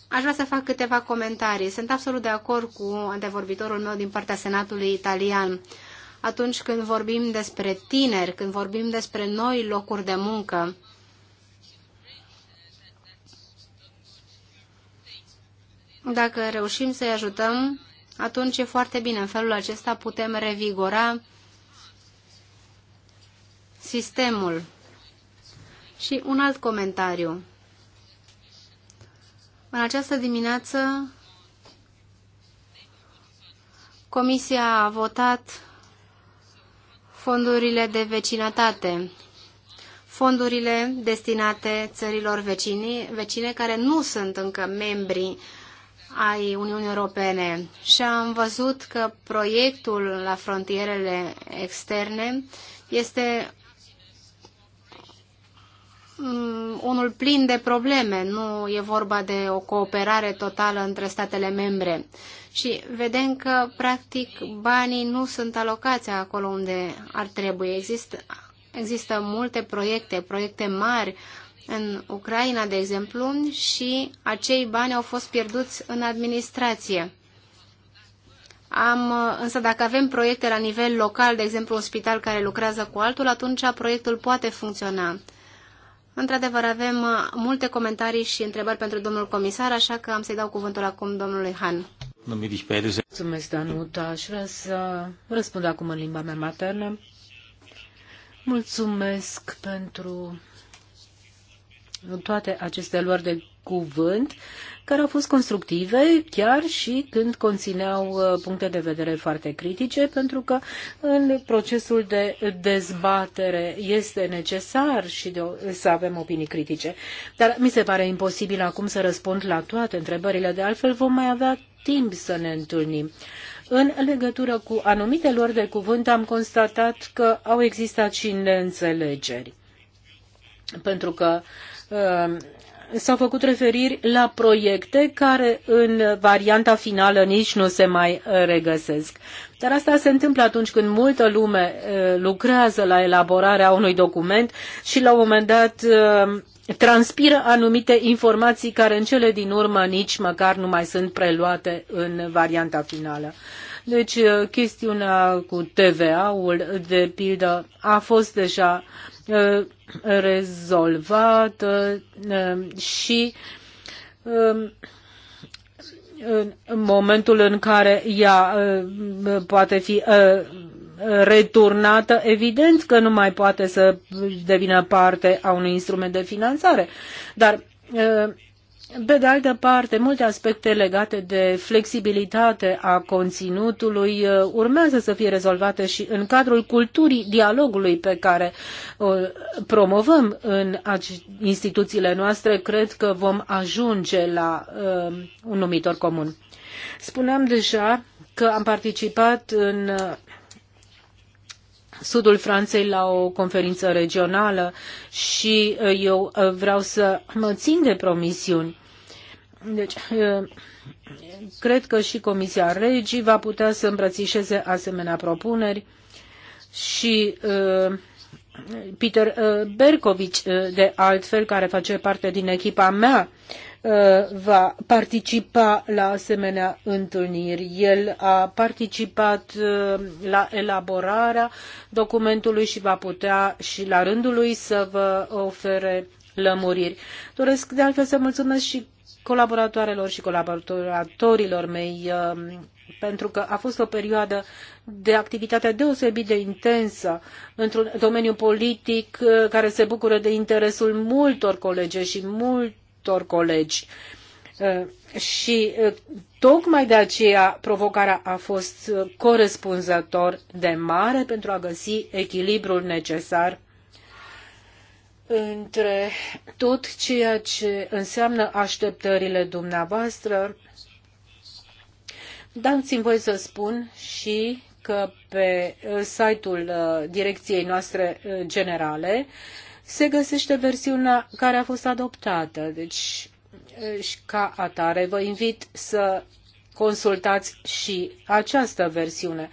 aș vrea să fac câteva comentarii. Sunt absolut de acord cu antevorbitorul meu din partea Senatului italian. Atunci când vorbim despre tineri, când vorbim despre noi locuri de muncă, dacă reușim să-i ajutăm, atunci e foarte bine. În felul acesta putem revigora sistemul. Și un alt comentariu. În această dimineață, Comisia a votat fondurile de vecinătate, fondurile destinate țărilor vecini, vecine care nu sunt încă membri ai Uniunii Europene. Și am văzut că proiectul la frontierele externe este Mm, unul plin de probleme. Nu e vorba de o cooperare totală între statele membre. Și vedem că, practic, banii nu sunt alocați acolo unde ar trebui. Există, există multe proiecte, proiecte mari în Ucraina, de exemplu, și acei bani au fost pierduți în administrație. Am, însă dacă avem proiecte la nivel local, de exemplu un spital care lucrează cu altul, atunci proiectul poate funcționa. Într-adevăr, avem uh, multe comentarii și întrebări pentru domnul comisar, așa că am să-i dau cuvântul acum domnului Han. Mulțumesc, Danuta. Aș vrea să răspund acum în limba mea maternă. Mulțumesc pentru toate aceste luări de cuvânt care au fost constructive chiar și când conțineau uh, puncte de vedere foarte critice, pentru că în procesul de dezbatere este necesar și de, să avem opinii critice. Dar mi se pare imposibil acum să răspund la toate întrebările, de altfel vom mai avea timp să ne întâlnim. În legătură cu anumite lor de cuvânt am constatat că au existat și neînțelegeri. Pentru că uh, s-au făcut referiri la proiecte care în varianta finală nici nu se mai uh, regăsesc. Dar asta se întâmplă atunci când multă lume uh, lucrează la elaborarea unui document și la un moment dat uh, transpiră anumite informații care în cele din urmă nici măcar nu mai sunt preluate în varianta finală. Deci chestiunea cu TVA-ul, de pildă, a fost deja rezolvat uh, uh, și um, în momentul în care ea uh, poate fi returnată, evident că nu mai poate să devină parte a unui instrument de finanțare. Dar pe de altă parte, multe aspecte legate de flexibilitate a conținutului uh, urmează să fie rezolvate și în cadrul culturii dialogului pe care o promovăm în instituțiile noastre, cred că vom ajunge la uh, un numitor comun. Spuneam deja că am participat în uh, sudul Franței la o conferință regională și eu vreau să mă țin de promisiuni. Deci, cred că și Comisia Regii va putea să îmbrățișeze asemenea propuneri și Peter Berkovic, de altfel, care face parte din echipa mea, va participa la asemenea întâlniri. El a participat la elaborarea documentului și va putea și la rândul lui să vă ofere lămuriri. Doresc de altfel să mulțumesc și colaboratoarelor și colaboratorilor mei, um, pentru că a fost o perioadă de activitate deosebit de intensă într-un domeniu politic uh, care se bucură de interesul multor colege și multor colegi. Uh, și uh, tocmai de aceea provocarea a fost corespunzător de mare pentru a găsi echilibrul necesar între tot ceea ce înseamnă așteptările dumneavoastră. Dați-mi voi să spun și că pe uh, site-ul uh, direcției noastre uh, generale se găsește versiunea care a fost adoptată. Deci, și ca atare, vă invit să consultați și această versiune.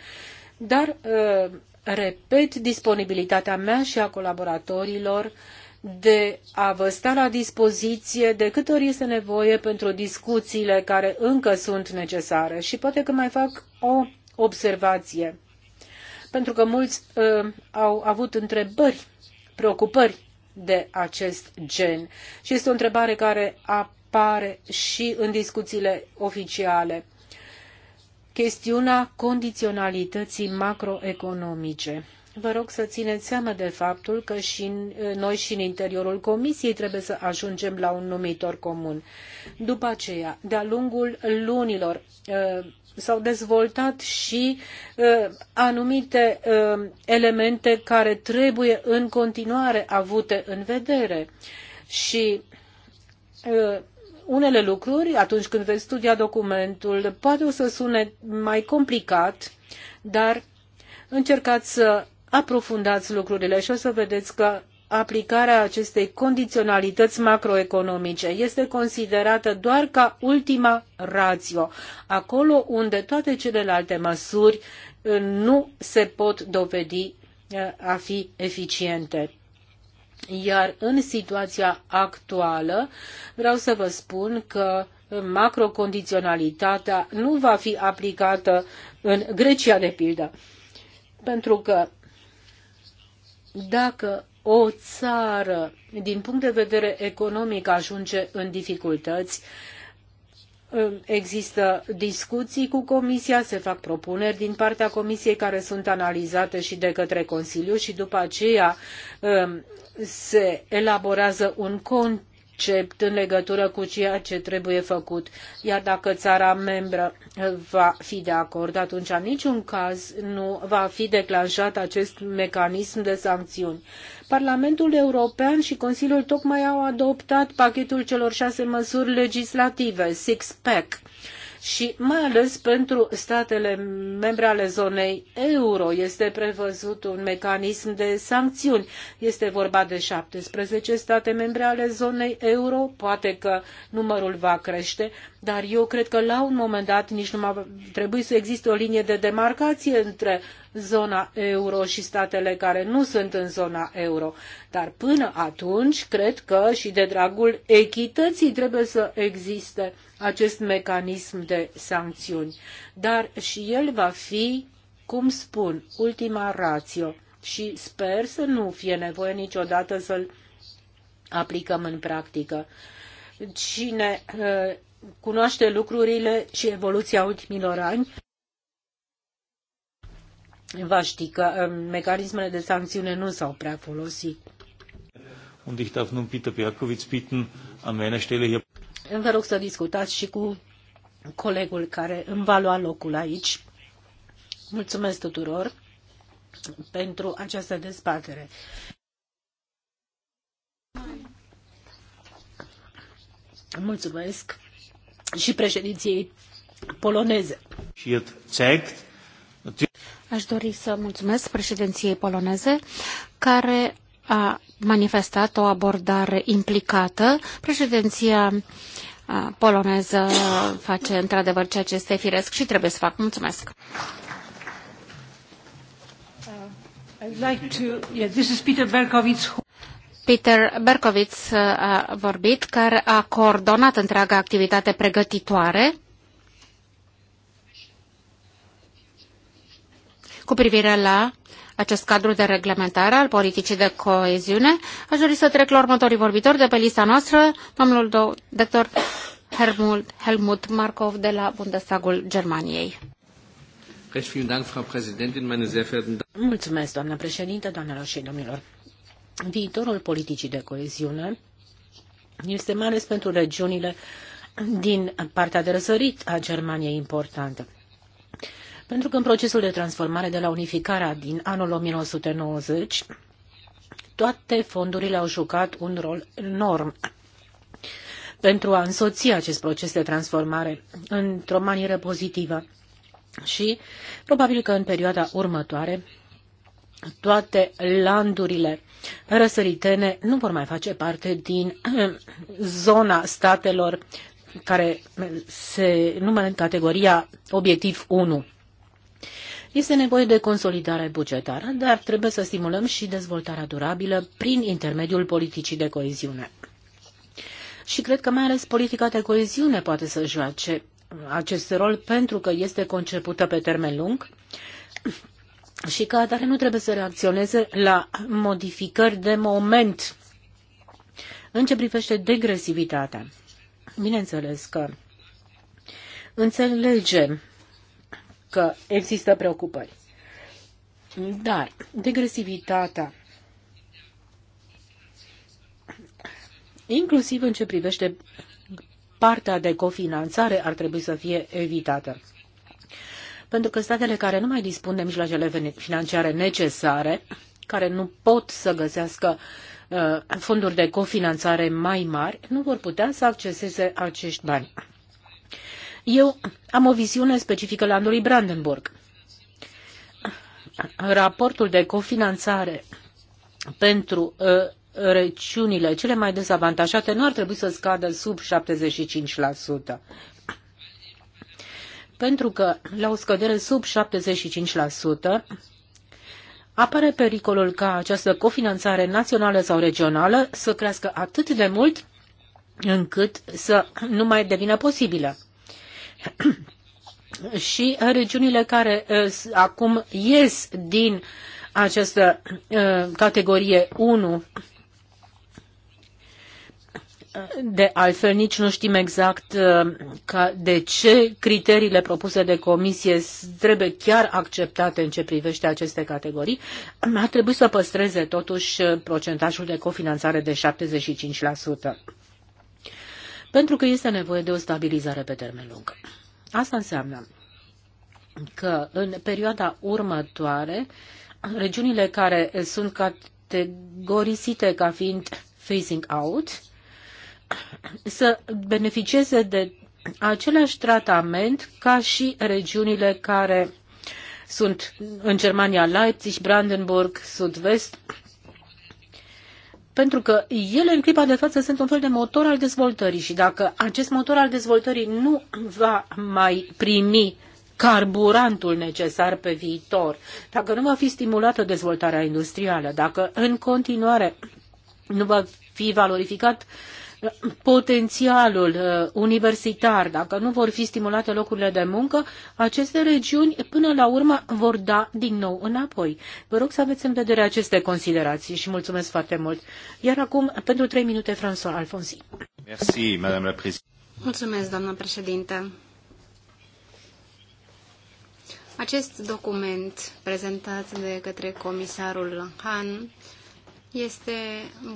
Dar, repet, disponibilitatea mea și a colaboratorilor de a vă sta la dispoziție de câte ori este nevoie pentru discuțiile care încă sunt necesare. Și poate că mai fac o observație, pentru că mulți uh, au avut întrebări, preocupări de acest gen. Și este o întrebare care apare și în discuțiile oficiale. Chestiunea condiționalității macroeconomice vă rog să țineți seama de faptul că și noi și în interiorul Comisiei trebuie să ajungem la un numitor comun. După aceea, de-a lungul lunilor, uh, s-au dezvoltat și uh, anumite uh, elemente care trebuie în continuare avute în vedere. Și unele lucruri, atunci când veți studia documentul, poate o să sune mai complicat, dar încercați să aprofundați lucrurile și o să vedeți că aplicarea acestei condiționalități macroeconomice este considerată doar ca ultima rațio, acolo unde toate celelalte măsuri uh, nu se pot dovedi uh, a fi eficiente. Iar în situația actuală vreau să vă spun că macrocondiționalitatea nu va fi aplicată în Grecia, de pildă, pentru că dacă o țară, din punct de vedere economic, ajunge în dificultăți, um, Există discuții cu Comisia, se fac propuneri din partea Comisiei care sunt analizate și de către Consiliu și după aceea um, se elaborează un cont accept în legătură cu ceea ce trebuie făcut. Iar dacă țara membră va fi de acord, atunci în niciun caz nu va fi declanșat acest mecanism de sancțiuni. Parlamentul European și Consiliul tocmai au adoptat pachetul celor șase măsuri legislative, six-pack, și mai ales pentru statele membre ale zonei euro este prevăzut un mecanism de sancțiuni. Este vorba de 17 state membre ale zonei euro, poate că numărul va crește, dar eu cred că la un moment dat nici nu va trebui să existe o linie de demarcație între zona euro și statele care nu sunt în zona euro. Dar până atunci, cred că și de dragul echității trebuie să existe acest mecanism de sancțiuni. Dar și el va fi, cum spun, ultima rațio. Și sper să nu fie nevoie niciodată să-l aplicăm în practică. Cine uh, cunoaște lucrurile și evoluția ultimilor ani, va ști că um, mecanismele de sancțiune nu s-au prea folosit. Und ich darf nun Peter Berkowitz bitten, an meiner Stelle hier... Vă rog să discutați și cu colegul care îmi va lua locul aici. Mulțumesc tuturor pentru această dezbatere. Mulțumesc și președinției poloneze. Aș dori să mulțumesc președinției poloneze care a manifestat o abordare implicată. Președinția poloneză face într-adevăr ceea ce este firesc și trebuie să fac. Mulțumesc! Uh, like to... yeah, Peter Berkovitz uh, a vorbit, care a coordonat întreaga activitate pregătitoare cu privire la acest cadru de reglementare al politicii de coeziune. Aș dori să trec la următorii vorbitori de pe lista noastră, domnul doctor Helmut, Helmut Markov de la Bundestagul Germaniei. Mulțumesc, doamnă președinte, doamnelor și domnilor. Viitorul politicii de coeziune este mai ales pentru regiunile din partea de răsărit a Germaniei importantă. Pentru că în procesul de transformare de la unificarea din anul 1990, toate fondurile au jucat un rol enorm pentru a însoți acest proces de transformare într-o manieră pozitivă. Și probabil că în perioada următoare toate landurile răsăritene nu vor mai face parte din zona statelor care se numără în categoria obiectiv 1. Este nevoie de consolidare bugetară, dar trebuie să stimulăm și dezvoltarea durabilă prin intermediul politicii de coeziune. Și cred că mai ales politica de coeziune poate să joace acest rol pentru că este concepută pe termen lung și ca atare nu trebuie să reacționeze la modificări de moment. În ce privește degresivitatea, bineînțeles că înțelegem că există preocupări, dar degresivitatea, inclusiv în ce privește partea de cofinanțare, ar trebui să fie evitată pentru că statele care nu mai dispun de mijloacele financiare necesare, care nu pot să găsească uh, fonduri de cofinanțare mai mari, nu vor putea să acceseze acești bani. Eu am o viziune specifică landului Brandenburg. Raportul de cofinanțare pentru uh, regiunile cele mai dezavantajate nu ar trebui să scadă sub 75% pentru că la o scădere sub 75% apare pericolul ca această cofinanțare națională sau regională să crească atât de mult încât să nu mai devină posibilă. și regiunile care uh, acum ies din această uh, categorie 1 de altfel, nici nu știm exact uh, ca de ce criteriile propuse de comisie trebuie chiar acceptate în ce privește aceste categorii. Ar trebui să păstreze totuși procentajul de cofinanțare de 75%. Pentru că este nevoie de o stabilizare pe termen lung. Asta înseamnă că în perioada următoare, regiunile care sunt categorisite ca fiind phasing out să beneficieze de același tratament ca și regiunile care sunt în Germania Leipzig, Brandenburg, Sud-Vest, pentru că ele în clipa de față sunt un fel de motor al dezvoltării și dacă acest motor al dezvoltării nu va mai primi carburantul necesar pe viitor, dacă nu va fi stimulată dezvoltarea industrială, dacă în continuare nu va fi valorificat potențialul uh, universitar, dacă nu vor fi stimulate locurile de muncă, aceste regiuni până la urmă vor da din nou înapoi. Vă rog să aveți în vedere aceste considerații și mulțumesc foarte mult. Iar acum, pentru trei minute, François Alfonsi. Merci, Madame la Mulțumesc, doamnă președinte. Acest document prezentat de către comisarul Han este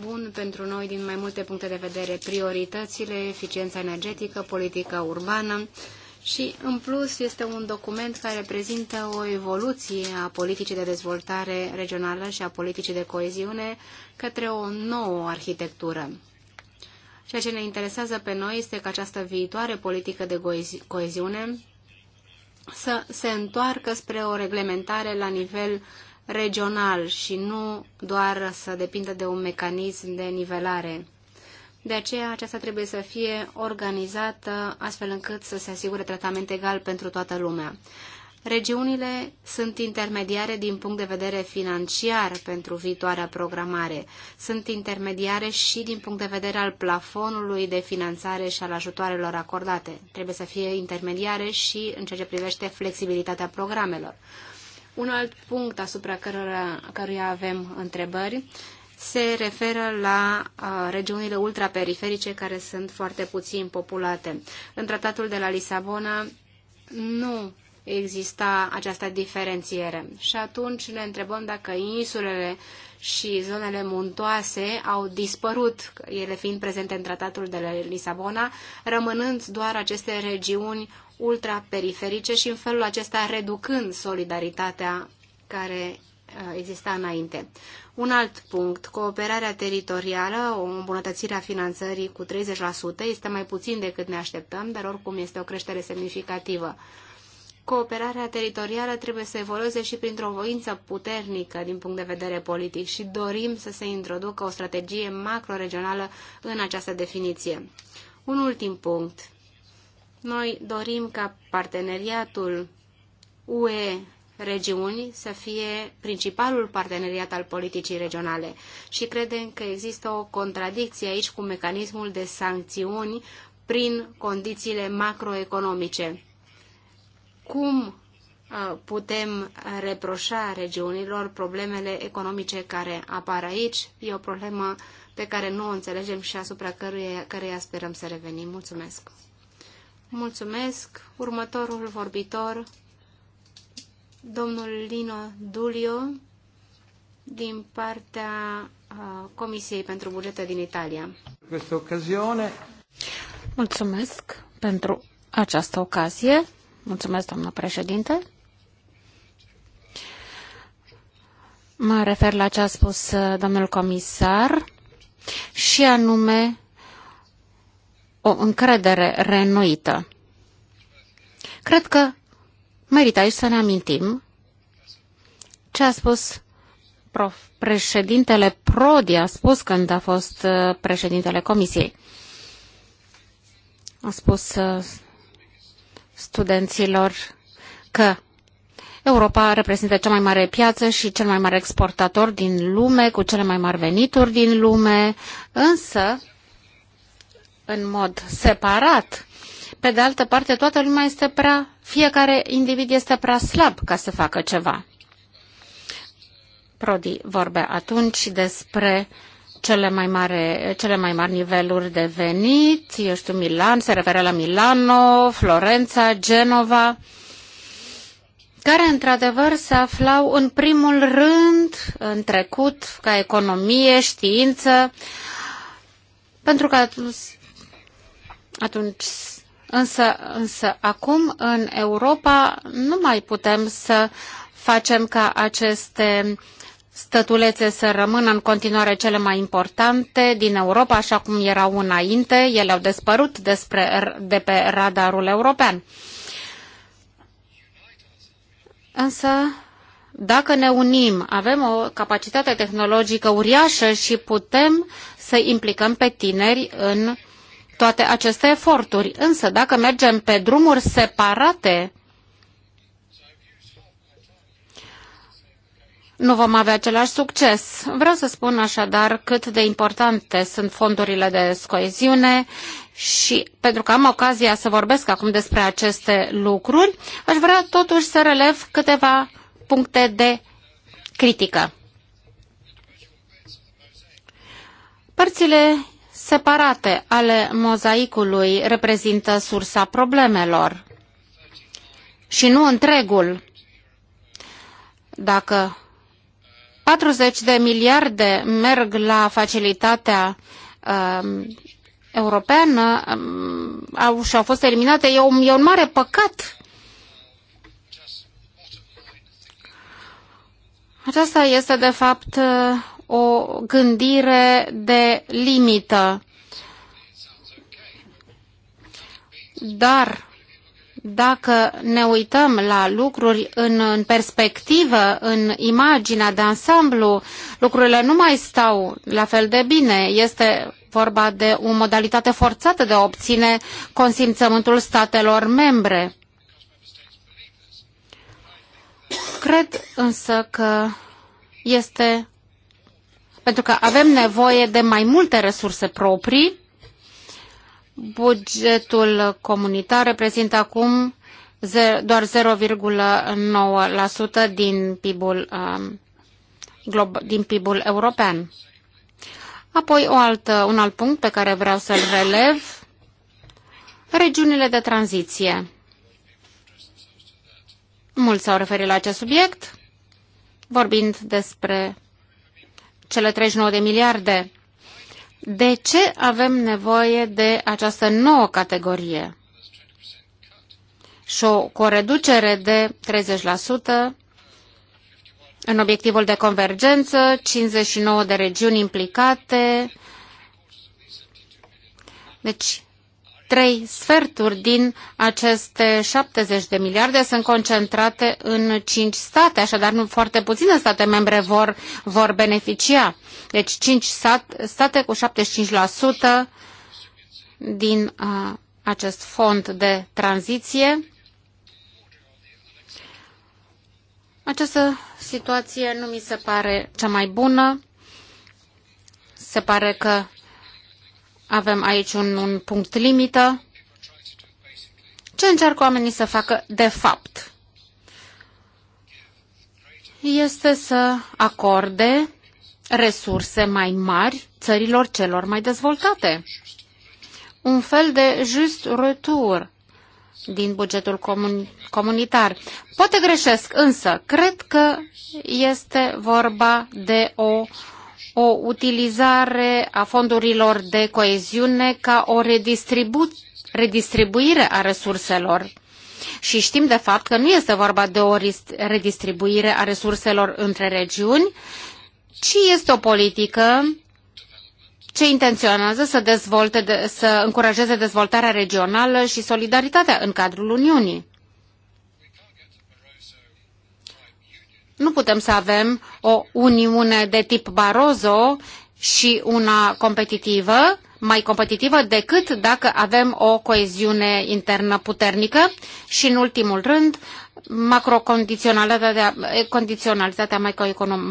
bun pentru noi din mai multe puncte de vedere, prioritățile, eficiența energetică, politica urbană și, în plus, este un document care prezintă o evoluție a politicii de dezvoltare regională și a politicii de coeziune către o nouă arhitectură. Ceea ce ne interesează pe noi este că această viitoare politică de coeziune să se întoarcă spre o reglementare la nivel regional și nu doar să depindă de un mecanism de nivelare. De aceea, aceasta trebuie să fie organizată astfel încât să se asigure tratament egal pentru toată lumea. Regiunile sunt intermediare din punct de vedere financiar pentru viitoarea programare. Sunt intermediare și din punct de vedere al plafonului de finanțare și al ajutoarelor acordate. Trebuie să fie intermediare și în ceea ce privește flexibilitatea programelor. Un alt punct asupra cărora, căruia avem întrebări se referă la a, uh, regiunile ultraperiferice care sunt foarte puțin populate. În tratatul de la Lisabona nu exista această diferențiere. Și atunci ne întrebăm dacă insulele și zonele muntoase au dispărut, ele fiind prezente în tratatul de la Lisabona, rămânând doar aceste regiuni ultraperiferice și în felul acesta reducând solidaritatea care uh, exista înainte. Un alt punct, cooperarea teritorială, o îmbunătățire a finanțării cu 30%, este mai puțin decât ne așteptăm, dar oricum este o creștere semnificativă. Cooperarea teritorială trebuie să evolueze și printr-o voință puternică din punct de vedere politic și dorim să se introducă o strategie macroregională în această definiție. Un ultim punct, noi dorim ca parteneriatul UE regiuni să fie principalul parteneriat al politicii regionale și credem că există o contradicție aici cu mecanismul de sancțiuni prin condițiile macroeconomice. Cum uh, putem reproșa regiunilor problemele economice care apar aici? E o problemă pe care nu o înțelegem și asupra căruia, căreia sperăm să revenim. Mulțumesc! Mulțumesc. Următorul vorbitor, domnul Lino Dulio, din partea uh, Comisiei pentru Bugete din Italia. Această Mulțumesc pentru această ocazie. Mulțumesc, doamnă președinte. Mă refer la ce a spus uh, domnul comisar și anume o încredere renuită. Cred că merită aici să ne amintim ce a spus prof, președintele Prodi, a spus când a fost uh, președintele comisiei. A spus uh, studenților că Europa reprezintă cea mai mare piață și cel mai mare exportator din lume, cu cele mai mari venituri din lume, însă în mod separat. Pe de altă parte, toată lumea este prea, fiecare individ este prea slab ca să facă ceva. Prodi vorbea atunci despre cele mai, mare, cele mai mari niveluri de venit, eu știu, Milan, se referă la Milano, Florența, Genova, care într-adevăr se aflau în primul rând în trecut ca economie, știință, pentru că atunci, însă, însă acum în Europa nu mai putem să facem ca aceste stătulețe să rămână în continuare cele mai importante din Europa, așa cum erau înainte. Ele au despărut despre, de pe radarul european. Însă, dacă ne unim, avem o capacitate tehnologică uriașă și putem să implicăm pe tineri în toate aceste eforturi. Însă, dacă mergem pe drumuri separate, nu vom avea același succes. Vreau să spun așadar cât de importante sunt fondurile de coeziune și pentru că am ocazia să vorbesc acum despre aceste lucruri, aș vrea totuși să relev câteva puncte de critică. Părțile separate ale mozaicului reprezintă sursa problemelor și nu întregul. Dacă 40 de miliarde merg la facilitatea uh, europeană uh, au, și au fost eliminate, e un, e un mare păcat. Aceasta este, de fapt, uh, o gândire de limită. Dar dacă ne uităm la lucruri în, în perspectivă, în imaginea de ansamblu, lucrurile nu mai stau la fel de bine. Este vorba de o modalitate forțată de a obține consimțământul statelor membre. Cred însă că este pentru că avem nevoie de mai multe resurse proprii. Bugetul comunitar reprezintă acum doar 0,9% din PIB-ul um, din PIB-ul european. Apoi o altă, un alt punct pe care vreau să-l relev, regiunile de tranziție. Mulți s-au referit la acest subiect, vorbind despre cele 39 de miliarde. De ce avem nevoie de această nouă categorie? Și o, cu o reducere de 30% în obiectivul de convergență, 59 de regiuni implicate. Deci, Trei sferturi din aceste 70 de miliarde sunt concentrate în cinci state, așadar nu foarte puține state membre vor, vor beneficia. Deci cinci state cu 75% din a, acest fond de tranziție. Această situație nu mi se pare cea mai bună. Se pare că avem aici un, un punct limită. Ce încearcă oamenii să facă de fapt? Este să acorde resurse mai mari țărilor celor mai dezvoltate. Un fel de just retur din bugetul comun comunitar. Poate greșesc, însă cred că este vorba de o uh, o utilizare a fondurilor de coeziune ca o redistribu- redistribuire a resurselor. Și știm de fapt că nu este vorba de o redistribuire a resurselor între regiuni, ci este o politică ce intenționează să, dezvolte, să încurajeze dezvoltarea regională și solidaritatea în cadrul Uniunii. Nu putem să avem o uniune de tip Barroso și una competitivă, mai competitivă decât dacă avem o coeziune internă puternică și, în ultimul rând, macrocondiționalitatea condiționalitatea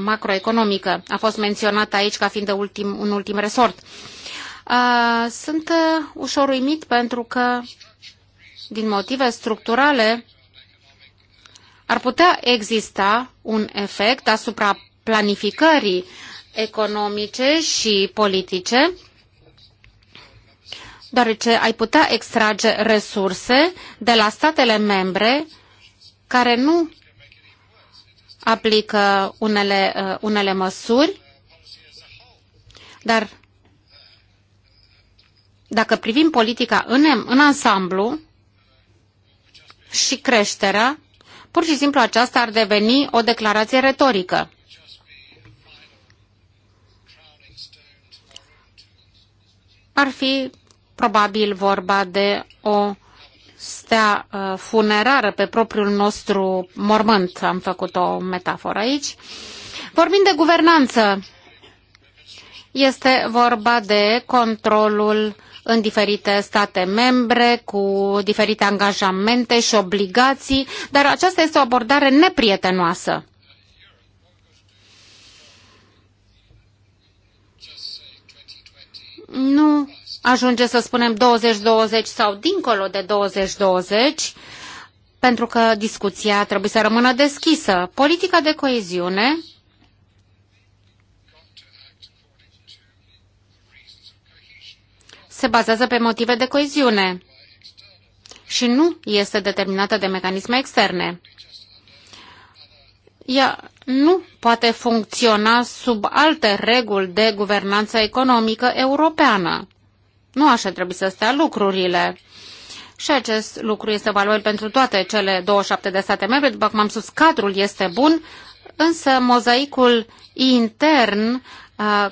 macroeconomică a fost menționată aici ca fiind de ultim, un ultim resort. Sunt uh, ușor uimit pentru că, din motive structurale, ar putea exista un efect asupra planificării economice și politice, deoarece ai putea extrage resurse de la statele membre care nu aplică unele, uh, unele măsuri, dar dacă privim politica în, în ansamblu și creșterea, Pur și simplu aceasta ar deveni o declarație retorică. Ar fi probabil vorba de o stea uh, funerară pe propriul nostru mormânt. Am făcut o metaforă aici. Vorbind de guvernanță, este vorba de controlul uh, în diferite state membre cu diferite angajamente și obligații, dar aceasta este o abordare neprietenoasă. Nu ajunge să spunem 20-20 sau dincolo de 20-20, pentru că discuția trebuie să rămână deschisă. Politica de coeziune se bazează pe motive de coeziune și nu este determinată de mecanisme externe. Ea nu poate funcționa sub alte reguli de guvernanță economică europeană. Nu așa trebuie să stea lucrurile. Și acest lucru este valabil pentru toate cele 27 de state membre. După cum am spus, cadrul este bun, însă mozaicul intern uh,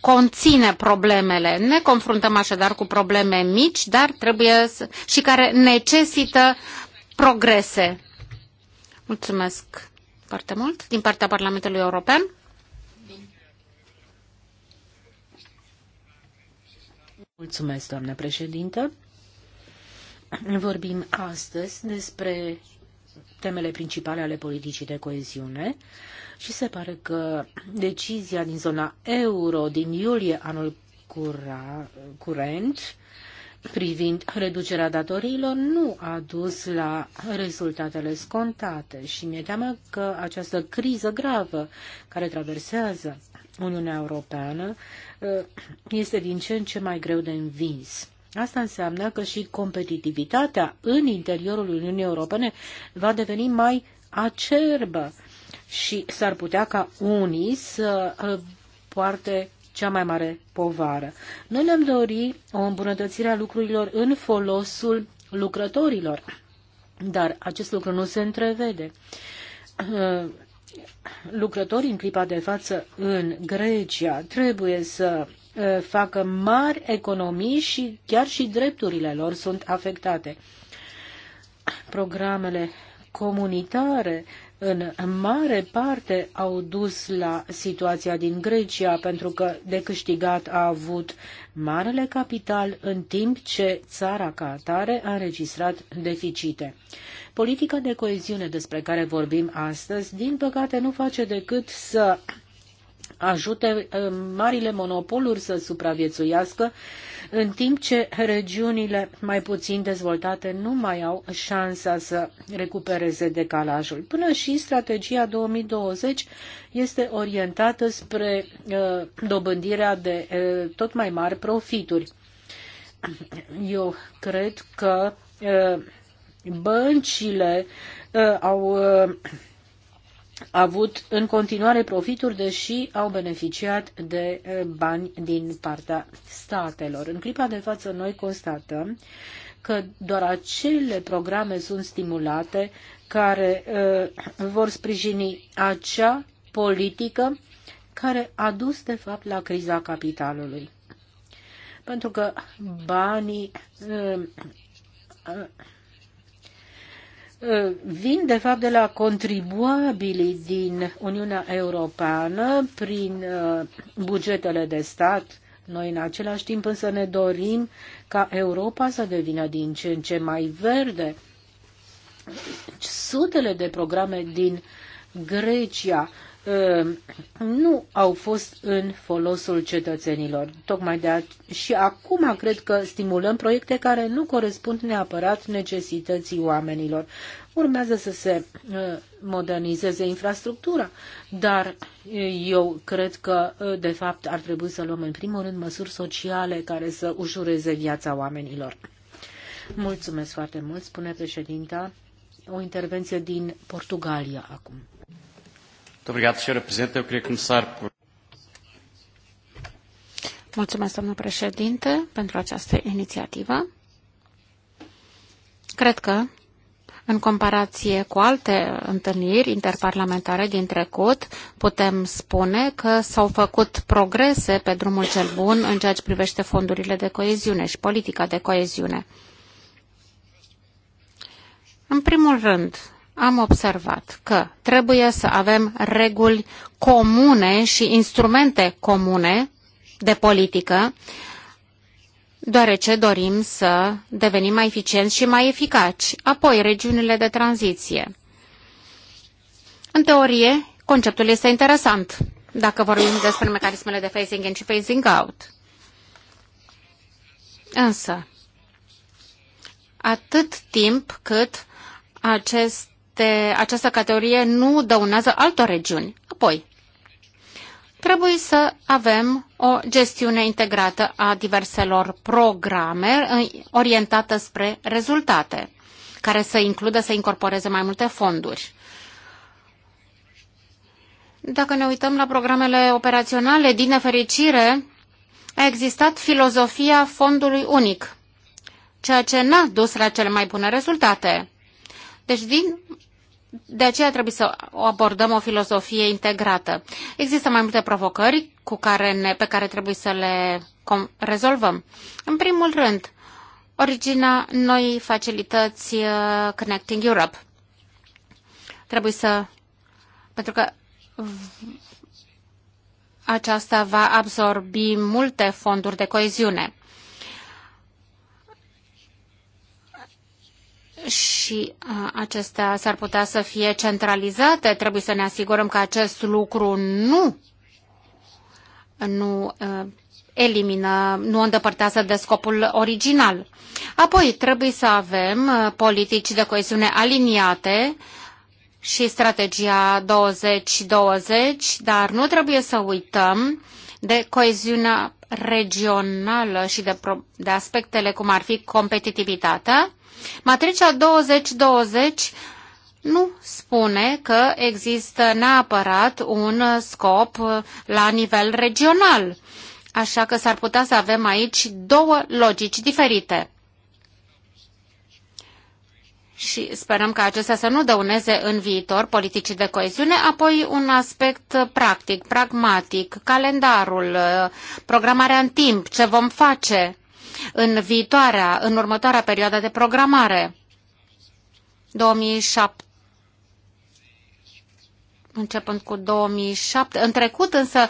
conține problemele. Ne confruntăm așadar cu probleme mici, dar trebuie să, și care necesită progrese. Mulțumesc foarte mult din partea Parlamentului European. Mulțumesc, doamnă președintă. Vorbim astăzi despre temele principale ale politicii de coeziune și se pare că decizia din zona euro din iulie anul cura, curent privind reducerea datoriilor nu a dus la rezultatele scontate și mi-e teamă că această criză gravă care traversează Uniunea Europeană eh, este din ce în ce mai greu de învins. Asta înseamnă că și competitivitatea în interiorul Uniunii Europene va deveni mai acerbă și s-ar putea ca unii să uh, poarte cea mai mare povară. Noi ne-am dori o îmbunătățire a lucrurilor în folosul lucrătorilor, dar acest lucru nu se întrevede. Uh, lucrătorii în clipa de față în Grecia trebuie să uh, facă mari economii și chiar și drepturile lor sunt afectate. Programele comunitare în mare parte au dus la situația din Grecia, pentru că de câștigat a avut marele capital, în timp ce țara ca atare a înregistrat deficite. Politica de coeziune despre care vorbim astăzi, din păcate, nu face decât să ajute uh, marile monopoluri să supraviețuiască, în timp ce regiunile mai puțin dezvoltate nu mai au șansa să recupereze decalajul. Până și strategia 2020 este orientată spre uh, dobândirea de uh, tot mai mari profituri. Eu cred că băncile au avut în continuare profituri, deși au beneficiat de eh, bani din partea statelor. În clipa de față, noi constatăm că doar acele programe sunt stimulate care uh, vor sprijini acea politică care a dus, de fapt, la criza capitalului. Pentru că banii uh, uh, Uh, vin de fapt de la contribuabilii din Uniunea Europeană prin uh, bugetele de stat. Noi în același timp însă ne dorim ca Europa să devină din ce în ce mai verde. Deci, sutele de programe din Grecia Ehm, nu au fost în folosul cetățenilor. Tocmai de a- și acum cred că stimulăm proiecte care nu corespund neapărat necesității oamenilor. Urmează să se eh, modernizeze infrastructura, dar eh, eu cred că, eh, de fapt, ar trebui să luăm în primul rând măsuri sociale care să ușureze viața oamenilor. Mulțumesc foarte mult, spune președinta. O intervenție din Portugalia acum. Mulțumesc, domnule președinte, pentru această inițiativă. Cred că, în comparație cu alte întâlniri interparlamentare din trecut, putem spune că s-au făcut progrese pe drumul cel bun în ceea ce privește fondurile de coeziune și politica de coeziune. În primul rând, am observat că trebuie să avem reguli comune și instrumente comune de politică, deoarece dorim să devenim mai eficienți și mai eficaci. Apoi, regiunile de tranziție. În teorie, conceptul este interesant, dacă vorbim despre mecanismele de phasing in și phasing out. Însă, atât timp cât acest este, această categorie nu dăunează altor regiuni. Apoi, trebuie să avem o gestiune integrată a diverselor programe orientată spre rezultate, care să includă, să incorporeze mai multe fonduri. Dacă ne uităm la programele operaționale, din nefericire, a existat filozofia fondului unic, ceea ce n-a dus la cele mai bune rezultate. Deci, din de aceea trebuie să abordăm o filozofie integrată. Există mai multe provocări cu care ne, pe care trebuie să le rezolvăm. În primul rând, originea noii facilități uh, Connecting Europe. Trebuie să... Pentru că aceasta va absorbi multe fonduri de coeziune. și acestea s-ar putea să fie centralizate. Trebuie să ne asigurăm că acest lucru nu, nu elimină, nu îndepărtează de scopul original. Apoi trebuie să avem politici de coeziune aliniate și strategia 2020, dar nu trebuie să uităm de coeziunea regională și de, de aspectele cum ar fi competitivitatea Matricea 2020 nu spune că există neapărat un scop la nivel regional, așa că s-ar putea să avem aici două logici diferite și sperăm că acestea să nu dăuneze în viitor politicii de coeziune, apoi un aspect practic, pragmatic, calendarul, programarea în timp, ce vom face în viitoarea, în următoarea perioadă de programare. 2007 începând cu 2007. În trecut însă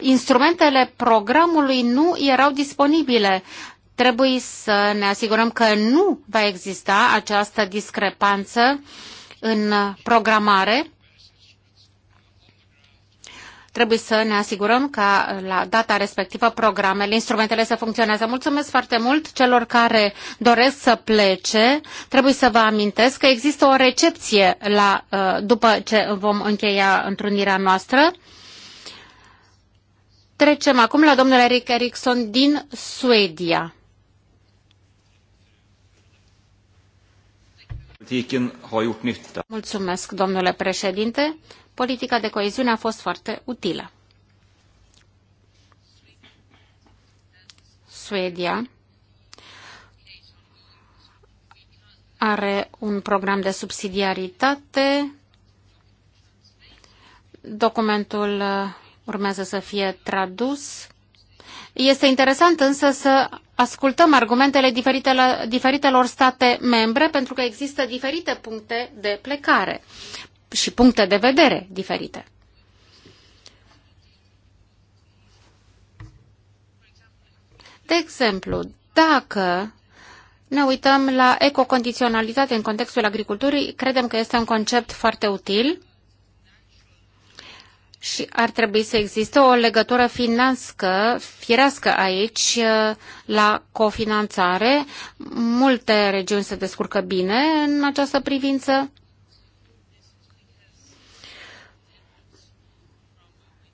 instrumentele programului nu erau disponibile. Trebuie să ne asigurăm că nu va exista această discrepanță în programare Trebuie să ne asigurăm ca la data respectivă programele, instrumentele să funcționează. Mulțumesc foarte mult celor care doresc să plece. Trebuie să vă amintesc că există o recepție la, uh, după ce vom încheia întrunirea noastră. Trecem acum la domnul Eric Erickson din Suedia. Mulțumesc, domnule președinte politica de coeziune a fost foarte utilă. Suedia are un program de subsidiaritate. Documentul uh, urmează să fie tradus. Este interesant însă să ascultăm argumentele diferitelor state membre pentru că există diferite puncte de plecare și puncte de vedere diferite. De exemplu, dacă ne uităm la ecocondiționalitate în contextul agriculturii, credem că este un concept foarte util și ar trebui să existe o legătură finanscă, firească aici, la cofinanțare. Multe regiuni se descurcă bine în această privință.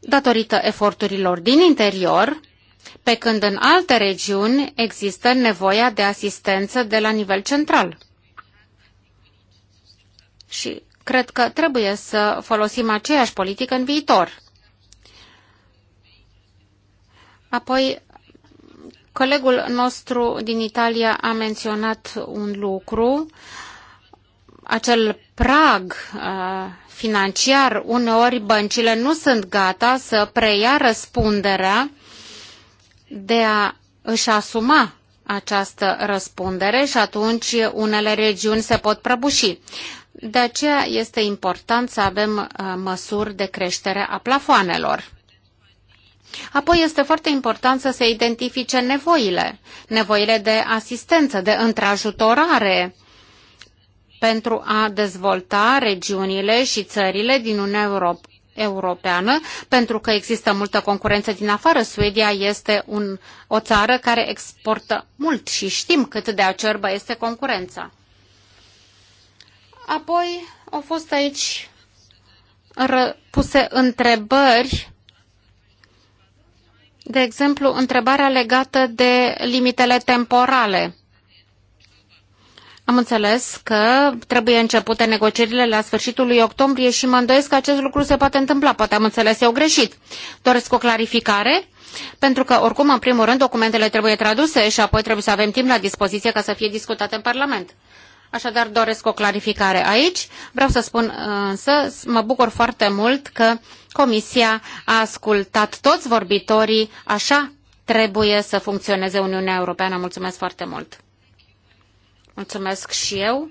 datorită eforturilor din interior, pe când în alte regiuni există nevoia de asistență de la nivel central. Și cred că trebuie să folosim aceeași politică în viitor. Apoi, colegul nostru din Italia a menționat un lucru acel prag uh, financiar, uneori băncile nu sunt gata să preia răspunderea de a își asuma această răspundere și atunci unele regiuni se pot prăbuși. De aceea este important să avem uh, măsuri de creștere a plafoanelor. Apoi este foarte important să se identifice nevoile, nevoile de asistență, de întrajutorare, pentru a dezvolta regiunile și țările din Uniunea Europeană europeană, pentru că există multă concurență din afară. Suedia este un, o țară care exportă mult și știm cât de acerbă este concurența. Apoi au fost aici puse întrebări, de exemplu, întrebarea legată de limitele temporale. Am înțeles că trebuie începute negocierile la sfârșitul lui octombrie și mă îndoiesc că acest lucru se poate întâmpla. Poate am înțeles eu greșit. Doresc o clarificare, pentru că, oricum, în primul rând, documentele trebuie traduse și apoi trebuie să avem timp la dispoziție ca să fie discutate în Parlament. Așadar, doresc o clarificare aici. Vreau să spun însă, mă bucur foarte mult că Comisia a ascultat toți vorbitorii. Așa trebuie să funcționeze Uniunea Europeană. Mulțumesc foarte mult! Mulțumesc și eu.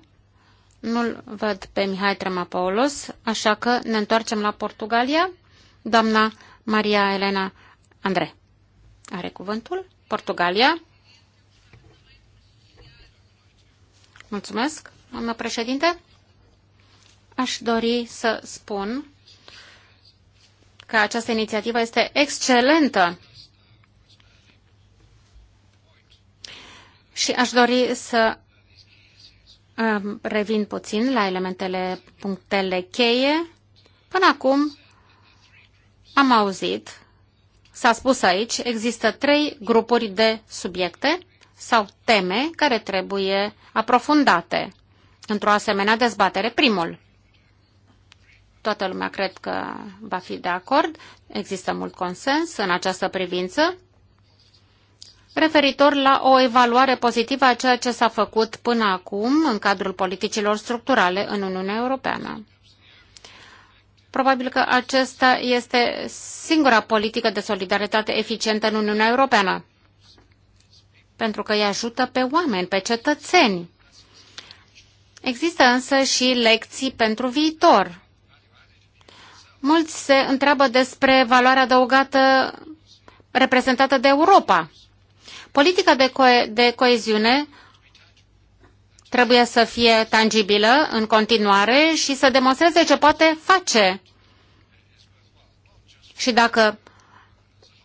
Nu-l văd pe Mihai Tremapoulos, așa că ne întoarcem la Portugalia. Doamna Maria Elena Andre are cuvântul. Portugalia. Mulțumesc, doamnă președinte. Aș dori să spun că această inițiativă este excelentă și aș dori să Revin puțin la elementele, punctele cheie. Până acum am auzit, s-a spus aici, există trei grupuri de subiecte sau teme care trebuie aprofundate într-o asemenea dezbatere. Primul, toată lumea cred că va fi de acord, există mult consens în această privință, referitor la o evaluare pozitivă a ceea ce s-a făcut până acum în cadrul politicilor structurale în Uniunea Europeană. Probabil că acesta este singura politică de solidaritate eficientă în Uniunea Europeană, pentru că îi ajută pe oameni, pe cetățeni. Există însă și lecții pentru viitor. Mulți se întreabă despre valoarea adăugată reprezentată de Europa Politica de, co- de coeziune trebuie să fie tangibilă în continuare și să demonstreze ce poate face. Și dacă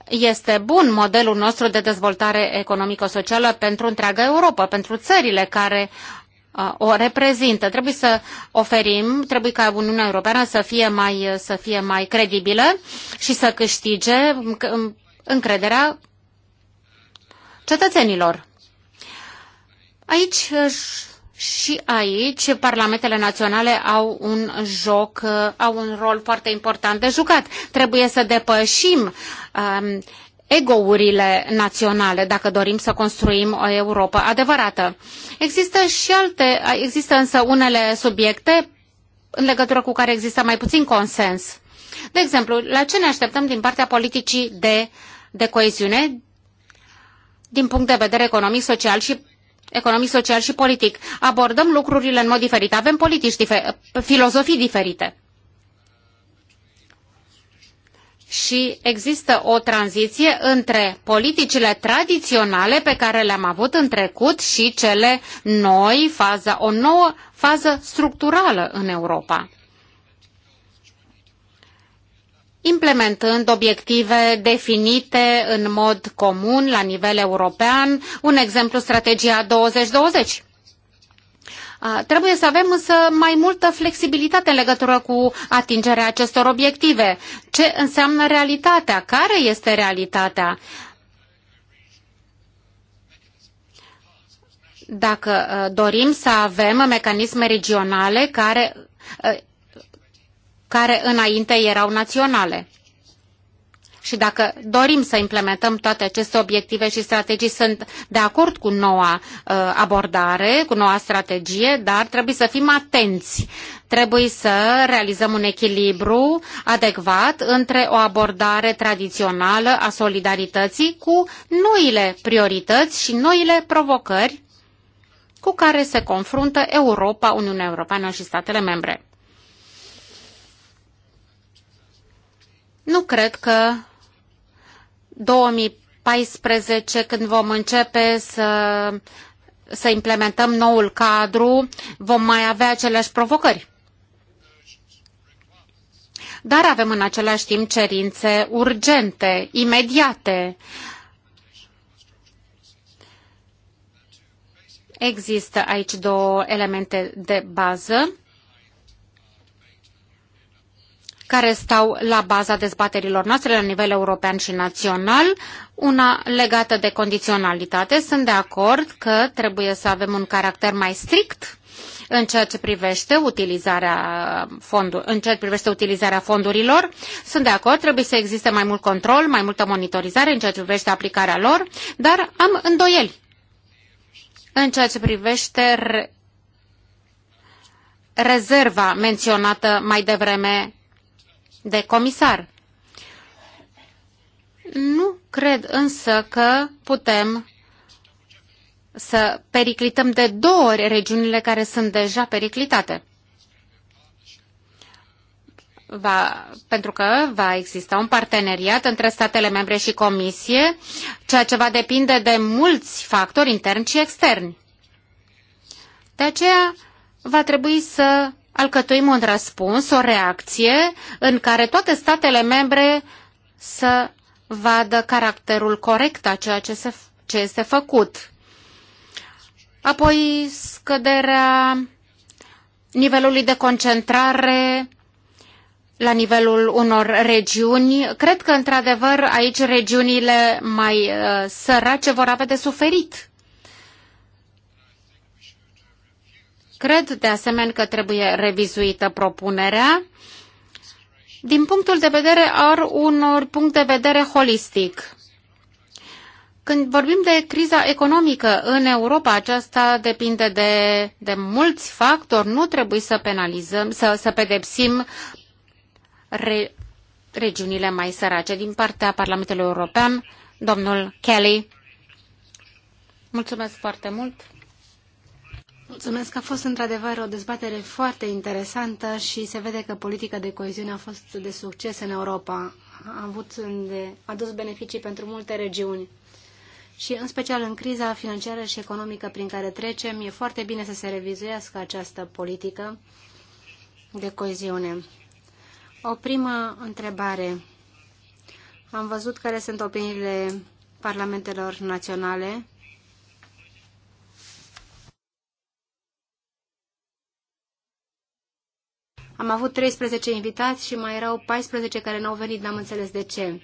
este bun modelul nostru de dezvoltare economico-socială pentru întreaga Europa, pentru țările care o reprezintă. Trebuie să oferim, trebuie ca Uniunea Europeană să fie mai, să fie mai credibilă și să câștige încrederea cetățenilor. Aici și aici parlamentele naționale au un joc, uh, au un rol foarte important de jucat. Trebuie să depășim um, egourile naționale dacă dorim să construim o Europa adevărată. Există și alte, există însă unele subiecte în legătură cu care există mai puțin consens. De exemplu, la ce ne așteptăm din partea politicii de, de coeziune din punct de vedere economic, social și economic, social și politic. Abordăm lucrurile în mod diferit, avem politici dife filozofii diferite. Și există o tranziție între politicile tradiționale pe care le-am avut în trecut și cele noi, faza, o nouă fază structurală în Europa. implementând obiective definite în mod comun la nivel european, un exemplu strategia 2020. Trebuie să avem însă mai multă flexibilitate în legătură cu atingerea acestor obiective. Ce înseamnă realitatea? Care este realitatea? Dacă dorim să avem mecanisme regionale care care înainte erau naționale. Și dacă dorim să implementăm toate aceste obiective și strategii, sunt de acord cu noua uh, abordare, cu noua strategie, dar trebuie să fim atenți. Trebuie să realizăm un echilibru adecvat între o abordare tradițională a solidarității cu noile priorități și noile provocări cu care se confruntă Europa, Uniunea Europeană și statele membre. Nu cred că 2014, când vom începe să să implementăm noul cadru, vom mai avea aceleași provocări. Dar avem în același timp cerințe urgente, imediate. Există aici două elemente de bază care stau la baza dezbaterilor noastre la nivel european și național, una legată de condiționalitate. Sunt de acord că trebuie să avem un caracter mai strict în ceea ce privește utilizarea, fondul, în ceea ce privește utilizarea fondurilor. Sunt de acord, trebuie să existe mai mult control, mai multă monitorizare în ceea ce privește aplicarea lor, dar am îndoieli în ceea ce privește rezerva menționată mai devreme de comisar. Nu cred însă că putem să periclităm de două ori regiunile care sunt deja periclitate. Va, pentru că va exista un parteneriat între statele membre și comisie, ceea ce va depinde de mulți factori interni și externi. De aceea va trebui să alcătuim un răspuns, o reacție în care toate statele membre să vadă caracterul corect a ceea ce, se, ce este făcut. Apoi scăderea nivelului de concentrare la nivelul unor regiuni. Cred că, într-adevăr, aici regiunile mai uh, sărace vor avea de suferit Cred de asemenea că trebuie revizuită propunerea din punctul de vedere al unor punct de vedere holistic. Când vorbim de criza economică în Europa, aceasta depinde de, de mulți factori. Nu trebuie să penalizăm, să, să pedepsim re, regiunile mai sărace. Din partea Parlamentului European, domnul Kelly. Mulțumesc foarte mult. Mulțumesc, a fost într-adevăr o dezbatere foarte interesantă și se vede că politica de coeziune a fost de succes în Europa. A, avut de, a dus beneficii pentru multe regiuni. Și în special în criza financiară și economică prin care trecem, e foarte bine să se revizuiască această politică de coeziune. O primă întrebare. Am văzut care sunt opiniile parlamentelor naționale Am avut 13 invitați și mai erau 14 care n-au venit, n-am înțeles de ce.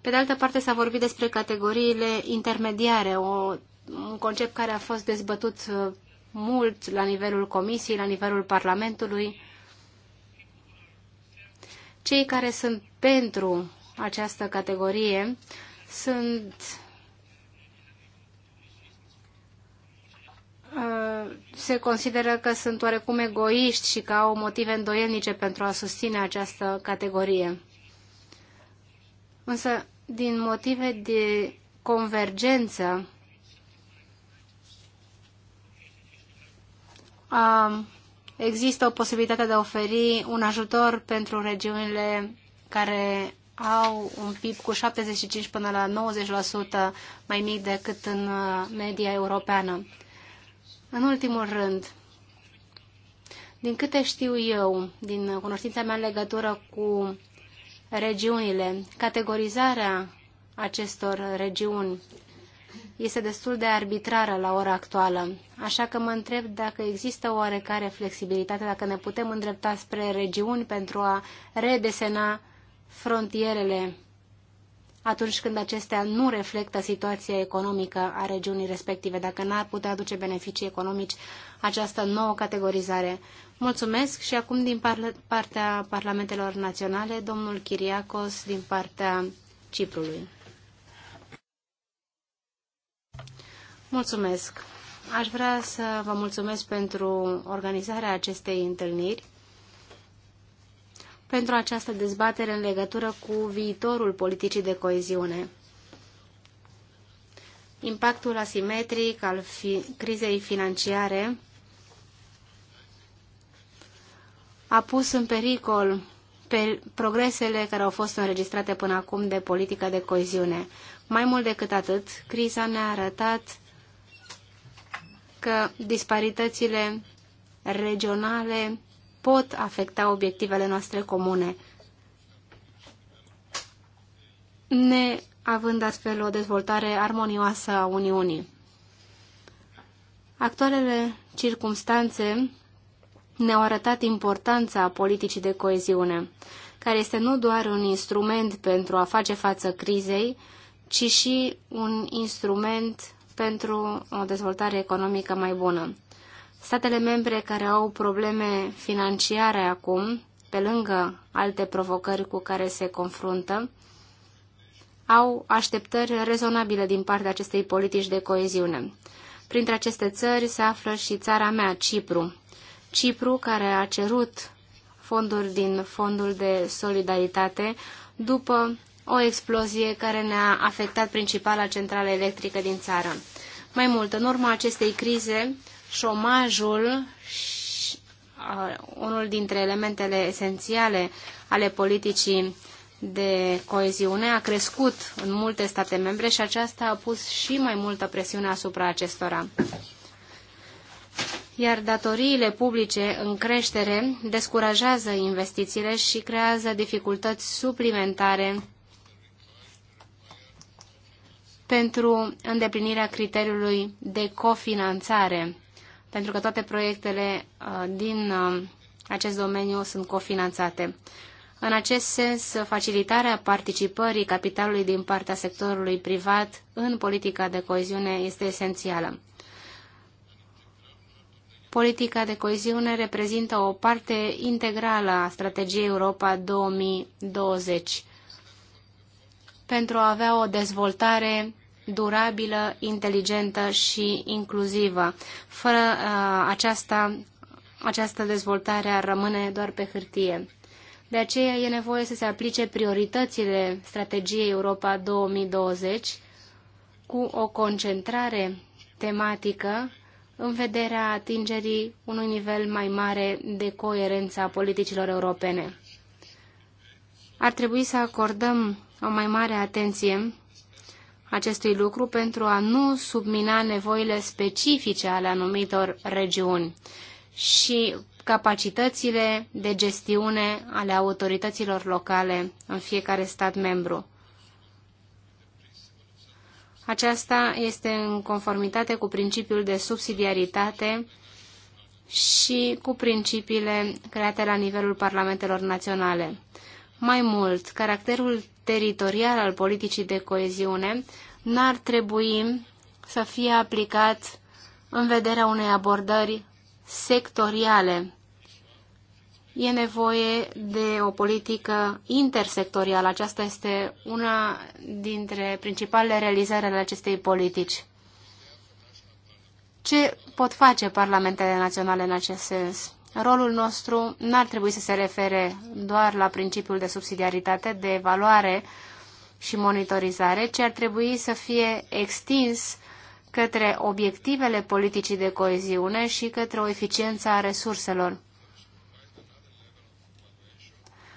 Pe de altă parte s-a vorbit despre categoriile intermediare, o, un concept care a fost dezbătut uh, mult la nivelul Comisiei, la nivelul Parlamentului. Cei care sunt pentru această categorie sunt se consideră că sunt oarecum egoiști și că au motive îndoielnice pentru a susține această categorie. Însă, din motive de convergență, există o posibilitate de a oferi un ajutor pentru regiunile care au un PIB cu 75 până la 90% mai mic decât în uh, media europeană. În ultimul rând, din câte știu eu, din cunoștința mea în legătură cu regiunile, categorizarea acestor regiuni este destul de arbitrară la ora actuală, așa că mă întreb dacă există oarecare flexibilitate, dacă ne putem îndrepta spre regiuni pentru a redesena frontierele atunci când acestea nu reflectă situația economică a regiunii respective, dacă n-ar putea aduce beneficii economici această nouă categorizare. Mulțumesc și acum din par partea Parlamentelor Naționale, domnul Chiriacos din partea Ciprului. Mulțumesc! Aș vrea să vă mulțumesc pentru organizarea acestei întâlniri pentru această dezbatere în legătură cu viitorul politicii de coeziune. Impactul asimetric al fi crizei financiare a pus în pericol pe progresele care au fost înregistrate până acum de politica de coeziune. Mai mult decât atât, criza ne-a arătat că disparitățile regionale pot afecta obiectivele noastre comune. Ne având astfel o dezvoltare armonioasă a Uniunii. Actualele circumstanțe ne-au arătat importanța politicii de coeziune, care este nu doar un instrument pentru a face față crizei, ci și un instrument pentru o dezvoltare economică mai bună. Statele membre care au probleme financiare acum, pe lângă alte provocări cu care se confruntă, au așteptări rezonabile din partea acestei politici de coeziune. Printre aceste țări se află și țara mea, Cipru. Cipru, care a cerut fonduri din Fondul de Solidaritate după o explozie care ne-a afectat principala centrală electrică din țară. Mai mult, în urma acestei crize, șomajul, unul dintre elementele esențiale ale politicii de coeziune, a crescut în multe state membre și aceasta a pus și mai multă presiune asupra acestora iar datoriile publice în creștere descurajează investițiile și creează dificultăți suplimentare pentru îndeplinirea criteriului de cofinanțare pentru că toate proiectele uh, din uh, acest domeniu sunt cofinanțate. În acest sens, facilitarea participării capitalului din partea sectorului privat în politica de coeziune este esențială. Politica de coeziune reprezintă o parte integrală a strategiei Europa 2020 pentru a avea o dezvoltare durabilă, inteligentă și inclusivă. Fără uh, aceasta, această dezvoltare ar rămâne doar pe hârtie. De aceea e nevoie să se aplice prioritățile strategiei Europa 2020 cu o concentrare tematică în vederea atingerii unui nivel mai mare de coerență a politicilor europene. Ar trebui să acordăm o mai mare atenție acestui lucru pentru a nu submina nevoile specifice ale anumitor regiuni și capacitățile de gestiune ale autorităților locale în fiecare stat membru. Aceasta este în conformitate cu principiul de subsidiaritate și cu principiile create la nivelul parlamentelor naționale. Mai mult, caracterul teritorial al politicii de coeziune n-ar trebui să fie aplicat în vederea unei abordări sectoriale. E nevoie de o politică intersectorială. Aceasta este una dintre principalele realizări ale acestei politici. Ce pot face parlamentele naționale în acest sens? rolul nostru nu ar trebui să se refere doar la principiul de subsidiaritate, de evaluare și monitorizare, ci ar trebui să fie extins către obiectivele politicii de coeziune și către o eficiență a resurselor.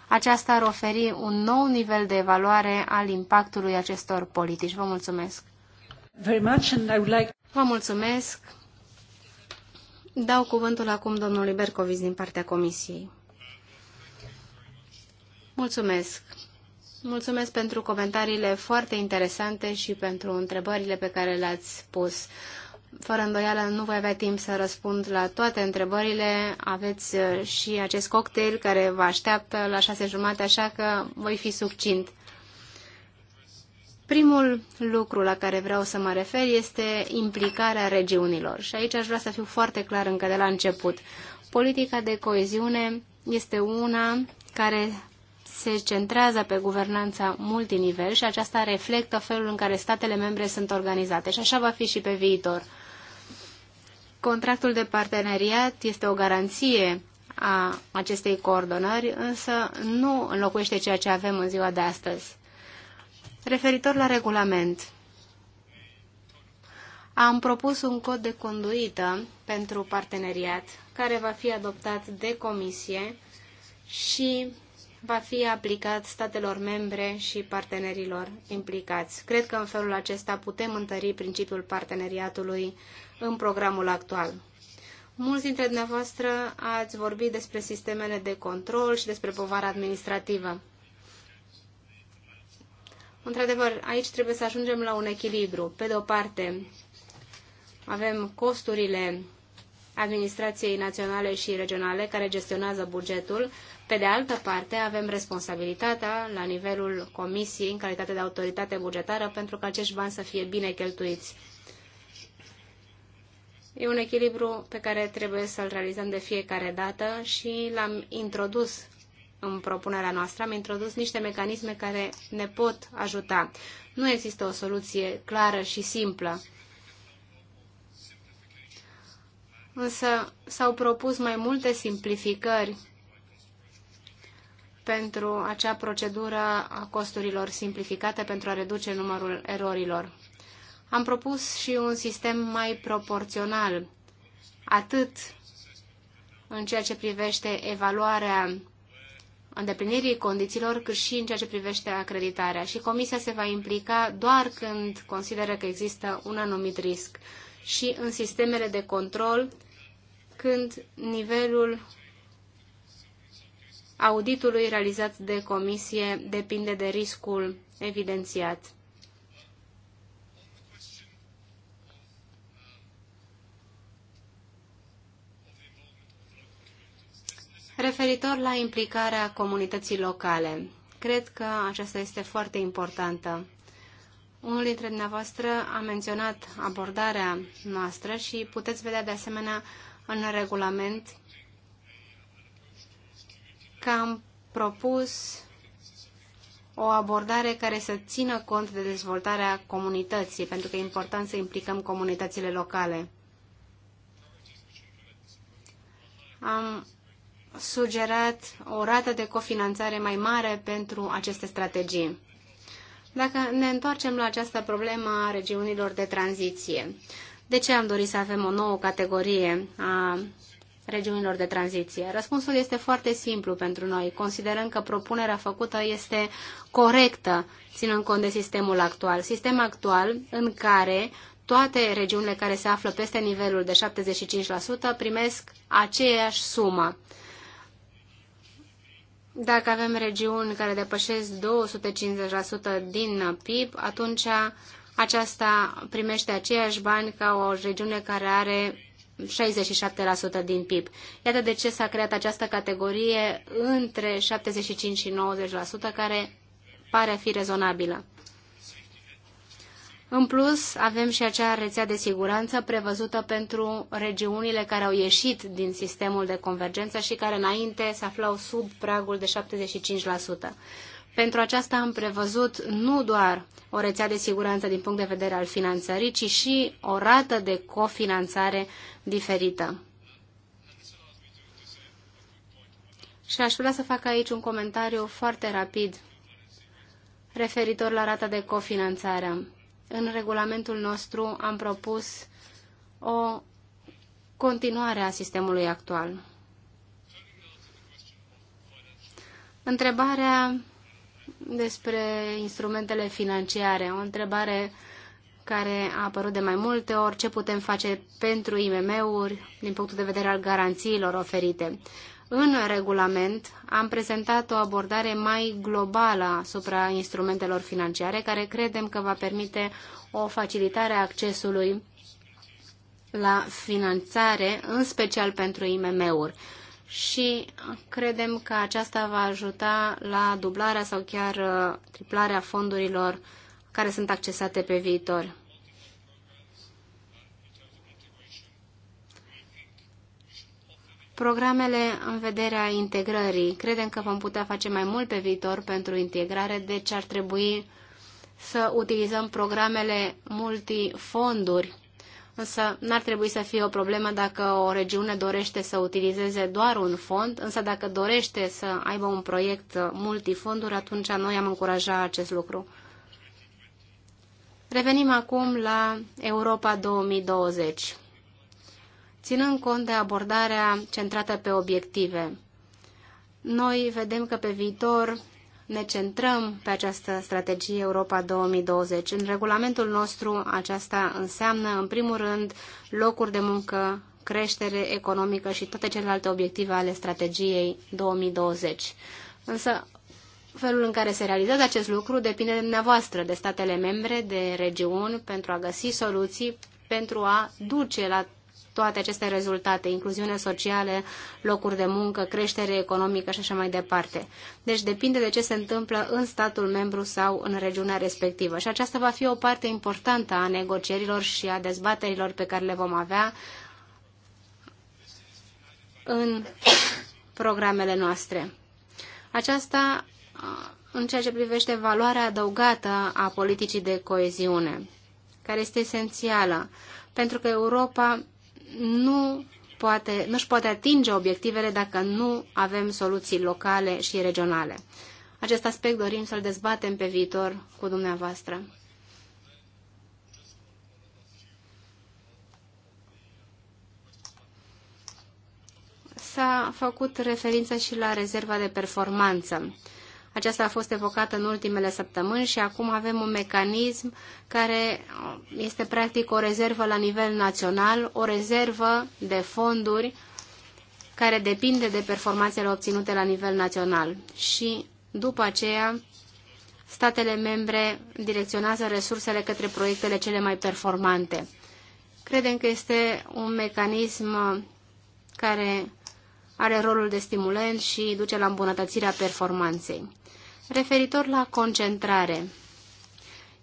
Aceasta ar oferi un nou nivel de evaluare al impactului acestor politici. Vă mulțumesc! Vă mulțumesc! Dau cuvântul acum domnului Bercoviz din partea Comisiei. Mulțumesc! Mulțumesc pentru comentariile foarte interesante și pentru întrebările pe care le-ați pus. Fără îndoială, nu voi avea timp să răspund la toate întrebările. Aveți uh, și acest cocktail care vă așteaptă la șase jumate, așa că voi fi succint. Primul lucru la care vreau să mă refer este implicarea regiunilor și aici aș vrea să fiu foarte clar încă de la început. Politica de coeziune este una care se centrează pe guvernanța multinivel și aceasta reflectă felul în care statele membre sunt organizate și așa va fi și pe viitor. Contractul de parteneriat este o garanție a acestei coordonări, însă nu înlocuiește ceea ce avem în ziua de astăzi. Referitor la regulament, am propus un cod de conduită pentru parteneriat care va fi adoptat de comisie și va fi aplicat statelor membre și partenerilor implicați. Cred că în felul acesta putem întări principiul parteneriatului în programul actual. Mulți dintre dumneavoastră ați vorbit despre sistemele de control și despre povara administrativă. Într-adevăr, aici trebuie să ajungem la un echilibru. Pe de o parte, avem costurile administrației naționale și regionale care gestionează bugetul. Pe de altă parte, avem responsabilitatea la nivelul comisiei în calitate de autoritate bugetară pentru că acești bani să fie bine cheltuiți. E un echilibru pe care trebuie să-l realizăm de fiecare dată și l-am introdus în propunerea noastră, am introdus niște mecanisme care ne pot ajuta. Nu există o soluție clară și simplă. Însă s-au propus mai multe simplificări pentru acea procedură a costurilor simplificate pentru a reduce numărul erorilor. Am propus și un sistem mai proporțional, atât în ceea ce privește evaluarea îndeplinirii condițiilor, cât și în ceea ce privește acreditarea. Și comisia se va implica doar când consideră că există un anumit risc și în sistemele de control când nivelul auditului realizat de comisie depinde de riscul evidențiat. Referitor la implicarea comunității locale, cred că aceasta este foarte importantă. Unul dintre dumneavoastră a menționat abordarea noastră și puteți vedea de asemenea în regulament că am propus o abordare care să țină cont de dezvoltarea comunității, pentru că e important să implicăm comunitățile locale. Am sugerat o rată de cofinanțare mai mare pentru aceste strategii. Dacă ne întoarcem la această problemă a regiunilor de tranziție, de ce am dorit să avem o nouă categorie a regiunilor de tranziție? Răspunsul este foarte simplu pentru noi. Considerăm că propunerea făcută este corectă, ținând cont de sistemul actual. Sistem actual în care toate regiunile care se află peste nivelul de 75% primesc aceeași sumă. Dacă avem regiuni care depășesc 250% din PIB, atunci aceasta primește aceiași bani ca o regiune care are 67% din PIB. Iată de ce s-a creat această categorie între 75 și 90%, care pare a fi rezonabilă. În plus, avem și acea rețea de siguranță prevăzută pentru regiunile care au ieșit din sistemul de convergență și care înainte se aflau sub pragul de 75%. Pentru aceasta am prevăzut nu doar o rețea de siguranță din punct de vedere al finanțării, ci și o rată de cofinanțare diferită. Și aș vrea să fac aici un comentariu foarte rapid referitor la rata de cofinanțare în regulamentul nostru am propus o continuare a sistemului actual. Întrebarea despre instrumentele financiare, o întrebare care a apărut de mai multe ori, ce putem face pentru IMM-uri din punctul de vedere al garanțiilor oferite. În regulament am prezentat o abordare mai globală asupra instrumentelor financiare, care credem că va permite o facilitare a accesului la finanțare, în special pentru IMM-uri. Și credem că aceasta va ajuta la dublarea sau chiar uh, triplarea fondurilor care sunt accesate pe viitor. Programele în vederea integrării. Credem că vom putea face mai mult pe viitor pentru integrare, deci ar trebui să utilizăm programele multifonduri. Însă n-ar trebui să fie o problemă dacă o regiune dorește să utilizeze doar un fond, însă dacă dorește să aibă un proiect multifonduri, atunci noi am încurajat acest lucru. Revenim acum la Europa 2020 ținând cont de abordarea centrată pe obiective. Noi vedem că pe viitor ne centrăm pe această strategie Europa 2020. În regulamentul nostru aceasta înseamnă, în primul rând, locuri de muncă, creștere economică și toate celelalte obiective ale strategiei 2020. Însă, felul în care se realizează acest lucru depinde de dumneavoastră, de statele membre, de regiuni, pentru a găsi soluții pentru a duce la toate aceste rezultate, incluziune socială, locuri de muncă, creștere economică și așa mai departe. Deci depinde de ce se întâmplă în statul membru sau în regiunea respectivă. Și aceasta va fi o parte importantă a negocierilor și a dezbaterilor pe care le vom avea în programele noastre. Aceasta în ceea ce privește valoarea adăugată a politicii de coeziune, care este esențială, pentru că Europa nu poate, nu-și poate atinge obiectivele dacă nu avem soluții locale și regionale. Acest aspect dorim să-l dezbatem pe viitor cu dumneavoastră. S-a făcut referință și la rezerva de performanță. Aceasta a fost evocată în ultimele săptămâni și acum avem un mecanism care este practic o rezervă la nivel național, o rezervă de fonduri care depinde de performanțele obținute la nivel național. Și după aceea, statele membre direcționează resursele către proiectele cele mai performante. Credem că este un mecanism care are rolul de stimulent și duce la îmbunătățirea performanței. Referitor la concentrare,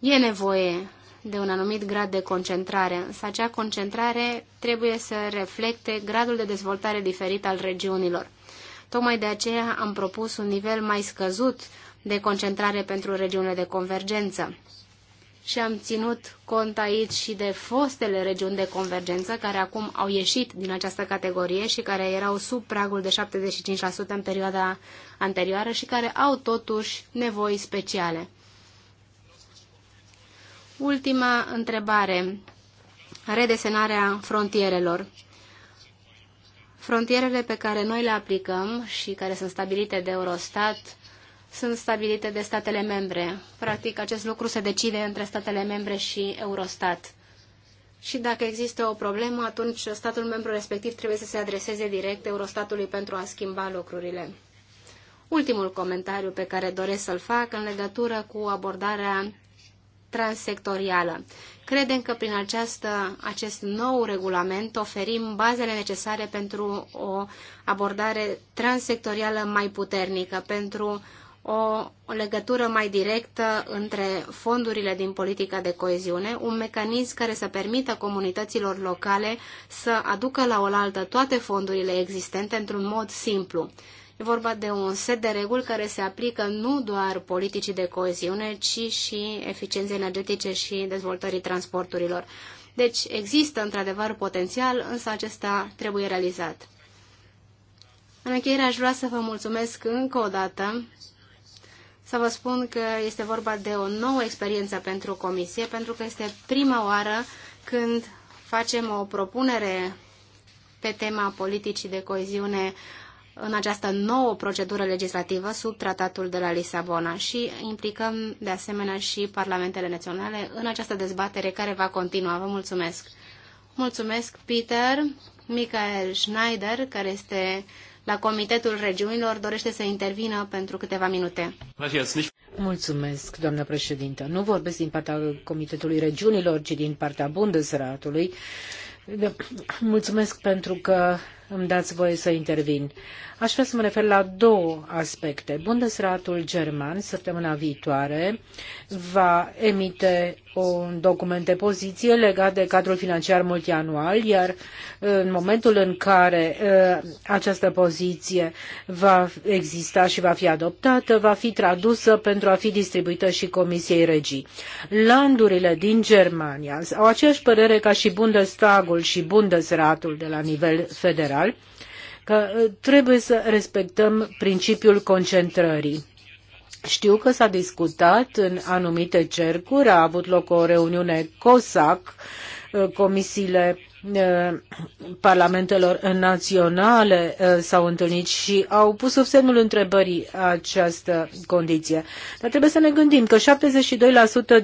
e nevoie de un anumit grad de concentrare, însă acea concentrare trebuie să reflecte gradul de dezvoltare diferit al regiunilor. Tocmai de aceea am propus un nivel mai scăzut de concentrare pentru regiunile de convergență și am ținut cont aici și de fostele regiuni de convergență care acum au ieșit din această categorie și care erau sub pragul de 75% în perioada anterioară și care au totuși nevoi speciale. Ultima întrebare. Redesenarea frontierelor. Frontierele pe care noi le aplicăm și care sunt stabilite de Eurostat sunt stabilite de statele membre. Practic, acest lucru se decide între statele membre și Eurostat. Și dacă există o problemă, atunci statul membru respectiv trebuie să se adreseze direct Eurostatului pentru a schimba lucrurile. Ultimul comentariu pe care doresc să-l fac în legătură cu abordarea transsectorială. Credem că prin această, acest nou regulament oferim bazele necesare pentru o abordare transsectorială mai puternică, pentru o legătură mai directă între fondurile din politica de coeziune, un mecanism care să permită comunităților locale să aducă la oaltă toate fondurile existente într-un mod simplu. E vorba de un set de reguli care se aplică nu doar politicii de coeziune, ci și eficienței energetice și dezvoltării transporturilor. Deci există într-adevăr potențial, însă acesta trebuie realizat. În încheiere aș vrea să vă mulțumesc încă o dată să vă spun că este vorba de o nouă experiență pentru comisie, pentru că este prima oară când facem o propunere pe tema politicii de coeziune în această nouă procedură legislativă sub tratatul de la Lisabona și implicăm de asemenea și parlamentele naționale în această dezbatere care va continua. Vă mulțumesc! Mulțumesc, Peter, Michael Schneider, care este la Comitetul Regiunilor dorește să intervină pentru câteva minute. Mulțumesc, doamnă președintă. Nu vorbesc din partea Comitetului Regiunilor, ci din partea Bundesratului. Mulțumesc pentru că îmi dați voie să intervin. Aș vrea să mă refer la două aspecte. Bundesratul german săptămâna viitoare va emite un document de poziție legat de cadrul financiar multianual, iar în momentul în care uh, această poziție va exista și va fi adoptată, va fi tradusă pentru a fi distribuită și Comisiei Regii. Landurile din Germania au aceeași părere ca și Bundestagul și Bundesratul de la nivel federal, că uh, trebuie să respectăm principiul concentrării știu că s-a discutat în anumite cercuri, a avut loc o reuniune COSAC, uh, comisiile Eh, parlamentelor naționale eh, s-au întâlnit și au pus sub semnul întrebării această condiție. Dar trebuie să ne gândim că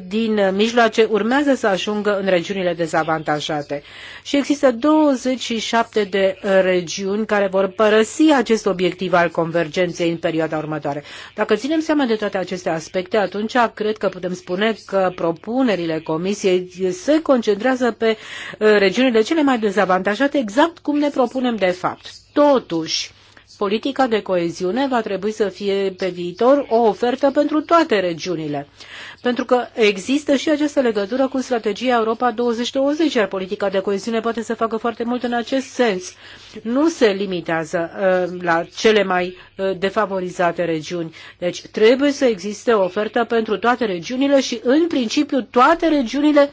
72% din mijloace urmează să ajungă în regiunile dezavantajate și există 27 de regiuni care vor părăsi acest obiectiv al convergenței în perioada următoare. Dacă ținem seama de toate aceste aspecte, atunci cred că putem spune că propunerile Comisiei se concentrează pe eh, regiunile cele mai dezavantajate, exact cum ne propunem de fapt. Totuși, politica de coeziune va trebui să fie pe viitor o ofertă pentru toate regiunile. Pentru că există și această legătură cu strategia Europa 2020, iar politica de coeziune poate să facă foarte mult în acest sens. Nu se limitează uh, la cele mai uh, defavorizate regiuni. Deci trebuie să existe o ofertă pentru toate regiunile și, în principiu, toate regiunile,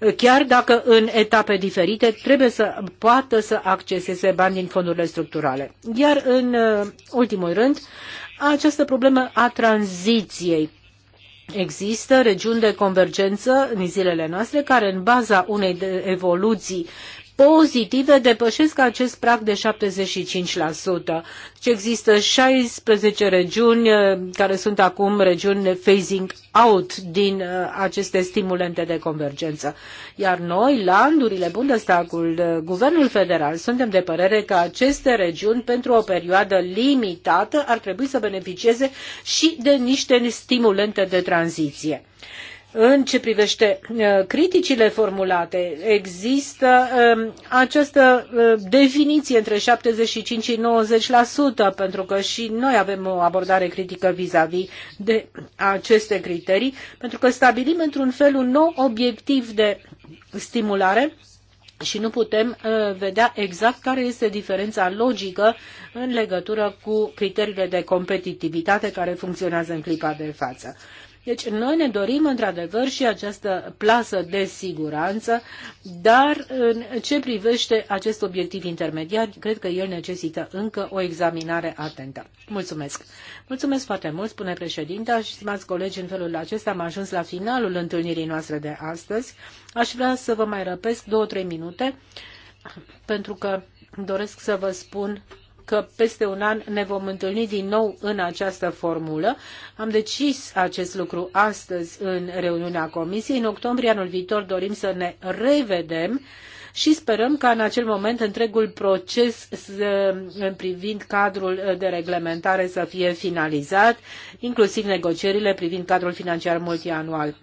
uh, chiar dacă în etape diferite, trebuie să poată să acceseze bani din fondurile structurale. Iar, în uh, ultimul rând, această problemă a tranziției Există regiuni de convergență în zilele noastre care, în baza unei evoluții pozitive depășesc acest prag de 75%. Deci există 16 regiuni uh, care sunt acum regiuni phasing out din uh, aceste stimulente de convergență. Iar noi, landurile, Bundestagul, uh, Guvernul Federal, suntem de părere că aceste regiuni, pentru o perioadă limitată, ar trebui să beneficieze și de niște stimulente de tranziție. În ce privește uh, criticile formulate, există um, această uh, definiție între 75 și 90%, pentru că și noi avem o abordare critică vis-a-vis de aceste criterii, pentru că stabilim într-un fel un nou obiectiv de stimulare și nu putem uh, vedea exact care este diferența logică în legătură cu criteriile de competitivitate care funcționează în clipa de față. Deci noi ne dorim într-adevăr și această plasă de siguranță, dar în ce privește acest obiectiv intermediar, cred că el necesită încă o examinare atentă. Mulțumesc! Mulțumesc foarte mult, spune președinta și stimați colegi, în felul acesta am ajuns la finalul întâlnirii noastre de astăzi. Aș vrea să vă mai răpesc două-trei minute, pentru că doresc să vă spun că peste un an ne vom întâlni din nou în această formulă. Am decis acest lucru astăzi în reuniunea Comisiei. În octombrie anul viitor dorim să ne revedem și sperăm ca în acel moment întregul proces în privind cadrul de reglementare să fie finalizat, inclusiv negocierile privind cadrul financiar multianual.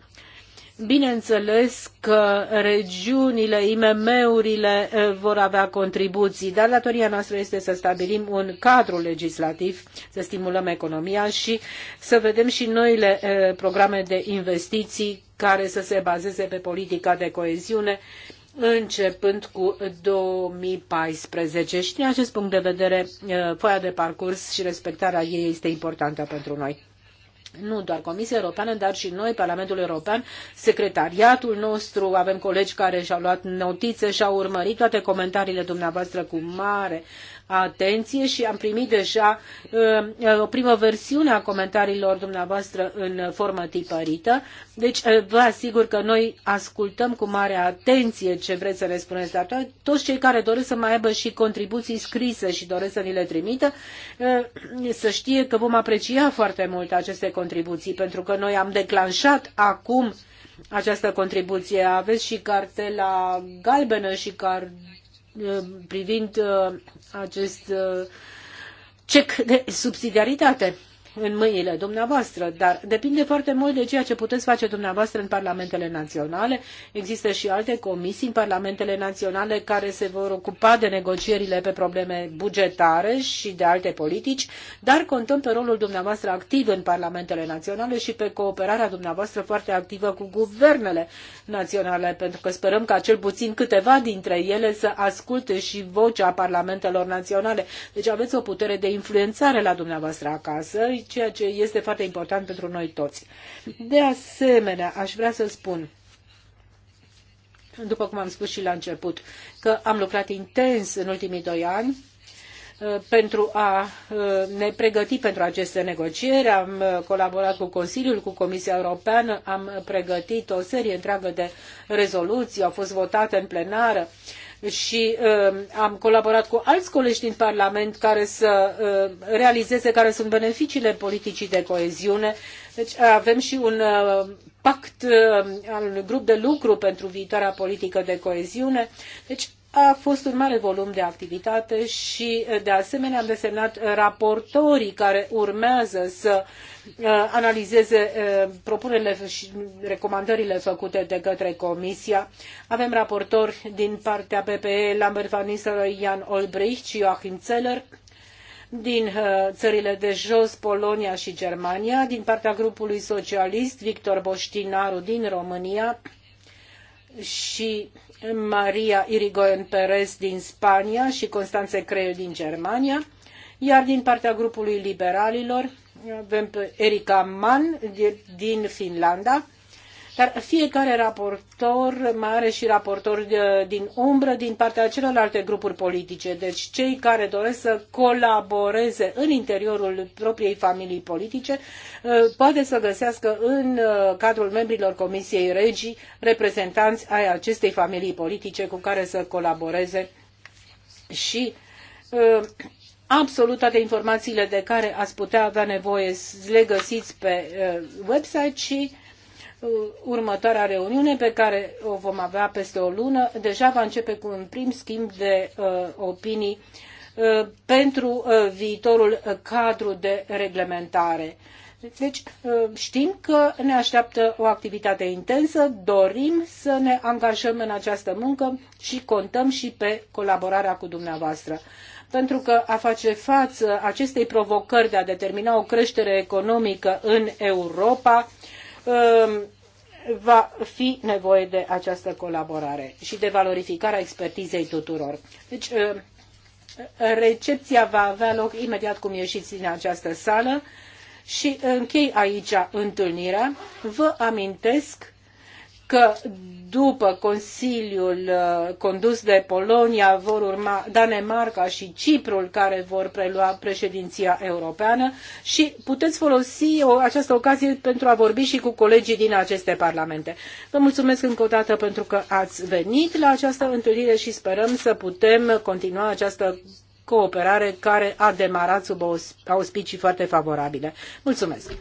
Bineînțeles că regiunile, IMM-urile vor avea contribuții, dar datoria noastră este să stabilim un cadru legislativ, să stimulăm economia și să vedem și noile programe de investiții care să se bazeze pe politica de coeziune începând cu 2014. Și din acest punct de vedere, foaia de parcurs și respectarea ei este importantă pentru noi nu doar Comisia Europeană, dar și noi, Parlamentul European, secretariatul nostru, avem colegi care și-au luat notițe și-au urmărit toate comentariile dumneavoastră cu mare atenție și am primit deja uh, o primă versiune a comentariilor dumneavoastră în formă tipărită. Deci uh, vă asigur că noi ascultăm cu mare atenție ce vreți să ne spuneți, dar toți cei care doresc să mai aibă și contribuții scrise și doresc să ni le trimită, uh, să știe că vom aprecia foarte mult aceste contribuții, pentru că noi am declanșat acum această contribuție. Aveți și cartela galbenă și cartela privind uh, acest uh, cec de subsidiaritate în mâinile dumneavoastră, dar depinde foarte mult de ceea ce puteți face dumneavoastră în parlamentele naționale. Există și alte comisii în parlamentele naționale care se vor ocupa de negocierile pe probleme bugetare și de alte politici, dar contăm pe rolul dumneavoastră activ în parlamentele naționale și pe cooperarea dumneavoastră foarte activă cu guvernele naționale, pentru că sperăm ca cel puțin câteva dintre ele să asculte și vocea parlamentelor naționale. Deci aveți o putere de influențare la dumneavoastră acasă ceea ce este foarte important pentru noi toți. De asemenea, aș vrea să spun după cum am spus și la început, că am lucrat intens în ultimii doi ani uh, pentru a uh, ne pregăti pentru aceste negocieri. Am uh, colaborat cu Consiliul, cu Comisia Europeană, am pregătit o serie întreagă de rezoluții, au fost votate în plenară și uh, am colaborat cu alți colegi din Parlament care să uh, realizeze care sunt beneficiile politicii de coeziune. Deci avem și un uh, pact, uh, un grup de lucru pentru viitoarea politică de coeziune. Deci a fost un mare volum de activitate și, eh, de asemenea, am desemnat eh, raportorii care urmează să eh, analizeze propunerile și recomandările făcute de către Comisia. Avem raportori din partea PPE, Lambert Van Nistelrooy, Jan Olbricht și Joachim Zeller, din țările de jos, Polonia și Germania, din partea grupului socialist, Victor Boștinaru din România și Maria Irigoyen Perez din Spania și Constanțe Creu din Germania, iar din partea grupului liberalilor avem pe Erika Mann din Finlanda, dar fiecare raportor mare și raportor uh, din umbră din partea celorlalte grupuri politice, deci cei care doresc să colaboreze în interiorul propriei familii politice, uh, poate să găsească în uh, cadrul membrilor Comisiei Regii reprezentanți ai acestei familii politice cu care să colaboreze și absolut toate informațiile de care ați putea avea nevoie le găsiți pe website și Uh, următoarea reuniune pe care o vom avea peste o lună deja va începe cu un prim schimb de uh, opinii uh, pentru uh, viitorul cadru de reglementare. Deci uh, știm că ne așteaptă o activitate intensă, dorim să ne angajăm în această muncă și contăm și pe colaborarea cu dumneavoastră pentru că a face față acestei provocări de a determina o creștere economică în Europa uh, va fi nevoie de această colaborare și de valorificarea expertizei tuturor. Deci, uh, recepția va avea loc imediat cum ieșiți din această sală și închei aici întâlnirea. Vă amintesc că după Consiliul uh, condus de Polonia vor urma Danemarca și Ciprul care vor prelua președinția europeană și puteți folosi această ocazie pentru a vorbi și cu colegii din aceste parlamente. Vă mulțumesc încă o dată pentru că ați venit la această întâlnire și sperăm să putem continua această cooperare care a demarat sub auspicii foarte favorabile. Mulțumesc!